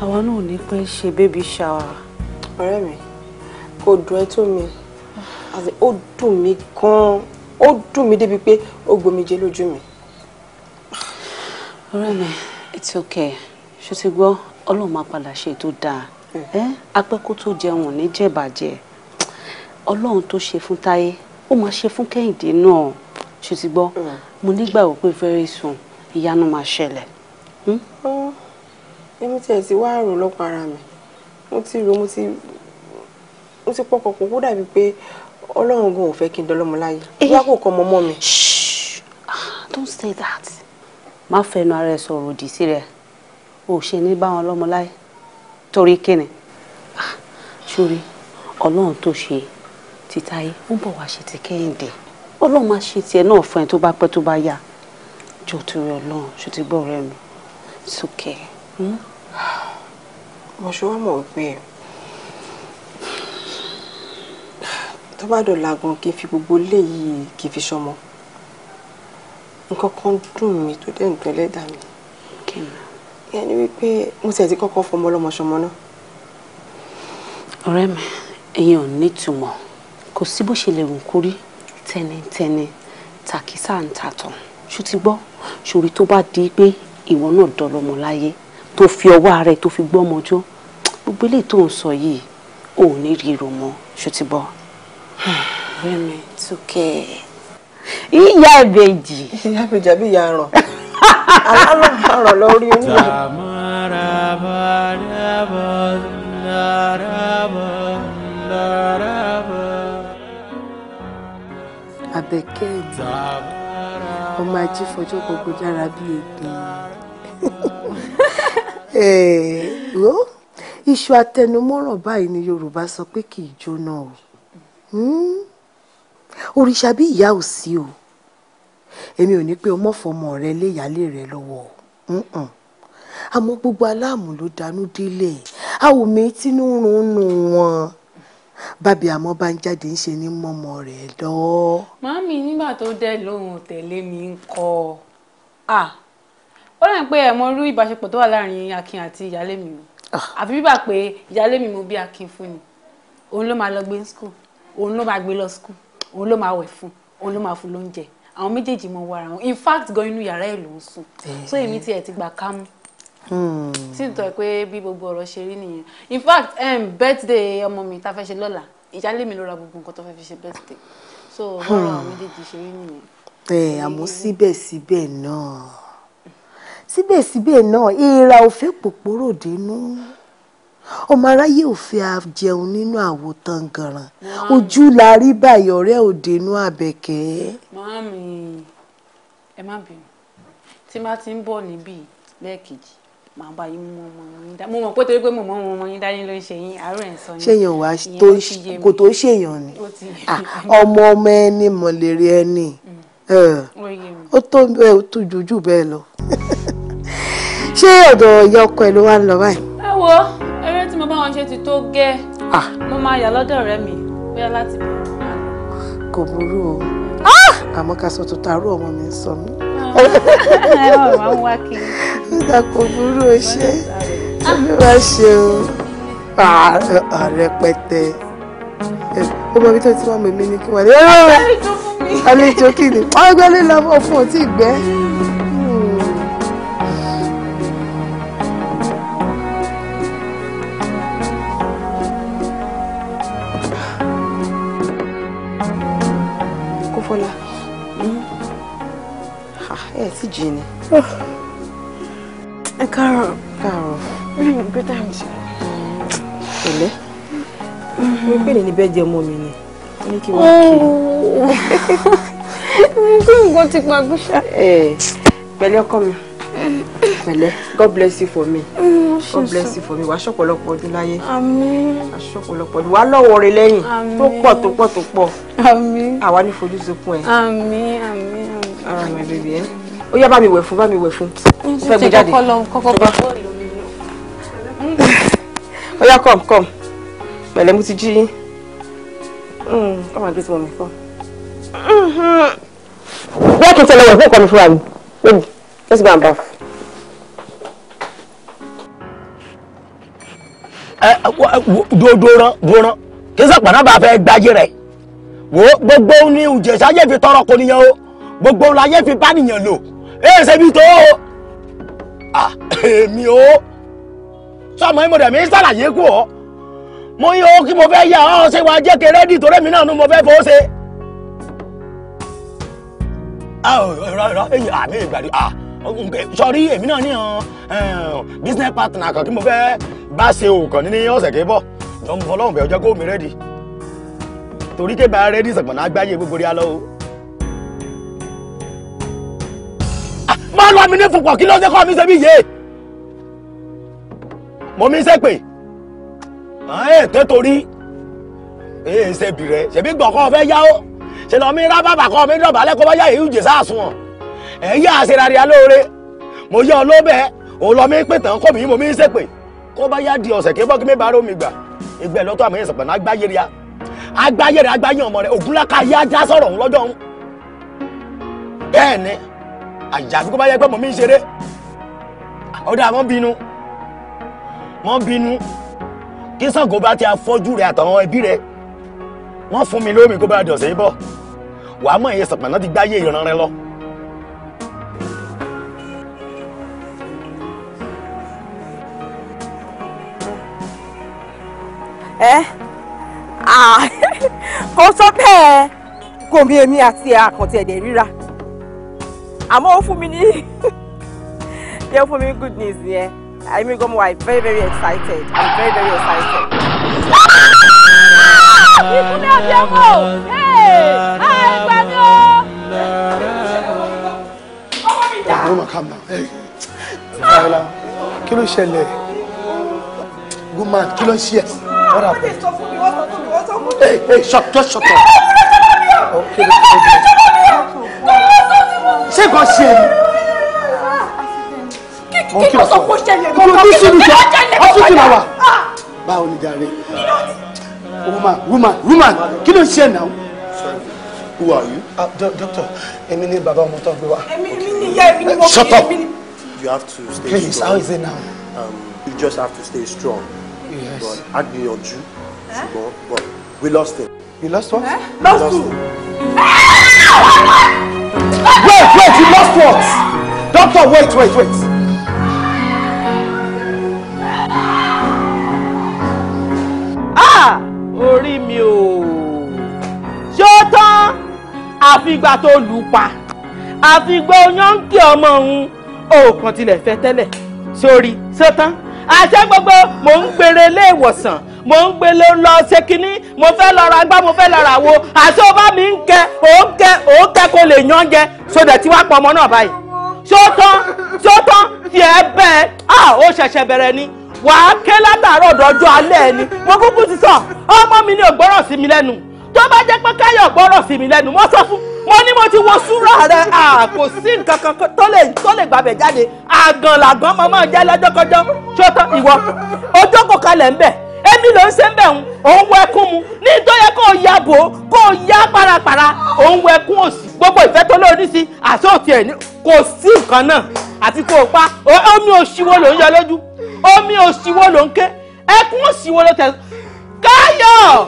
àwa náà ní pẹ́ ṣe bébí ṣàwà. ọ̀rẹ́ mi kò dùn ẹ tó mi ó dùn mí gan-an ó dùn mí débi pé ó gbomijé lójú mi. ọ̀rẹ́ mi it's okay ṣe ti gbọ́ ọlọ́run máa padà ṣe tó dáa hmm. apẹ́ kó tó jẹun ní jẹ̀bàjẹ́ ọlọ́run tó ṣe fún táyé ó máa ṣe fún kẹ́hìndé náà ṣe ti gbọ́ hmm. mo nígbàgbọ́ pé very soon ìyanu máa ṣẹlẹ̀. Hmm? èmi tiẹ̀ ti wá rò lọ́pọ̀ ara mi mo ti rò mo ti mo ti pọkàn kó kó dàbí pé ọlọ́run gan ò fẹ́ kí n dọ́lọ́mọ láyé wá kò kọ́ ọmọ mọ́ mi. Ah, don't say that má fẹnu ara ẹ sọ̀rọ̀ òdì sí rẹ̀ ò ṣe ní bá wọn lọ́mọ láyé torí kíni sórí ọlọ́run tó ṣe ti Táyé ó bọ̀ wá ṣe ti Kẹ́hìndé ọlọ́run máa ṣe tiẹ̀ náà fún ẹ tó bá pẹ́ tó bá yá jọ torí ọlọ́run ṣe ti gbọ́ ọ̀rẹ́ mi sókè. Hmm? mo ṣe wá mọ̀ wípé tó bá dọ̀la gan kí n fi gbogbo léyìí kí n fi ṣọmọ nǹkan kan dùn mí tó dẹ̀ ń dùn ẹlẹ́dàá mi. kí ni tiẹ̀ ni wípé mo tiẹ̀ ti kọ́kọ́ fọmọ ọlọ́mọ ṣọmọ náà. ọ̀rẹ́ mi ìyẹn ò nítumọ̀ kò sí bó ṣe lè wù kó rí tẹnitẹni tàkísà ń tàtàn ṣó ti gbọ́ ṣòrí tó bá di pé ìwọ náà dọlọmọ láyé tó fi ọwọ́ ara ẹ tó fi gbọ́mọjọ́ gbogbo eléyìí tó ń sọ yìí ò ní ríro mọ́ ṣó ti gbọ́. ọ̀rẹ́ mi tún kẹ́ ẹ̀. ìyá ẹ̀bẹ̀jì. ìyá àbí ìyá aràn. alárànbaràn lórí olúwa. àbẹ̀kẹ́ mi ọmọ ajé fọjọ́ gbogbo dára bíi egbò wo iṣu atẹnumọ́ràn báyìí ni Yorùbá sọ pé kì í jóná o òrìṣà ìyá ò sí o. Mm? èmi ò ní pé o mọ̀fọ́mọ rẹ lé ìyálé rẹ lọ́wọ́ àmọ́ gbogbo aláàmú ló dànù délé àwòmí tínú rúnnù wọn bábí àmọ́ bá ń jáde ń ṣe ní mọ́mọ́ rẹ̀ lọ́ọ́. màámi nígbà tó dé lóhùn tẹ̀lé mi ń kọ́ ọ ó rẹ̀ ń pé ẹ̀ mọ irú ìbáṣepọ̀ tó wà láàrin akin àti ìyálé mi o ah. àfi bíbà pé ìyálé mi mo bí akin fún ni òun ló máa lọ gbé ní school òun ló máa gbé lọ school òun ló máa wẹ̀ fún òun ló máa fún lóúnjẹ àwọn méjèèjì mọ wàrà wọn in fact gan inú yàrá ẹ̀ ló ń sùn so èmi tiẹ̀ ti gbà kámú sí hmm. ìtọ́ ẹ pé bí gbogbo ọ̀rọ̀ ṣe rí nìyẹn in fact um, birthday ọmọ mi ta fẹ́ ṣe lọ́la ìyáálé mi ló ra gbogbo nǹkan tó fẹ́ fi ṣe birthday so bọ́ọ̀rọ̀ hmm. àwọn méjèèjì ṣe rí nìyẹn. ẹ àmọ́ síbẹ̀síbẹ̀ náà síbẹ̀síbẹ̀ náà ìra ò fẹ́ pòpòrò dénú ọmọ aráyé ò fẹ́ a jẹun nínú àwo tangaran ojú la rí báyìí ọ̀rẹ́ òde inú àbẹ̀kẹ́. màámi ẹ má bínú tí má ti ń bọ̀ níbí lẹ́ẹ̀kejì màá bá yín mú ọmọ yín dá mo mọ̀ pé torí pé mo mọ ọmọ yín dání ló ń ṣe yín àárọ̀ ẹ̀ sọ yín. ṣéyàn wá kò tó ṣèyàn ni ah, ọmọ ọmọ ẹni mọ̀lẹ́rẹ́ ẹni mm. ó tó bẹ́ẹ̀ ó tó jù bẹ́ẹ̀ lọ ṣé ọ̀dọ̀ ìyá ọkọ ẹ̀ ló wá ń lọ báyìí. báwo tí mo bá wọn ṣe ti tó gẹ́ mo máa yà lọ́dọ̀ ọ̀rẹ́ mi bóyá láti bẹ̀rẹ̀. kò burú o àmọ́ ká sọ tó taarú ọmọ mi ń sọ mí. ọ̀rọ̀ máa ń wá kiri. nígbà kò burú o ṣe mi wá ṣe o rẹpẹtẹ ọmọ mi tó ti wá mọ̀ mí ní kí wọ́n lé. àlejò kí ni wọ́n gbẹ́lé lọ́wọ́ fún ọtí ìgbẹ́. ẹ̀ sì jí ni. Ah. ẹ káàárọ̀. káàárọ̀. rí i gbé táyà sí. pẹ̀lẹ́ mi mm-hmm. pè ní ní bẹ́ẹ̀ jẹ́ ọmọ mi ni wọ́n ní kí wọ́n kí i. kí oh. nǹkan ti pa gúúsà. pẹ̀lẹ́ ọkọ mi pẹ̀lẹ́ god bless you for me mm, god bless you for me wàá ṣọ̀pọ̀lọpọ̀ ọdún láyé wàá ṣọ̀pọ̀lọpọ̀ ọdún wàá lọ́wọ́ rẹ lẹ́yìn tó pọ̀ tó pọ̀ tó pọ̀ àwa ní fojú sunkún ẹ. àmín àmín àmín. all right my baby. Eh? ó yá bá mi wẹ̀ fún bá mi wẹ̀ fún fẹ́ gbé jáde ó yá come come pẹ̀lẹ́ mo ti jí yín hmm, come and greet mommy come. bí a kì í tẹ̀lé wẹ̀ fún ìkọ́ni fúnra mi baby let's go and baff. dòdòrán dòrán kí sọ̀pọ̀nà bá fẹ́ gbájé rẹ̀ wò ó gbogbo ní ìjẹ̀sà yẹ́ fi tọrọ kò níyẹn o gbogbo la yẹ́ fi bá nìyẹn lò ẹ ṣe bí tó o èmi o sọmọ ìmọ̀dà mi ṣàlàyé kú ọ mo yí o kí mo fẹ́ yà ọ́ ṣe wàá jẹ́ kẹrẹ́dì torí mi náà ni mo fẹ́ fọ́ ṣe. àmì ìgbàdí sọrí èmi náà níyàn business partner kan kí mo fẹ́ bá ṣe òkàn ní ọ̀sẹ̀ kí bọ̀ jọ̀ọ́ mo fọlọ́run bẹ̀ ọjọ́ kó mi rẹ́dì torí kébà rẹ́dì ṣàgbọ̀n náà gbáyé gbogbo rí alọ́ o. máa lọ mi ní fòpọ̀ kí ló ṣe kọ́ mi ṣe bí yé mo mi ṣe pé ẹ tó torí ẹ ṣe bìrẹ ṣèbí gbọ̀ngàn fẹ́ yá ó ṣe lọ́ mi rá bàbà kan mi dọ̀bálẹ̀ kó bá yá èyí jẹ sáàsùn ọ̀ ẹ yá àṣeráríà lóore mo yá ọ lóbẹ̀ òun lọ mi pè tán kó mi mo mi ṣe pé kó bá yá di ọ̀sẹ̀ kí bọ́ kí mi bá rómi gbà ìgbẹ́ lọ́tọ́ àmì ìsọ̀pẹ̀ náà agbáyé ria agbáyé rẹ agbáyé ọmọ rẹ ògúnlákà yá já sọ̀rọ̀ ńlọ́jọ́ ń bẹ́ẹ̀ ni àjàfi kó bá yẹ pé mọ̀ mí ń ṣeré ọ̀dà mọ́ bínú mọ́ bínú kí Ṣàngó bá ti afọ́jú rẹ̀ àtàwọn ẹbí rẹ̀ wọ́n fún mi lómi kó bá dọ̀sẹ̀ bọ̀ wàá mọ̀ iye sọ̀pọ̀nà ti gbáyé ìran rẹ lọ. ẹ kò sọ bẹ́ẹ̀ kò mí èmi àti àkàntì ẹ̀dẹ̀ ríra àmọ́ ó fún mi ní yẹ ó fún mi good news yẹn àìmí gan mo wà very very excited i'm very very excited. Ah! ìkúnlẹ̀ abiyamọ àìgbàdo. ọmọ mi calm down ayọ̀lá kí ló ṣẹlẹ̀ good man kí ló ń ṣe ẹ̀ ah, what happened. hey hey shut just shut up. okay okay ṣé kò ṣe ni. kí kí ló sọ pé ó ṣẹlẹ̀ gbọ́dọ̀ ah! kí ló ṣẹlẹ̀ gbọ́dọ̀ báwo ni jàre woman woman woman kí ló ń ṣe náà. Who are you? Uh, do doctor, èmi ni Baba, ọmọ tó gbé wá. Èmi ni ìyá èmi ni mo fi èmi ni. You have to stay Please, strong. Please, how is it now? Um, you just have to stay strong. Yes. But a gbìyànjú ṣùgbọ́n but we lost him. You lost what? Huh? Lost, who? Wait, wait. She lost what? Doctor, wait, wait, wait. Ah! Orí mi o. Ṣé ó tán? Àfìgbà tó lù ú pa. Àfìgbà oyánkè ọmọ òun. Òòkàn tilẹ̀ fẹ́ tẹ́lẹ̀. Sórí, ṣé tán? Àṣẹ gbogbo mò ń gbére ilé ìwòsàn mo ń gbé lọ ṣe kínní mo fẹ́ lọ ra gbá mo fẹ́ lọ ra wo àti ọba mi ń kẹ òun kẹ òun kẹ kó lè yan jẹ sódà tí wàá pọ̀ ọmọ náà báyìí ṣó tán ṣó tán tiẹ̀ bẹ́ẹ̀ à ó ṣẹ̀ṣẹ̀ bẹ̀rẹ̀ ni wàá ké látàárọ̀ dọ́jọ́ alẹ́ ni mo kúkú ti sọ ọmọ mi ni ò gbọ́rọ̀ sí mi lẹ́nu tó bá jẹ́ pé káyọ̀ gbọ́rọ̀ sí mi lẹ́nu mo sọ fún mo ní mo ti wo súrà rẹ kò sí nǹkan kan tó lè tó lè gbàbẹ̀ jáde àgàn làgàn mọ́ máa jẹ́ lọ́jọ́kọjọ́ ṣó ìwọ ojókòó kalẹ̀ ń bẹ̀ èmi ló ń ṣe ń bẹ̀ ń òun wọ ẹkún mu ní tó yẹ kó ya bò ó kó ya parapara òun wọ ẹkún òsì gbogbo ìfẹ́ tó lórí sí àti òtí ẹ̀ kò sí nǹkan náà àti kò pa omi òṣìwò ló ń yọ lójú omi òṣìwò ló ń ké ẹkún òṣìwò ló tẹ̀ káyọ̀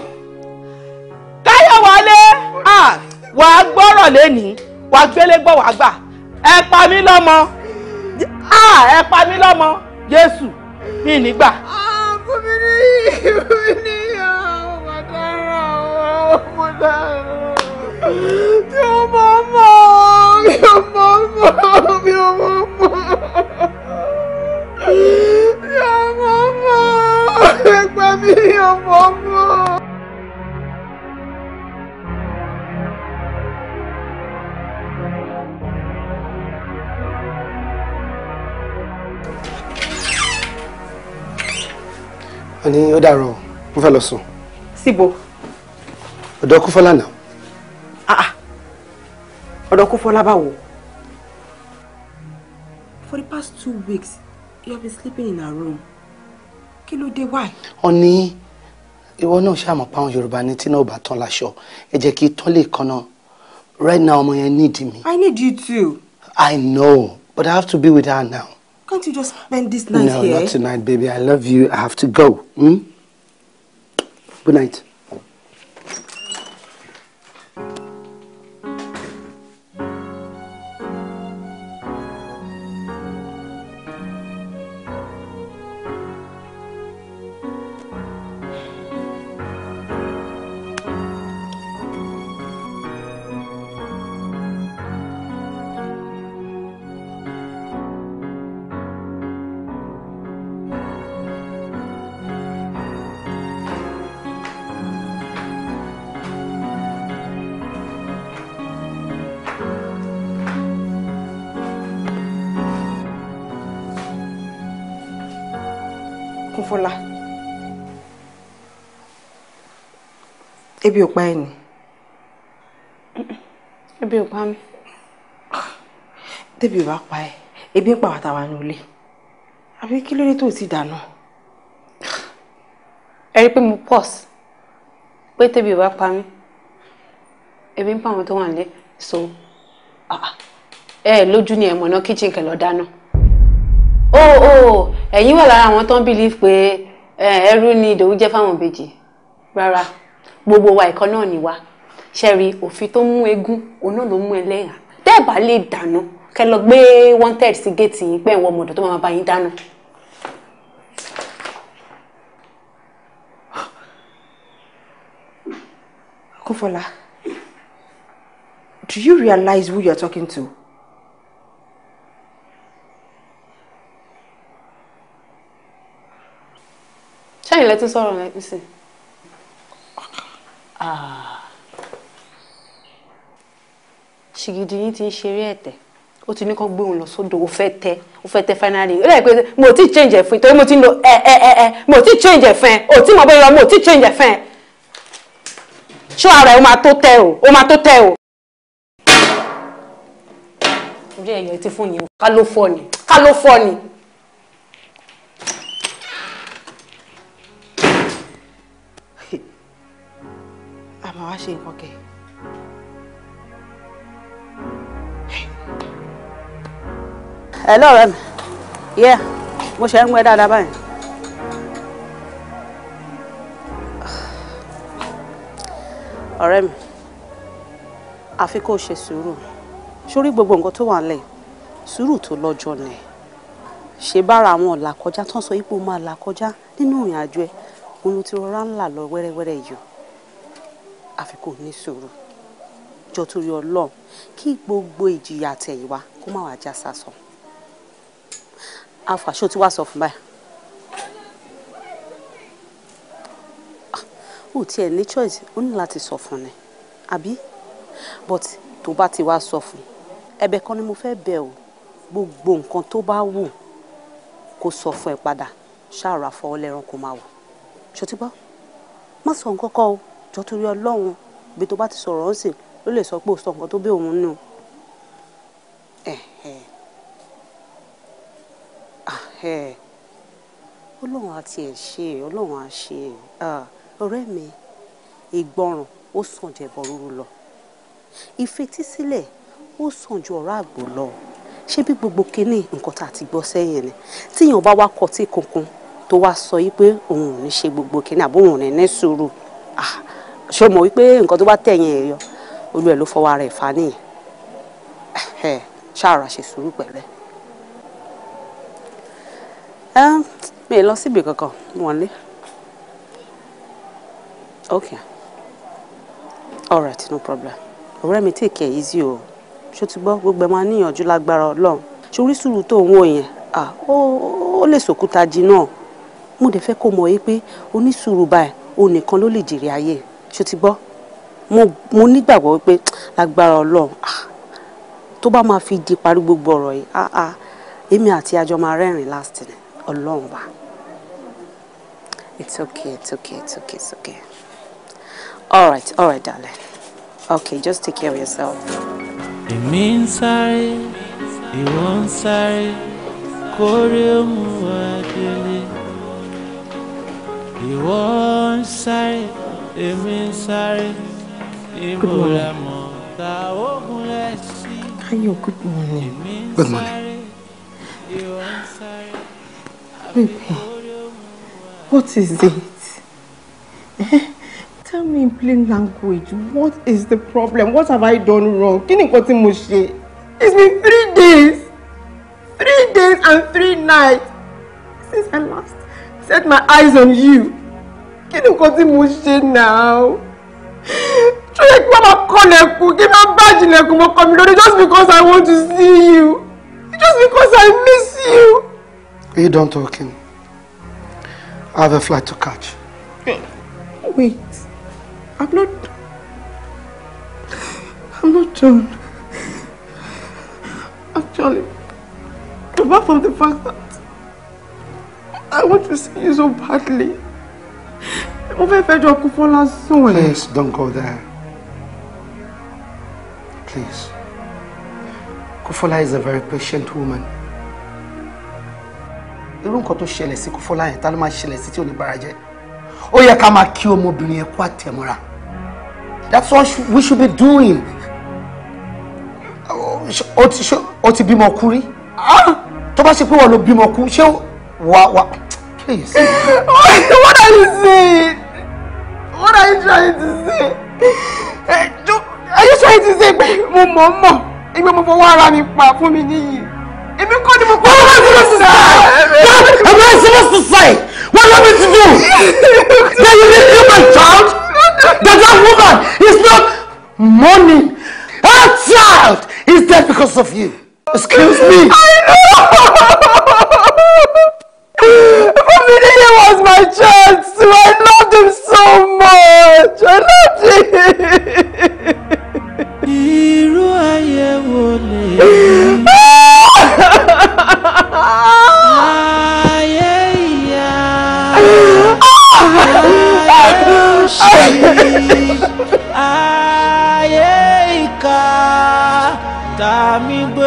káyọ̀ wálé wàá gbọ́rọ̀ lẹ́nìí wàá gbélé gbọ́ wàá gbà ẹ pa mí lọ́mọ ẹ pa mí lọ́mọ Jésù mi nígbà. Fúnmi ní ìwé ní àwọn ọmọdára àwọn ọmọdára. Mi ò mọ̀ mọ̀ mi ò mọ̀ mọ̀ mi ò Ani ní ó dàrọ̀ mo fẹ́ lọ sùn. síbo. ọ̀dọ̀ kúfọ́lá náà. ah, ah. ọ̀dọ̀ kúfọ́lá wo. for the past two weeks you have been sleeping in our room kí ló dé why. wọ́n ní ìwọ náà ṣàmọ̀ páwọn yorùbá ní tí náà ò bá tán láṣọ ẹ jẹ́ kí tán lè kan náà right now ọmọ yẹn need me. i need you too. i know but i have to be with her now. Can't you just spend this night no, here? No, not tonight, baby. I love you. I have to go. Hmm? Good night. ebi ò pa ẹ́ ni. ebi ò pa mí. tẹ́bi ò bá pa ẹ́ ebi ń pa wàtà wa nílé àbí kí ló dé tó ti dáná. ẹ rí i pé mo pause pé tẹ́bi ò bá pa mí ebi ń pa àwọn tó wà nílé so ah, ah. ẹ lójú ni ẹ̀mọ̀ náà kitchen kẹ̀ lọ dáná. ó ó ẹ̀yin wà lára àwọn tó ń believe pé eh, ẹrú ni ìdòwú jẹ́ fáwọn ìbejì rárá gbogbo wa ẹ̀kọ́ náà ni wa ṣẹ́rí òfin tó mú egún òun náà ló mú ẹlẹ́yà tẹ́ẹ̀ lè dáná kẹ́ lọ gbé wanted sí géètì yìí pẹ́ ìwọ ọmọdé tó máa bá yín dáná. Kofola, do you realize who you are talking to? ṣẹ́yìn lẹ́tí sọ̀rọ̀ nísìnyí. Ah. ṣìgìdì yìí ti ń ṣeré ẹ̀tẹ̀ ó ti ní kó gbé òun lọ sódò ó fẹ́ tẹ ó fẹ́ tẹ finally ó dàbí pé mo ti change ẹ̀ fún yìí mo ti ń lo ẹ ẹ ẹ ẹ mo ti change ẹ̀ fún ẹ ò tí mo bẹ́ yọ mo ti change ẹ̀ fún ẹ ṣó ara ẹ̀ ó máa tó tẹ o ó máa tó tẹ o. orí ẹ̀yọ́ ti fún ni ká ló fọ́ ni ká ló fọ́ ni. àmọ́ wá ṣe nǹkan kẹ̀. ẹ lọ́ọ̀rẹ́ mi yẹ mo ṣe ń gbẹ dáadáa báyìí. ọ̀rẹ́ mi àfi kó o ṣe sùúrù sórí gbogbo nǹkan tó wà nílẹ̀ sùúrù tó lọ́jọ́ ni ṣe bára àwọn ọ̀là kọjá tán sọ ipò máa là kọjá nínú ìrìn àjò ẹ òun ti rọra ń lọ wẹ́rẹ́wẹ́rẹ́ yìí àfi kò ní sùúrù jọ torí ọlọ́run kí gbogbo ìjìyà àtẹ̀yìnwá kó má wàá já sásán àfàṣọ tí wàá sọ fún báyìí ò ah, tiẹ̀ ní choice ó ní láti sọ fún ni àbí but tó bá ti wá sọ fún ẹ̀bẹ̀ kan ni mo fẹ́ bẹ̀ o gbogbo nǹkan tó bá wù kó sọ fún ẹ padà ṣáà fọwọ́ lẹ́ran kó máa wò ṣòtí gbọ́ má sọ nǹkan kan o jọ torí ọlọ́run ibi tó bá ti sọ̀rọ̀ ó sì ló lè sọ pé ó sọ nǹkan tó bí òun nù. ọlọ́run á tiẹ̀ ṣe é ọlọ́run á ṣe é ọ̀rẹ́ mi ìgbọràn ó sàn jù ẹbọ rúru lọ ìfetísílẹ̀ ó sàn ju ọ̀rọ̀ àgbò lọ ṣé bí gbogbo kínní nǹkan tá a ti gbọ́ sẹ́yìn ni tíyàn bá wá kọtí kankan tó wá sọ yí pé òun ò ní ṣe gbogbo kínní àbóhùn ní ní sùúrù ṣé o mọ̀ wípé nǹkan tó bá tẹ̀yìn ẹ̀ yọ olú ẹ̀ ló fọwọ́ ara ẹ̀ fà nìyẹn ẹ̀ ṣàrà ṣe sùúrù pẹ̀lẹ́. ẹ mi ì lọ síbi kankan wọn lé ok all right no problem ọ̀rẹ́ mi take care easy o ṣó ti gbọ́ gbogbo ẹ̀ máa níyànjú lágbára ọlọ́run ṣorí sùúrù tó ń wò yẹn ó lè sòkúta jí náà mo dẹ̀ fẹ́ kó mọ̀ yí pé onísùúrù báyìí òun nìkan ló lè jèrè ayé ẹ̀ ṣe ti gbọ́ mo nígbàgbọ́ wípé agbára ọlọ́run ah, tó bá máa fi di parí gbogbo ọ̀rọ̀ yìí ah, ah, èmi àti àjọ máa rẹ́rìn last ni ọlọ́run bá it's okay it's okay it's okay it's okay all right all right darling okay just take care of yourself. èmi ń sáré ìwọ ń sáré kórè mú délé ìwọ ń sáré èmi ń sáré ibo la mọ̀ ta ogun rẹ̀ sí. Ayo, good morning. Good morning. Baby, what is it? Eh, tell me in plain language, what is the problem? What have I done wrong? Kí ni nǹkan tí mo ṣe? It's been three days, three days and three nights since I last set my eyes on you kí ni nǹkan tí mo ṣe náà tó yẹ kí wọ́n máa kọlẹ̀kùn kí wọ́n bá jìnlẹ̀kùn mọ́ kọ́ mi lórí just because I want to see you just because I miss you. Are you done talking? I have a flight to catch. Wait, I'm not. I'm not done. Actually, apart from the fact that I want to see you so badly mo fẹ́ fẹjọ́ kú fọlá sùn ẹ̀. please don't go there please Kufola is a very patient woman irú nǹkan tó ṣẹlẹ̀ sí Kufola yẹn ta ló máa ṣẹlẹ̀ sí tí ò ní bára jẹ́ ó yẹ ká máa kí ọmọbìnrin yẹn kó àtẹ̀mọ́ra that's what we should be doing ó ti bímọ kú rí ah! tó bá ṣe pé wọ́n ló bímọ kú ṣé wàá wàá. Please. what are you saying? What are you trying to say? Eh, are you trying to say pé mo mọ̀ mọ̀ ìgbé mo fọwọ́ ara mi pa fún mi níyì? Èmi kọ́ ni mo pa fún mi níyì. Am I supposed to say? What am I to do? That you didn't kill my child? That that woman is not money. Her child is dead because of you. Excuse me. I know. Familia was my chance. I loved him so much. I loved him. Irú ayé wo lè rí? Ayé ìyá. Ayé òṣì. Ayé ìkà. Tàmí gbọ́.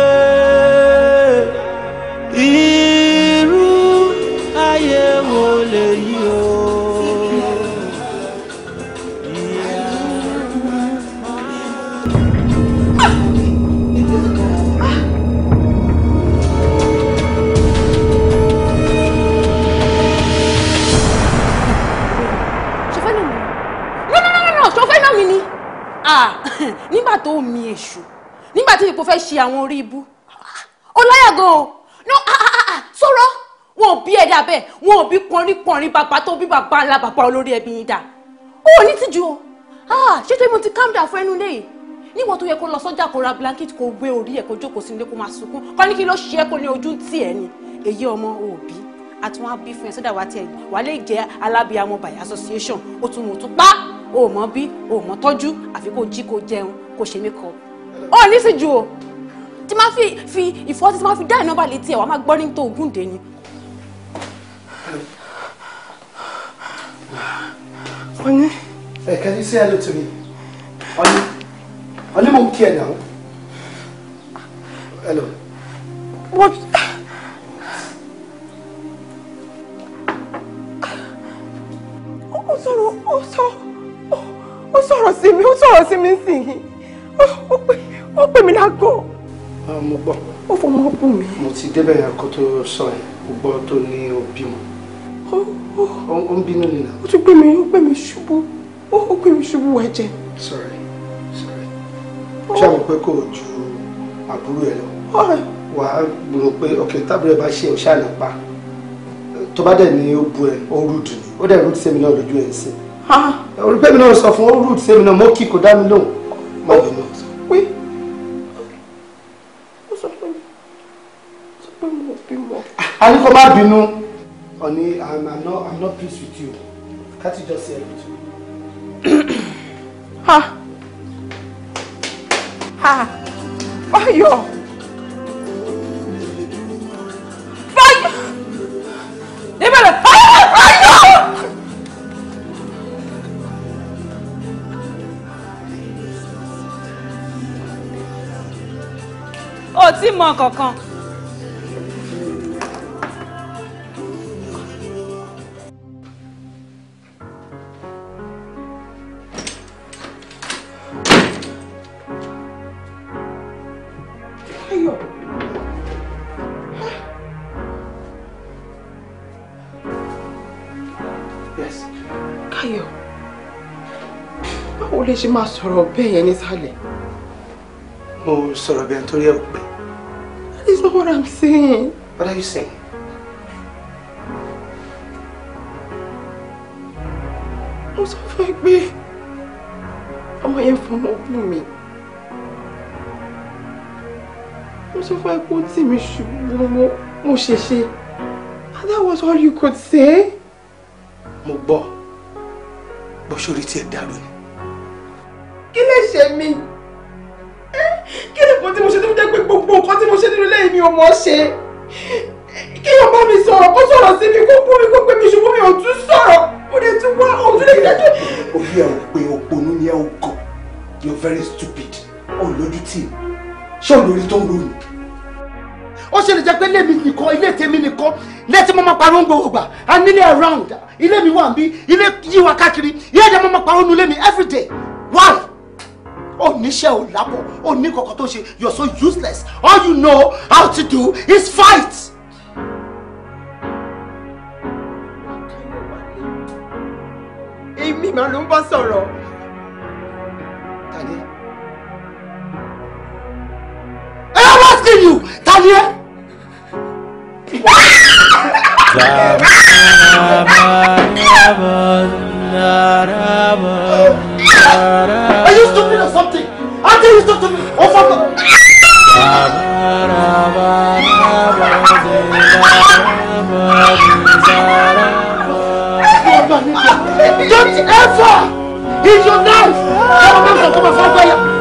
nígbà tó mi èṣù nígbà tí ipò fẹ́ ṣe àwọn orí ibú ọláyàgò no ah, ah, ah, sọ̀rọ̀ wọn ò bí ẹ̀dá bẹ́ẹ̀ wọn ò bí pọnrípọnrín bàbá tó bí bàbá ńlá bàbá olórí ẹbí yín dà ó ní tìjú o ṣé tó yẹ mo ti calm down fún ẹnu lẹ́yìn níwọ̀n tó yẹ kó lọ sọ́jà kó ra blanket kó gbé orí ẹ̀ kó jókòó sí ilé kó máa sunkún kọ́ ní kí ló ṣe é kó ní ojú ń tì ẹ́ ni èyí ọmọ òbí àti wọn á bí fún ẹ sọ́dà wa tiẹ̀ wà lè jẹ́ alábìyàmọ by association ó tún mọ̀ tún pa á o mọ bí o mọ tọ́jú àfi kò jí kò jẹun kò ṣe mí kọ ó ní sí o tí máa fi fi ìfọwọ́sí tí máa fi dá ìnáwó létí ẹ̀ wàá máa gbọ́ ní tó ogún dè ni. Honey. Hey, can you say hello to me? Honey. Honey, mo kí ẹ now. Hello. What? Oh, sorry. Oh, sorry ó sọ̀rọ̀ sí mi ó sọ̀rọ̀ sí mi nísìnyí ó pè mí lágọ̀. Ah, mo gbọ́. ó fọmọ bù mí. mo ti débẹ̀ yà tó sọ ẹ̀ mo gbọ́ tó ní òbí mọ́. ó ń bínú nìyà. ó tún gbé mi ó gbé mi ṣubú ó gbé mi ṣubú ẹ̀jẹ̀. sorry sorry ṣé àwọn pé kò ju àbúrò ẹ lọ wà á rò pé ọ̀kẹ́ tábìlẹ̀ bá ṣe òṣàlẹ̀ pa tó bá dẹ̀ ní ó bu ẹ̀ ó rúdù ni ó dẹ̀ rúdù sẹ́mi náà lójú ẹ̀ ń sìn olùpẹ̀mí náà sọ fún ọ́rùd sẹ́mi náà mọ́ kí kò dá mi lóhùn má bẹ̀ mọ́. pé ó sọ pé sọ pé mo bímọ. a ní kó má bínú ọ̀ni i'm not i'm not pleased with you can't you just say it with ha ha báyọ̀. sì mọ kankan. lè ṣe máa sọ̀rọ̀ bẹ́ẹ̀ yẹn nísàlẹ̀. mo sọ̀rọ̀ bẹ́ẹ̀ nítorí ẹ̀ pé not what I'm saying. What are you saying? Mo sọ fún babe? I'm waiting for more bú me. Mo sọ fún ẹ pé ó tì mí ṣùgbọ́n mo ṣèṣe. And that was all you could say? Mo gbọ́, bó ṣorí tí ẹ dàrú ni. Kí lè gbogbo nǹkan tí mo ṣe nínú ilé mi ò mọ̀ ṣe kí ló bá mi sọ̀rọ̀ kó sọ̀rọ̀ sí mi kó kú mi kó gbé mi ṣubú mi ò tún sọ̀rọ̀ ó lè tún wá òun tún lè dájú. òbí ẹ ò pé òponú ni ẹ ò gàn you are very stupid ọlójú tì ṣé olórí tó ń lò ní. ó ṣe lè jẹ́ pé ilé mi nìkan ilé tèmi nìkan lẹ́tí mo máa parọ́ ń gbowó gbà á nílé around ilé mi wà ń bí ilé yíwa káàkiri ilé ìjà mo máa parọ́ nu ilé mi everyday why oníṣẹ́ ò lábọ̀ oní kankan tó ṣe you're so useless all you know how to do is fight. èmi màá ló ń bá sọ̀rọ̀. tani ẹ ẹ wá you tani ẹ. don't do this. Don't do Oh, fuck. Don't ever in your life. Come on, come on,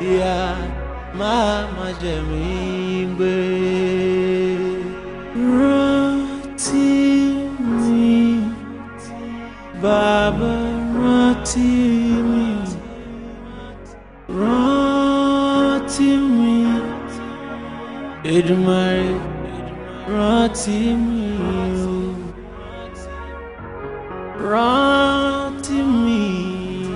Ya mama má jẹ mí gbé. rántí mi bàbá rántí mi rántí mi Èdùmàrè mi o rántí mi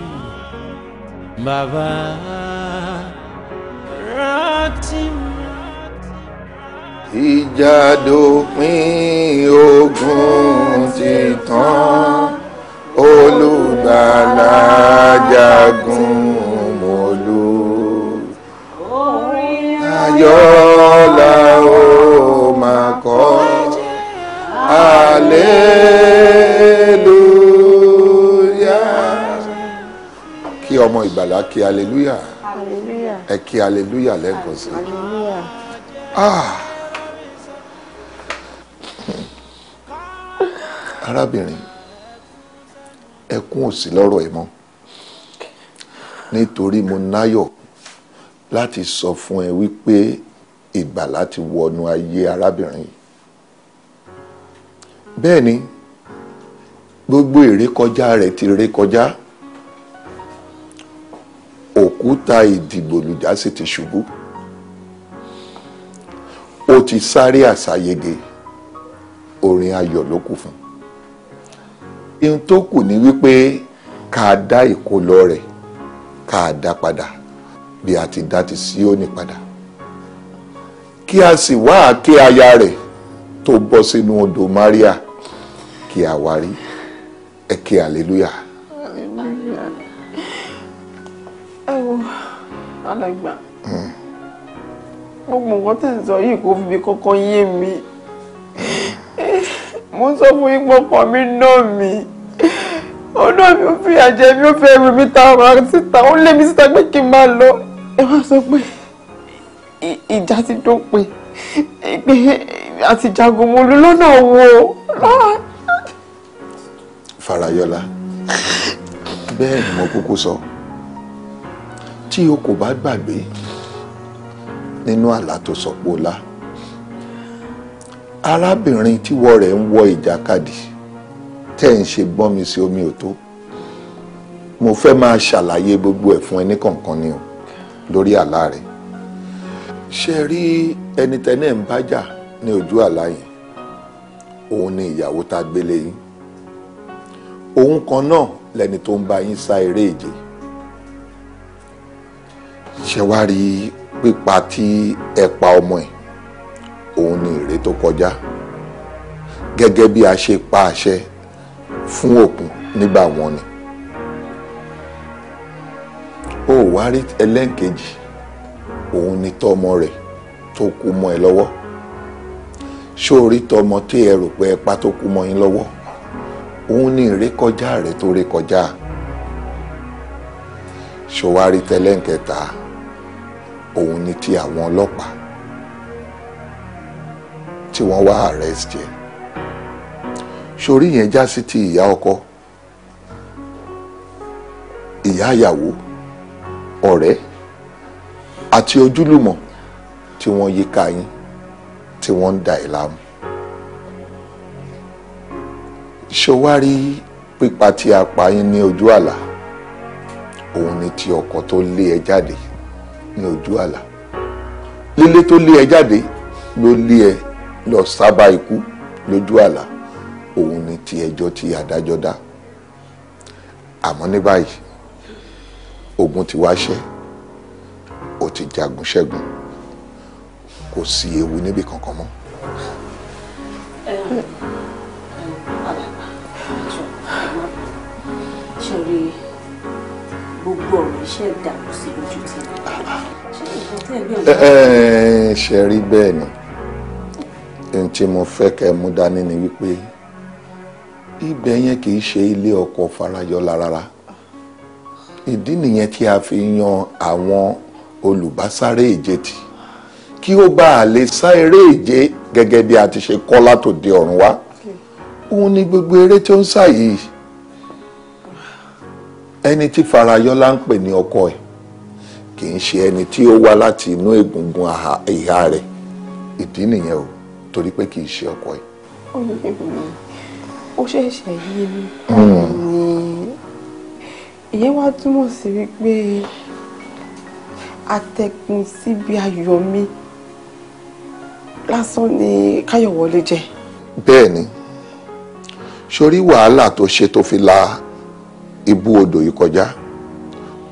ìjà dópin ogun ti tán olùgbàlà jagun mọ́lú ayọ̀ la ó máa kọ́ aleluya kí ọmọ ìgbàlà kí aleluya ẹ kí aleluya lẹ́ẹ̀kan sí i. arábìnrin ẹkún ò sí lọ́rọ̀ ẹ mọ́ nítorí mo náyọ̀ láti sọ fún ẹ wípé ìgbàlà ti wọnú ayé arábìnrin yìí bẹ́ẹ̀ ni gbogbo ìrékọjá rẹ̀ ti rékọjá òkúta ìdìgbòlùjá sì ti ṣubú ó ti sáré àsáyege orin ayọ̀ ló kù fún un ohun tó kù ni wípé ká dá ìkólọ rẹ̀ ká dá padà bí a ti dá ti Síónì padà kí a sì wá àáké aya rẹ̀ tó bọ́ sínú odò Maria kí a wá rí ẹ kí hallelujah. ẹ wo alàgbà hmm. gbogbo nǹkan tẹ̀ ń sọ yìí kò fi bí kọ́kọ́ yé mi mo ń sọ fún yín pọ̀pọ̀ mi náà mi ọ̀nà mi ò fi àjẹ mi ò fẹ́ rù mí ta ọ̀rọ̀ síta ó lé mi síta pé kí n máa lọ ẹ wá sọ pé ìjà ti dópin pé àti jagun mo lu lọ́nà wo. Farayọlá bẹ́ẹ̀ ni mo kúkú sọ tí o kò bá gbàgbé nínú àlá tó sọ pé o lá. So arábìnrin tíwọ́ rẹ̀ ń wọ ìjàkadì tẹ́ ń ṣe gbọ́n mi sí omi ò tó mo fẹ́ máa ṣàlàyé gbogbo ẹ̀ fún ẹni kọ̀ọ̀kan ni o lórí àlá rẹ̀ ṣe rí ẹni tẹ́lẹ̀ ń bájà ní ojú àlá yẹn òun ni ìyàwó tá a gbélé yín òun kan náà lẹni tó ń bá yín sá eré ìje ṣe wá rí pípa tí ẹ pa ọmọ ẹ̀ òun ni ìrè tó kọjá gẹ́gẹ́ bí a ṣe pa àṣẹ fún òkun nígbà wọn ni ó wá rí ẹlẹ́ǹkejì òun ni tọmọ rẹ̀ tó kú mọ́ ẹ lọ́wọ́ ṣó rí tọmọ tí ẹ rò pé ẹ pa tó kú mọ́ yín lọ́wọ́ òun ni ìrékọjá rẹ̀ tó rékọjá ṣó wá rí tẹlẹ́ǹkẹta òun ni ti àwọn ọlọ́pàá tí wọ́n wá arrest ẹ̀ sórí yẹn já sí ti ìyá ọkọ ìyá ìyàwó ọ̀rẹ́ àti ojúlùmọ̀ tí wọ́n yíká yín tí wọ́n ń da ẹ̀ láàmú ṣé wá rí pípa tí a pa yín ní ojú àlá òun ni ti ọkọ tó lé ẹ jáde ní ojú àlá lílé tó lé ẹ jáde ló lé ẹ lọ sábà ikú lójú àlá òun ni ti ẹjọ́ tí adájọ́ dá àmọ́ ní báyìí ogun ti wá ṣẹ́ ó ti jagun ṣẹ́gun kò sí ewu níbi kankan mọ́. ṣe rí gbogbo ọ̀rọ̀ iṣẹ́ dàrú sí lójú tí ṣe rí bẹ́ẹ̀ ni n tí mo fẹ́ kẹ́ mú dání ni wípé ibẹ̀ yẹn kì í ṣe ilé ọkọ Farayọlá rárá ìdí nìyẹn tí a fi yan àwọn olùbásáré ìje tì kí ó bá a lè sá eré ìje gẹ́gẹ́ bí a ti ṣe kọ́ látòde ọ̀run wá òun ni gbogbo eré tí ó ń sá yìí ẹni tí Farayọlá ń pè ní ọkọ ẹ̀ kì í ṣe ẹni tí ó wá láti inú egungun ìhà rẹ̀ ìdí nìyẹn o torí pé kì ṣe ọkọ ẹ̀. ó ṣẹ̀ṣẹ̀ yé mi hmm. ìyẹn wá túmọ̀ sí wípé atẹ́kùn síbi ayọ̀ mi lásán ni káyọ̀wọlé jẹ́. bẹ́ẹ̀ ni sórí wàhálà tó ṣe tó fi la ibú odò yìí kọjá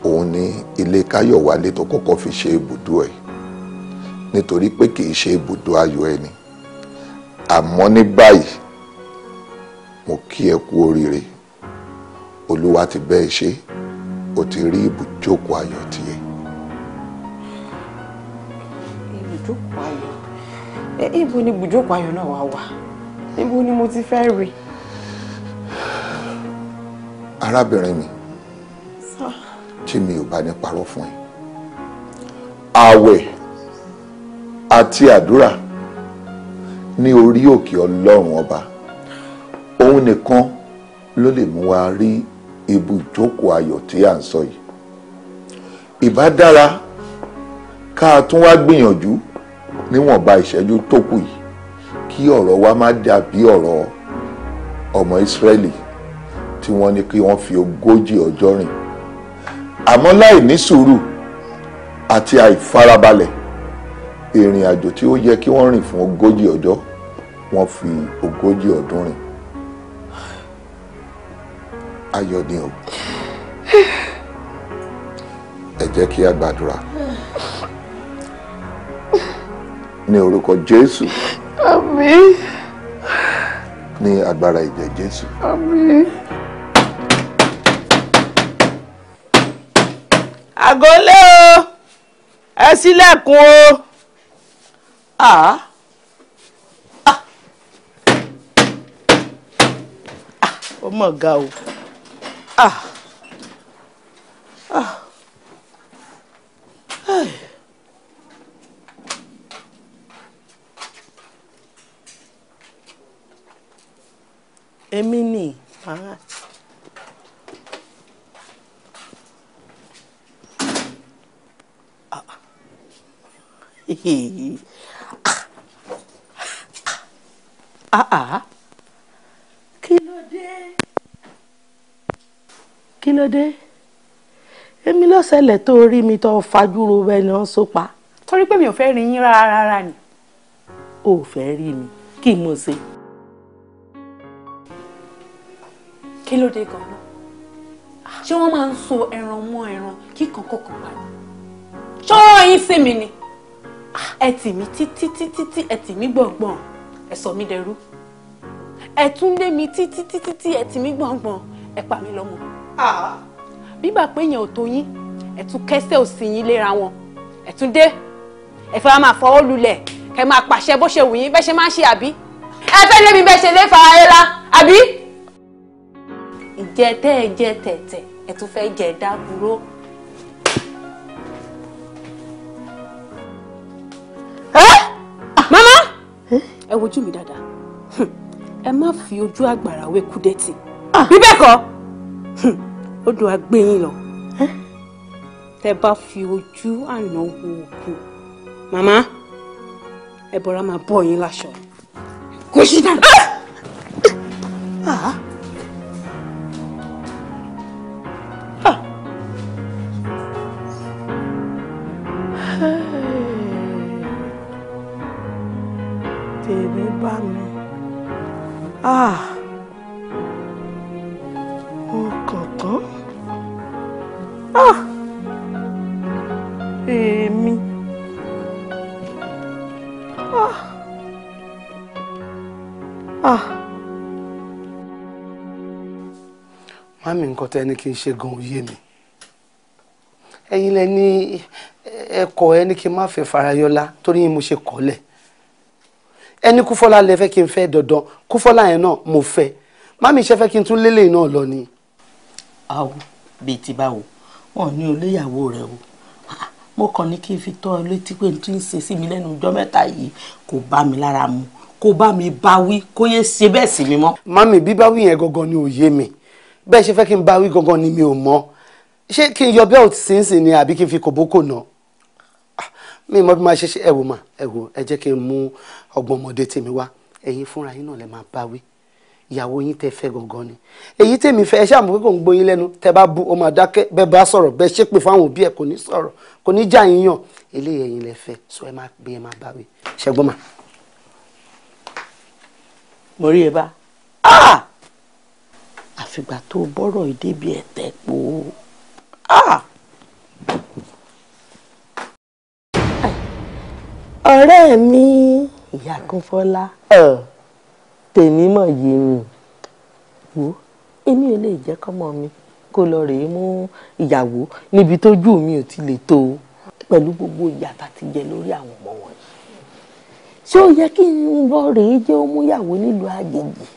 òun ni ilé káyọ̀wálé tó kọ́kọ́ fi ṣe ibùdó ẹ̀ nítorí pé kì í ṣe ibùdó ayọ̀ ẹni àmọ́ ní báyìí mo kí ẹ kú oríire olúwa ti bẹ́ẹ̀ ṣe o ti rí ibùjókòó ayọ̀ tiẹ̀. ibùjókòó ayọ̀ ibo ni ibùjókòó ayọ̀ náà wà wà ibo ni mo ti fẹ́ rí. arábìnrin mi tí mi ò bá ní parọ́ fún ẹ ààwẹ̀ àti àdúrà ní orí òkè ọlọ́run ọba òun nìkan ló lè mú wa rí ibùjókòó ayọ̀ tí à ń sọ yìí ìbá dára ká a tún wá gbìyànjú níwọ̀nba ìṣẹ́jú tó kù yìí kí ọ̀rọ̀ wa má dàbí ọ̀rọ̀ ọmọ ìsírẹ́lì tí wọ́n ní kí wọ́n fi ogójì ọjọ́ rìn àmọ́ láì ní sùúrù àti àìfarabalẹ̀ ìrìn àjò tí ó yẹ kí wọ́n rìn fún ogójì ọjọ́ wọ́n fi ogójì ọdún rìn ayọ̀ ni o ẹ jẹ́ kí a gbàdúrà ní orúkọ Jésù àmín ní agbára ìjẹ Jésù àmín. àgọ́lé o ẹ ṣílẹ̀kùn o. Ah. ọmọ ọ̀gá o ah ah hey. èmi ni màá. ah ah, ah. ah, ah. kí ló dé kí ló dé èmi ló ṣẹlẹ̀ tó rí mi tó fajúro ẹni ọ̀hún sopa. torí pé mi ò fẹ́ rí yín rárá rárá ni. o ò fẹ́ rí mi kí mo ṣe. kí ló dé gan-an ṣé wọ́n máa ń so ẹran mọ́ ẹran kí kankan kan pa ni. ṣọ́rọ̀ yín sí mi ni ẹ tì mí títí títí tí ẹ tì mí gbọ̀ngbọ̀n ẹ sọ mí dẹrú ẹ tún lé mi títí títí tí ẹ tì mí gbọ̀ngbọ̀n ẹ pa mí lọ́mọ bígbà ah. pé èèyàn ò tó yín ẹ tún kẹ́sẹ̀ òsì yín léra wọn ẹ tún dé ẹ fẹ́ máa fọwọ́ lulẹ̀ kẹ́ máa pàṣẹ bó ṣe wù yín bẹ́ẹ̀ ṣe máa ń ṣe àbí ẹ fẹ́ lémi bẹ́ẹ̀ ṣe lé fara ẹ la àbí. ìjẹ tẹ ẹ jẹ tẹtẹ ẹ tún fẹ́ jẹ dábúrò. mama ẹ wojú mi dáadáa hm. ẹ má fi ojú àgbàrá wé kúdẹ́tì ah. bí kọ́. Hm odò àgbẹ̀yìn lọ tẹ bá fi ojú àná wo òkú màmá ẹ bọra máa bọ yín láṣọ kò sí náà. nǹkan tẹ́ ẹni kí n ṣe gan òye mi ẹ̀yin lẹ ní ẹkọ ẹni kí n má fẹ́ farayọlá torí mo ṣe kọ́lẹ̀ ẹni kúfọ́lá lẹ fẹ́ kí n fẹ́ dandan kúfọ́lá yẹn náà mo fẹ́ mami ṣe fẹ́ kí n tún lélẹ̀ náà lọ ni. àwọ bíi ti báwo wọn ní olóyàwó rẹ o mo kàn ní kí n fi tọ́ ẹ létí pé n tún ń ṣe sí mi lẹ́nu ọjọ́ mẹ́ta yìí kò bá mi lára mu kó bá mi báwí kó yé ṣe bẹ́ẹ̀ sí mi mọ́. mami bíbáwí yẹn gangan ni òye mi bẹ́ẹ̀ ṣe fẹ́ kí n bá wí gangan ni mi ò mọ̀ ṣé kí n yọ belt sínsìn ni àbí kí n fi kòbókò nà ah, mi mọ bí máa ṣe ṣe ẹ wò mà ẹ wò ẹ jẹ́ kí n mú ọgbọ́n ọmọdé tèmi wá ẹ̀yin fúnra yín náà lè máa bá wí ìyàwó yín tẹ́ fẹ́ gangan ni èyí tèmi fẹ́ ẹ ṣáà mọ̀ pé kò ń gbóyin lẹ́nu tẹ́ bá bu ọmọ àdákẹ́ bẹ́ẹ̀ bá sọ̀rọ̀ bẹ́ẹ̀ ṣépè fáwọn òbí ẹ̀ kò ní sọ̀rọ̀ kò ní jà yín yàn eléyìí ẹ̀yin lẹ fẹ́ so ẹ máa gbé ẹ máa bá wí ṣẹgbọn mà. mo rí e bá. ah àfìgbà tó bọ́rọ̀ ìdébí ẹ̀tẹ́ po. Ah! ọ̀rẹ́ mi ìyá Kúnfọ́lá tèmi mọ̀ yé mi wò èmi ò lè jẹ́ kọ́mọ mi kó lọ rèé mú ìyàwó níbi tójú mi ò ti lè tó pẹ̀lú gbogbo ìyà ti jẹ lórí àwọn ọmọ wọn ṣé ó yẹ kí n lọ rèé jẹ́ ó mú nílùú àjèjì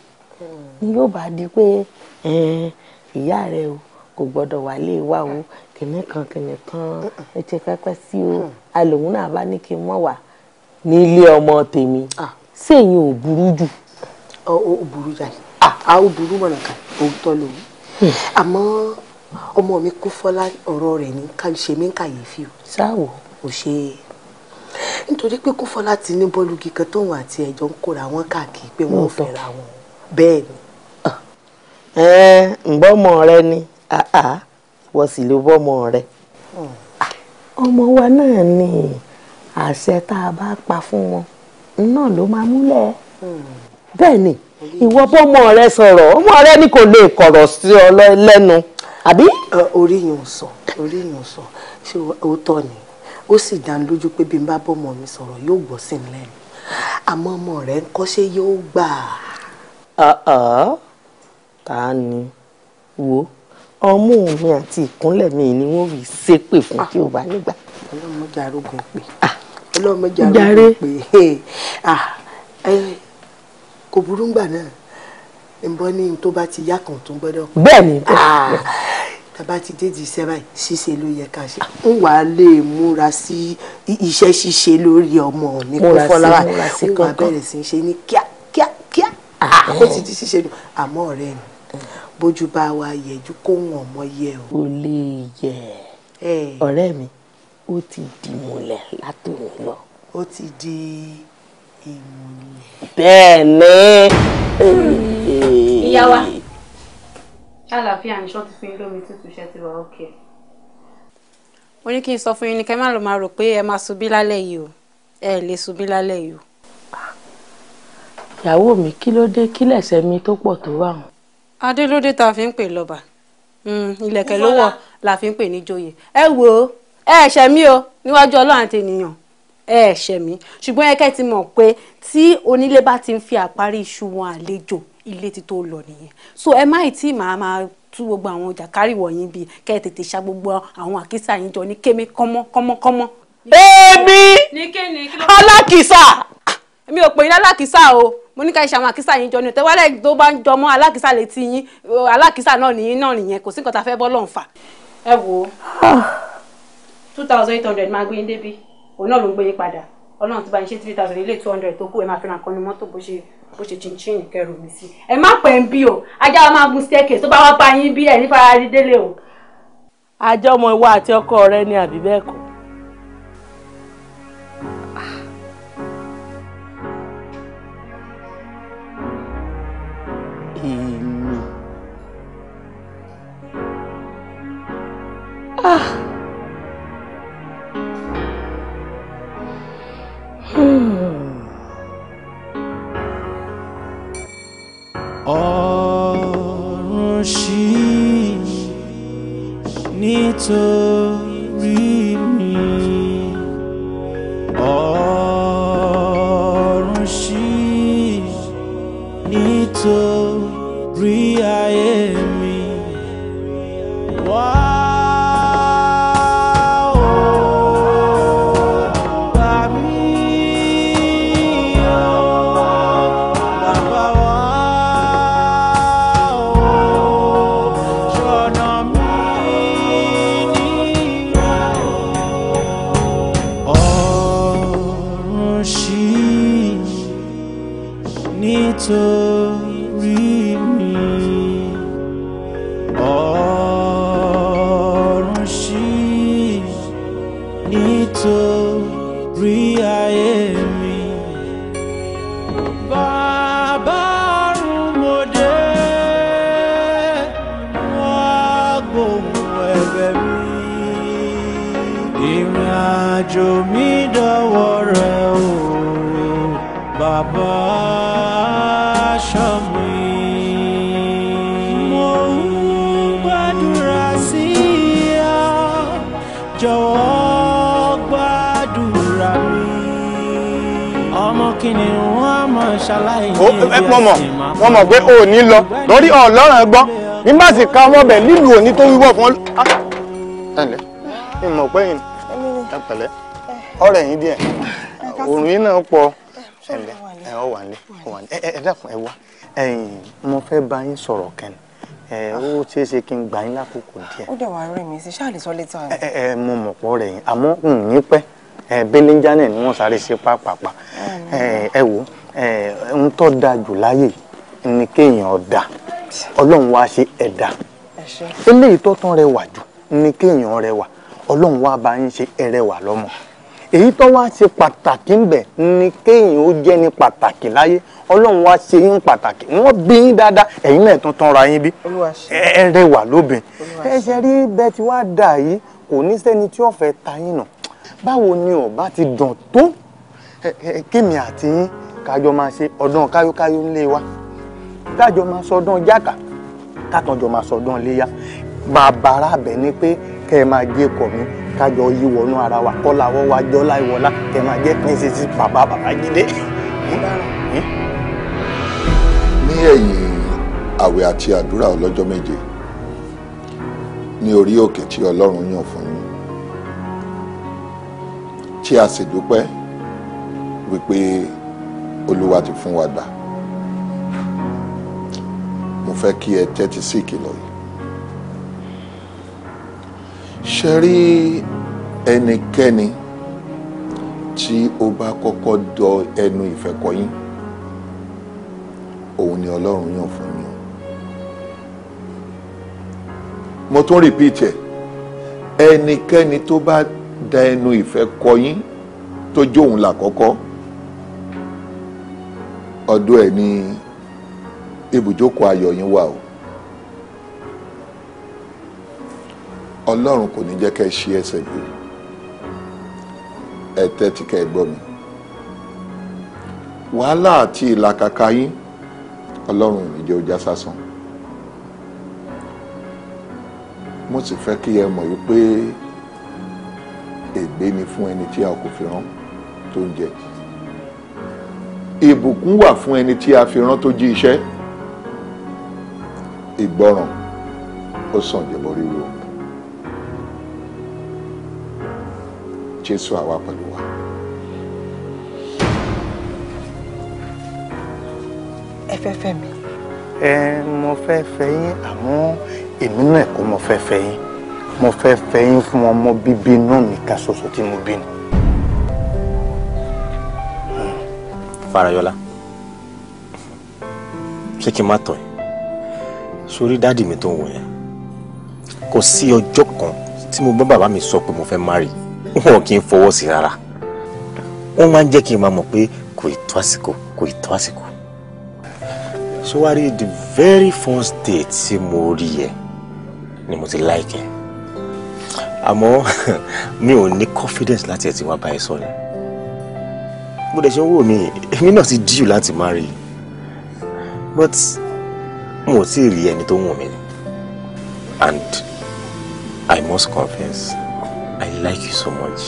ni yóò bá di pé ìyá rẹ o kò gbọ́dọ̀ wálé wa o kìnìún kan kìnìún kan ètò pẹ́pẹ́ sí o alòun náà bá ní kí n mọ̀ wá ní ọmọ tèmi sẹ́yìn ah. ò burú jù. ó burú jáde a ó burú mọ̀nà kan òótọ́ lòun hmm. àmọ́ ọmọ mi kún fọlá ọ̀rọ̀ rẹ̀ ní ṣe mí ń kàyéfì o. sáwọ. kò ṣe é nítorí pé kún fọlá ti ní bọ́ọ̀lù kíkan tóun àti ẹ̀jọ̀ ń kóra wọn káàkiri pé wọ́n fẹ́ra wọn bẹ́ẹ̀ ni Eh, ǹgbọ́mọ rẹ ni wọ́n sì lè bọ́mọ rẹ hmm. ah, ọmọ wa náà ni àṣẹ tá a bá pa fún wọn náà ló máa múlẹ̀ hmm. bẹ́ẹ̀ ni ìwọ bọ́mọ rẹ sọ̀rọ̀ ọmọ rẹ ni kò lè kọ̀rọ̀ sí ọ lẹ́nu àbí. orí yìí ń sọ orí yìí ń sọ ṣé òótọ́ ni ó sì dá lójú pé bí n bá bọ́mọ mi sọ̀rọ̀ yóò gbọ́ sí mi lẹ́nu àmọ́ ọmọ rẹ ń kọ́ ṣé yóò gbà á. ta ni wo ọmú mi àti ìkúnlẹ̀ mi ni wọ́n fi ṣépè fún ah. tí o bá nígbà. ọlọ́mọdé arógun pé ah. ah, ọlọ́mọdé arógun pé kò burú ngbà náà nbọ ní tó bá ti yá kan tó gbọ́dọ̀ pé. bẹ́ẹ̀ni bẹ́ẹ̀ni tàbá ti dédìí iṣẹ́ báyìí ṣíṣe ló yẹ ká ṣe ń wà á lè múra sí iṣẹ́ ṣíṣe lórí ọmọ ní kófọ́láwà ń wà bẹ̀rẹ̀ sí í ṣe ní kíákíákíá ó eh. ti di ṣíṣe nù àmọ́ ọ̀rẹ́ ni bójú bá wa yẹjú kó wọn ọmọ yẹ o. o lè yẹ ọ̀rẹ́ mi ó ti di ìmùlẹ̀ látòun lọ. ó ti di ìmùlẹ̀. bẹ́ẹ̀ ni. Hmm. ìyá wa àlàáfíà ní ṣọ́ọ̀tì fún yín lómi tútù ṣe ti wà ókè. mo ní kí n sọ fún yín ni kẹ́ má lọ máa rò pé ẹ máa subí lálẹ́ yìí o ẹ lè subí lálẹ́ yìí o. Ah. ìyàwó mi kí ló dé kí lẹ̀ṣẹ̀ mi tó pọ̀ tó wà hàn adélódé tá a fi ń pè lọ́ba ilẹ̀kẹ̀ hmm, ló wọ̀ la fi ń pè ní joyè ẹ wò ó ẹ ẹ̀ṣẹ̀ mi o níwájú ọlọ́run àti ènìyàn ẹ ẹ̀ṣẹ̀ mi ṣùgbọ́n ẹ kẹ́ ti mọ̀ pé tí onílé bá ti ń fi àparí iṣu wọn àlejò ilé ti tó lọ nìyẹn so ẹ má ì tí màá máa tú gbogbo àwọn ọjà kárì wọ̀nyí bíi kẹ́ ẹ tètè ṣa gbogbo àwọn àkísà yín jọ ní kémi kọ́mọ́ kọ́mọ́ kọ́mọ́. èmi alákìsà mi ò pè yín alákìsà o mo ní ká ṣe àwọn àkísà yín jọ ní ọ̀tẹ́ wálẹ̀ tó bá ń jọ mọ́ alákísà létí yín alákísà náà nìyí náà nìyẹn kò sí nǹkan tá a fẹ́ bọ́ lọ́n fà. ẹ wo ah. two thousand eight hundred máa gbé yín débi òun náà ló ń gbé yín padà ọlọ́run ti bá yín ṣe three thousand ilé two hundred tó kù ẹ máa fi ràn kan ní mọ́tò bó ṣe bó ṣe chinchin kẹrù mi sí. ẹ má pẹ́ ń bí o ajá wa máa gun staircase tó bá wá pa yín bí ẹ̀ nípa adídélé o. ajá ọmọ ìwọ àti ọkọ rẹ ni àbí bẹ́ẹ̀ kọ́. Ah. ọ̀run ṣí nítorí mi. ọ̀run. wọ́n mọ̀ wọ́n mọ̀ pé o ò ní lọ lórí ọ̀lọ́ràn gbọ́ bí bá sì ka ọmọbẹ̀ nílùú òní tó wíwọ́ fún ọ. Ah. ẹnlẹ ìmọ̀ pẹ́yìn ẹ̀pẹ̀lẹ́ ọ̀rọ̀ ẹ̀yìn díẹ̀ òrùn yìí náà pọ̀ ẹ̀lẹ́ ẹ̀ ọ wà ní ẹ dákun ẹ wá ẹ̀yìn mo fẹ́ bá yín sọ̀rọ̀ kẹ́ni ẹ ó ṣeé ṣe kí n gbà yín lákòókò díẹ̀. ó dẹ̀ wá rẹ̀ mí sí ṣáà lè sọ létà rẹ̀. ẹ mo mọ̀ pọ̀ rẹ̀ yín àmọ́ n ní pẹ́ bẹ́lẹ́njánẹ̀ ni wọ́n sáré ṣe pápápá ẹ wò ó ń tọ́ da jù láyè ni kéèyàn ọ̀dà ọlọ́run wá ṣe ẹ̀dá eléyìí tó tán rẹwà jù ni kéèyàn rẹwà ọlọ́run wá bá ń ṣe ẹrẹwà lọ́mọ èyí tó wá ṣe pàtàkì ń bẹ̀ ni kéèyàn ó jẹ́ ní pàtàkì láyé ọlọ́run wá ṣe yín pàtàkì wọ́n bí yín dáadáa ẹ̀yin náà tún tanra yín bí ẹrẹwà lóbìn ẹ rí bẹ́ẹ̀ tí wàá dà yìí kò ní sẹ́ni tí ó fẹ́ ta yín nà báwo ni ọba ti dàn tó kémi àti yín kájọ máa ṣe ọdún káyókáyó ńlé wa kájọ máa sọ ọdún jákà kákanjọ máa sọ ọdún léyà bàbára bẹ̀ ni pé kẹ́ ẹ máa jẹ́ kọ̀ mí kájọ yí wọnú ara wa kọ́lá wọ́n wá jọ́lá ìwọ́lá kẹ́ ẹ máa jẹ́ pín sísí bàbá bàbá jíde. Hm? Hm? ní ẹ̀yìn àwẹ̀ àti àdúrà ọlọ́jọ́ méje ní orí òkè tí ọlọ́run yàn fún yín tí a sì dúpẹ́ wípé olúwa ti fún wa gbà mo fẹ́ kí ẹ tẹ́tí sí ìkìlọ̀ yìí ṣe rí ẹnikẹ́ni tí ó bá kọ́kọ́ dọ ẹnu ìfẹ́kọ̀yín òun ni ọlọ́run yàn fún mi o mo tún rìpíìtì ẹ ẹnikẹ́ni tó bá da ẹnu ìfẹ́kọ̀yín tó jóun là kọ́kọ́ ọdún ẹ̀ ní ibùjókòó ayọ̀ yín wà o ọlọ́run kò ní jẹ́ kẹ́ ẹ ṣí ẹsẹ̀ gbé ẹ tẹ́tí kẹ́ ẹ gbọ́ mi wàhálà àti ìlàkàkà yín ọlọ́run ìjẹ́ ọjà sásán mo sì fẹ́ kí ẹ mọ̀ wípé ègbé ni fún ẹni tí a kò fi rán tó ń jẹ ìbùkún wà fún ẹni tí a fi rán tó jí iṣẹ́ ìgbọràn ó sàn jẹ̀bọ ríro Jésù àwa pẹ̀lú wa. ẹ fẹ́ fẹ́ mi. ẹ mo fẹ́ fẹ́ yín àmọ́ èmi náà kọ́ mo fẹ́ fẹ́ yín mo fẹ́ fẹ́ yín fún ọmọ bíbí inú mi kan ṣoṣo tí mo bí ni. Farayọlá ṣé kí n má tọ̀ ẹ́ sórí dáàdì mi tó ń wò yẹn kò sí ọjọ́ kan tí mo bá bàbá mi sọ pé mo fẹ́ márì wọn kì í fọwọ́ sí rárá wọ́n máa ń jẹ́ kí n máa mọ̀ pé kò ì tó àsìkò kò ì tó àsìkò so I read the very first date tí mo rí yẹ ni mo ti láìkẹ́ àmọ́ mi ò ní confidence láti ẹ̀ ti wá bá ẹ sọ ni bó dẹ̀ ṣe ń wò mí èmi náà ti díù láti má rí but n ò tí ì rí ẹni tó wù mí and I must confess I like you so much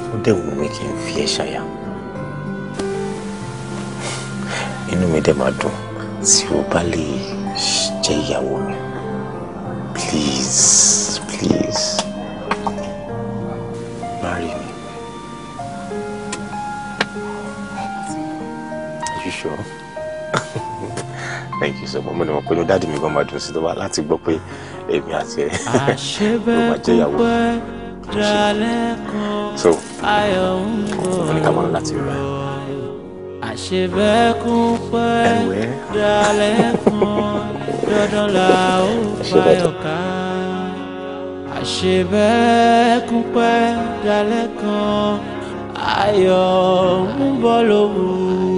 ó dẹ̀ wù mí kí n fi ẹ́ ṣàyà inú mi dẹ̀ máa dùn tí o bá lè jẹ́ ìyàwó mi please please. sure thank you so much mo ní wọn mi gan máa dùn sí lọ́wọ́ láti gbọ́ pé èmi àti ẹ ló máa jẹ́ ìyàwó so mo ní ká máa láti rà àṣebẹ́kún pẹ́ dalẹ́kun dandan la ó fayọ̀ ká àṣebẹ́kún pẹ́ dalẹ́kun ayọ̀ ń bọ̀ lówùú.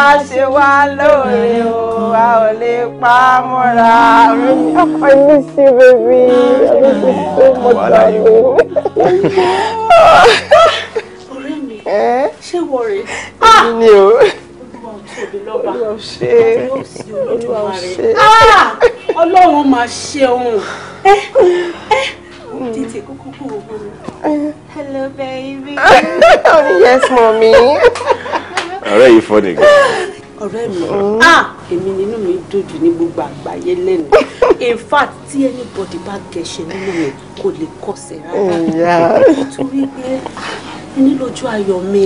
bá ṣe wá lóore o a ò lè pa á mọ́ra. I miss you baby I miss you so much darling. ọ̀rẹ́ mi eh? ṣé wọ̀rẹ́. èmi ah! ni o. olúwa ò ṣe olúwa ah! ọlọ́run máa ṣe òun. Eh, eh. hmm. Hello, baby. Oh, yes, mommy. ọ̀rẹ́ yìí fọ́ nìkan. ọ̀rẹ́ mi èmi nínú mi dùdù ní gbogbo àgbáyé lẹ́nu in fact tí anybody bá gẹ̀ṣẹ̀ nínú mi kò lè kọsẹ̀ rárá nítorí pé nílòjú ayọ̀ mi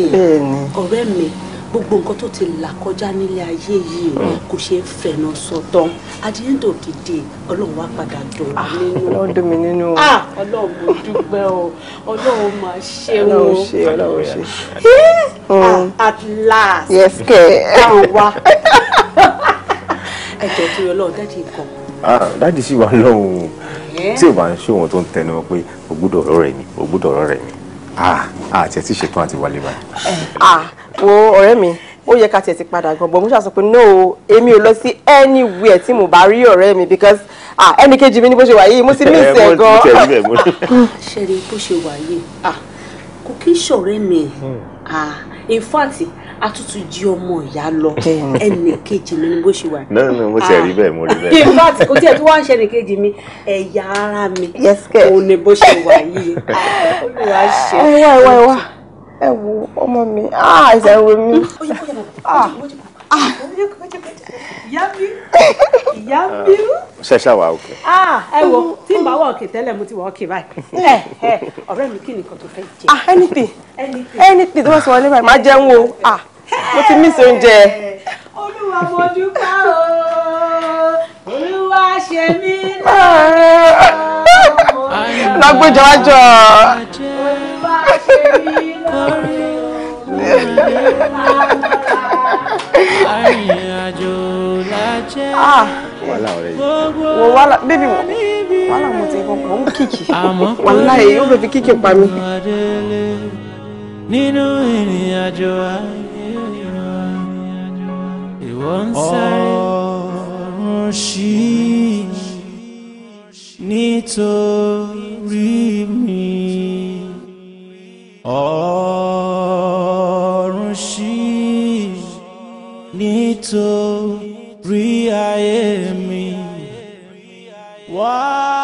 ọ̀rẹ́ mi gbogbo nǹkan tó ti là kọjá nílé ayé yìí hmm. kò ṣe é fẹ̀nà sọ̀tàn at the end of the day ọlọ́run wá padà dùn mí ah, nínú. ọlọ́run dùn mí nínú. Ah, ọlọ́run mo dúpẹ́ o ọlọ́run máa ṣe o. ọlọ́run ṣe ọlọ́run ṣe. Eh, hmm. at last. yes kẹ. táwọn wá ẹ̀jẹ̀ tó yọ lọ́run dájú nǹkan. dájú sì wà lọ́hùn-ún tí ò bá ń ṣòwò tó ń tẹnu pé ògbúdọ̀ ọ̀rọ̀ rẹ̀ ni ògbúdọ̀ ọ̀rọ̀ rẹ̀ ah, ni àti ẹ̀ àti wálé báyìí. Eh, wo ọ̀rẹ́ mi ó yẹ ká tiẹ̀ ti padà gan but mo ṣàṣọ pé no èmi ò lọ sí anywhere tí mo bá rí ọ̀rẹ́ mi because ah ẹnì kejì mi ni bó ṣe wà yìí mo ti miss ẹ̀ gan. ṣẹ̀rí bó ṣe wà yìí kò kí ṣọ̀rẹ́ mi hmm. in fact atutu jí ọmọ ìyá lọ ẹnì kejì mi ni bó ṣe wà. no, náà mo ṣe rí bẹ́ẹ̀ mo rí bẹ́ẹ̀. in fact kò tiẹ̀ tó wá ń ṣe ẹnì kejì mi ẹ̀yà ara mi òun ni bó ṣe wà yìí olúwa ṣe. ẹ wá ẹ wá ẹ wá ẹ wo ọmọ mi àìsàn wo mi. ṣe ṣá wa òkè. ẹ wo tí n bá wà òkè tẹ́lẹ̀ mo ti wà òkè báyìí. ọ̀rẹ́ mi kí nìkan tó fẹ́ jẹ. anything anything tó bá sọ wọlé báyìí máa jẹun o mo ti miss oúnjẹ. olúwa mo dúpẹ́ o olúwa ṣe mí lọ́ọ́. lágbèjọ́ àjọ ṣe rí lórí òun arìnrìnàjò la wàhálà yìí ó fẹ́ fi kìkì pa mi. nínú ìrìnàjò ayé ìwọ ń sáré ọ̀run ṣí nítorí mi ọ̀run ṣí nítorí ayé mi wá.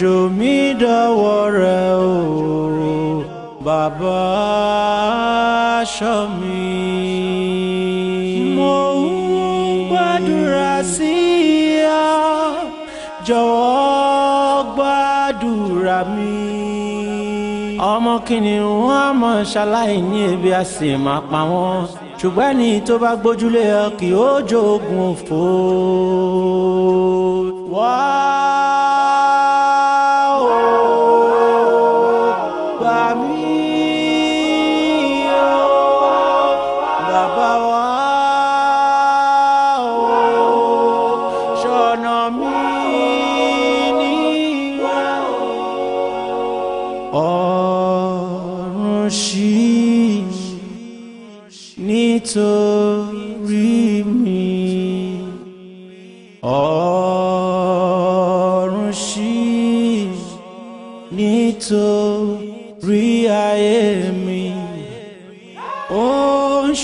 àjò mi dọ̀wọ́ rẹ o bàbá aṣọ mi. mo ń gbàdúrà sí ọ jọ̀wọ́ gbàdúrà mi. ọmọ kìnìún wọn á mọ̀ ṣaláì ní ebi a sì máa pa wọ́n ṣùgbọ́n ẹni tó bá gbójúlé ọ kì í ó jogun òfò. wá.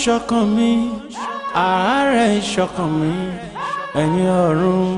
ṣọkàn mi àárẹ̀ ìṣọkàn mi ẹ̀yin ọ̀run.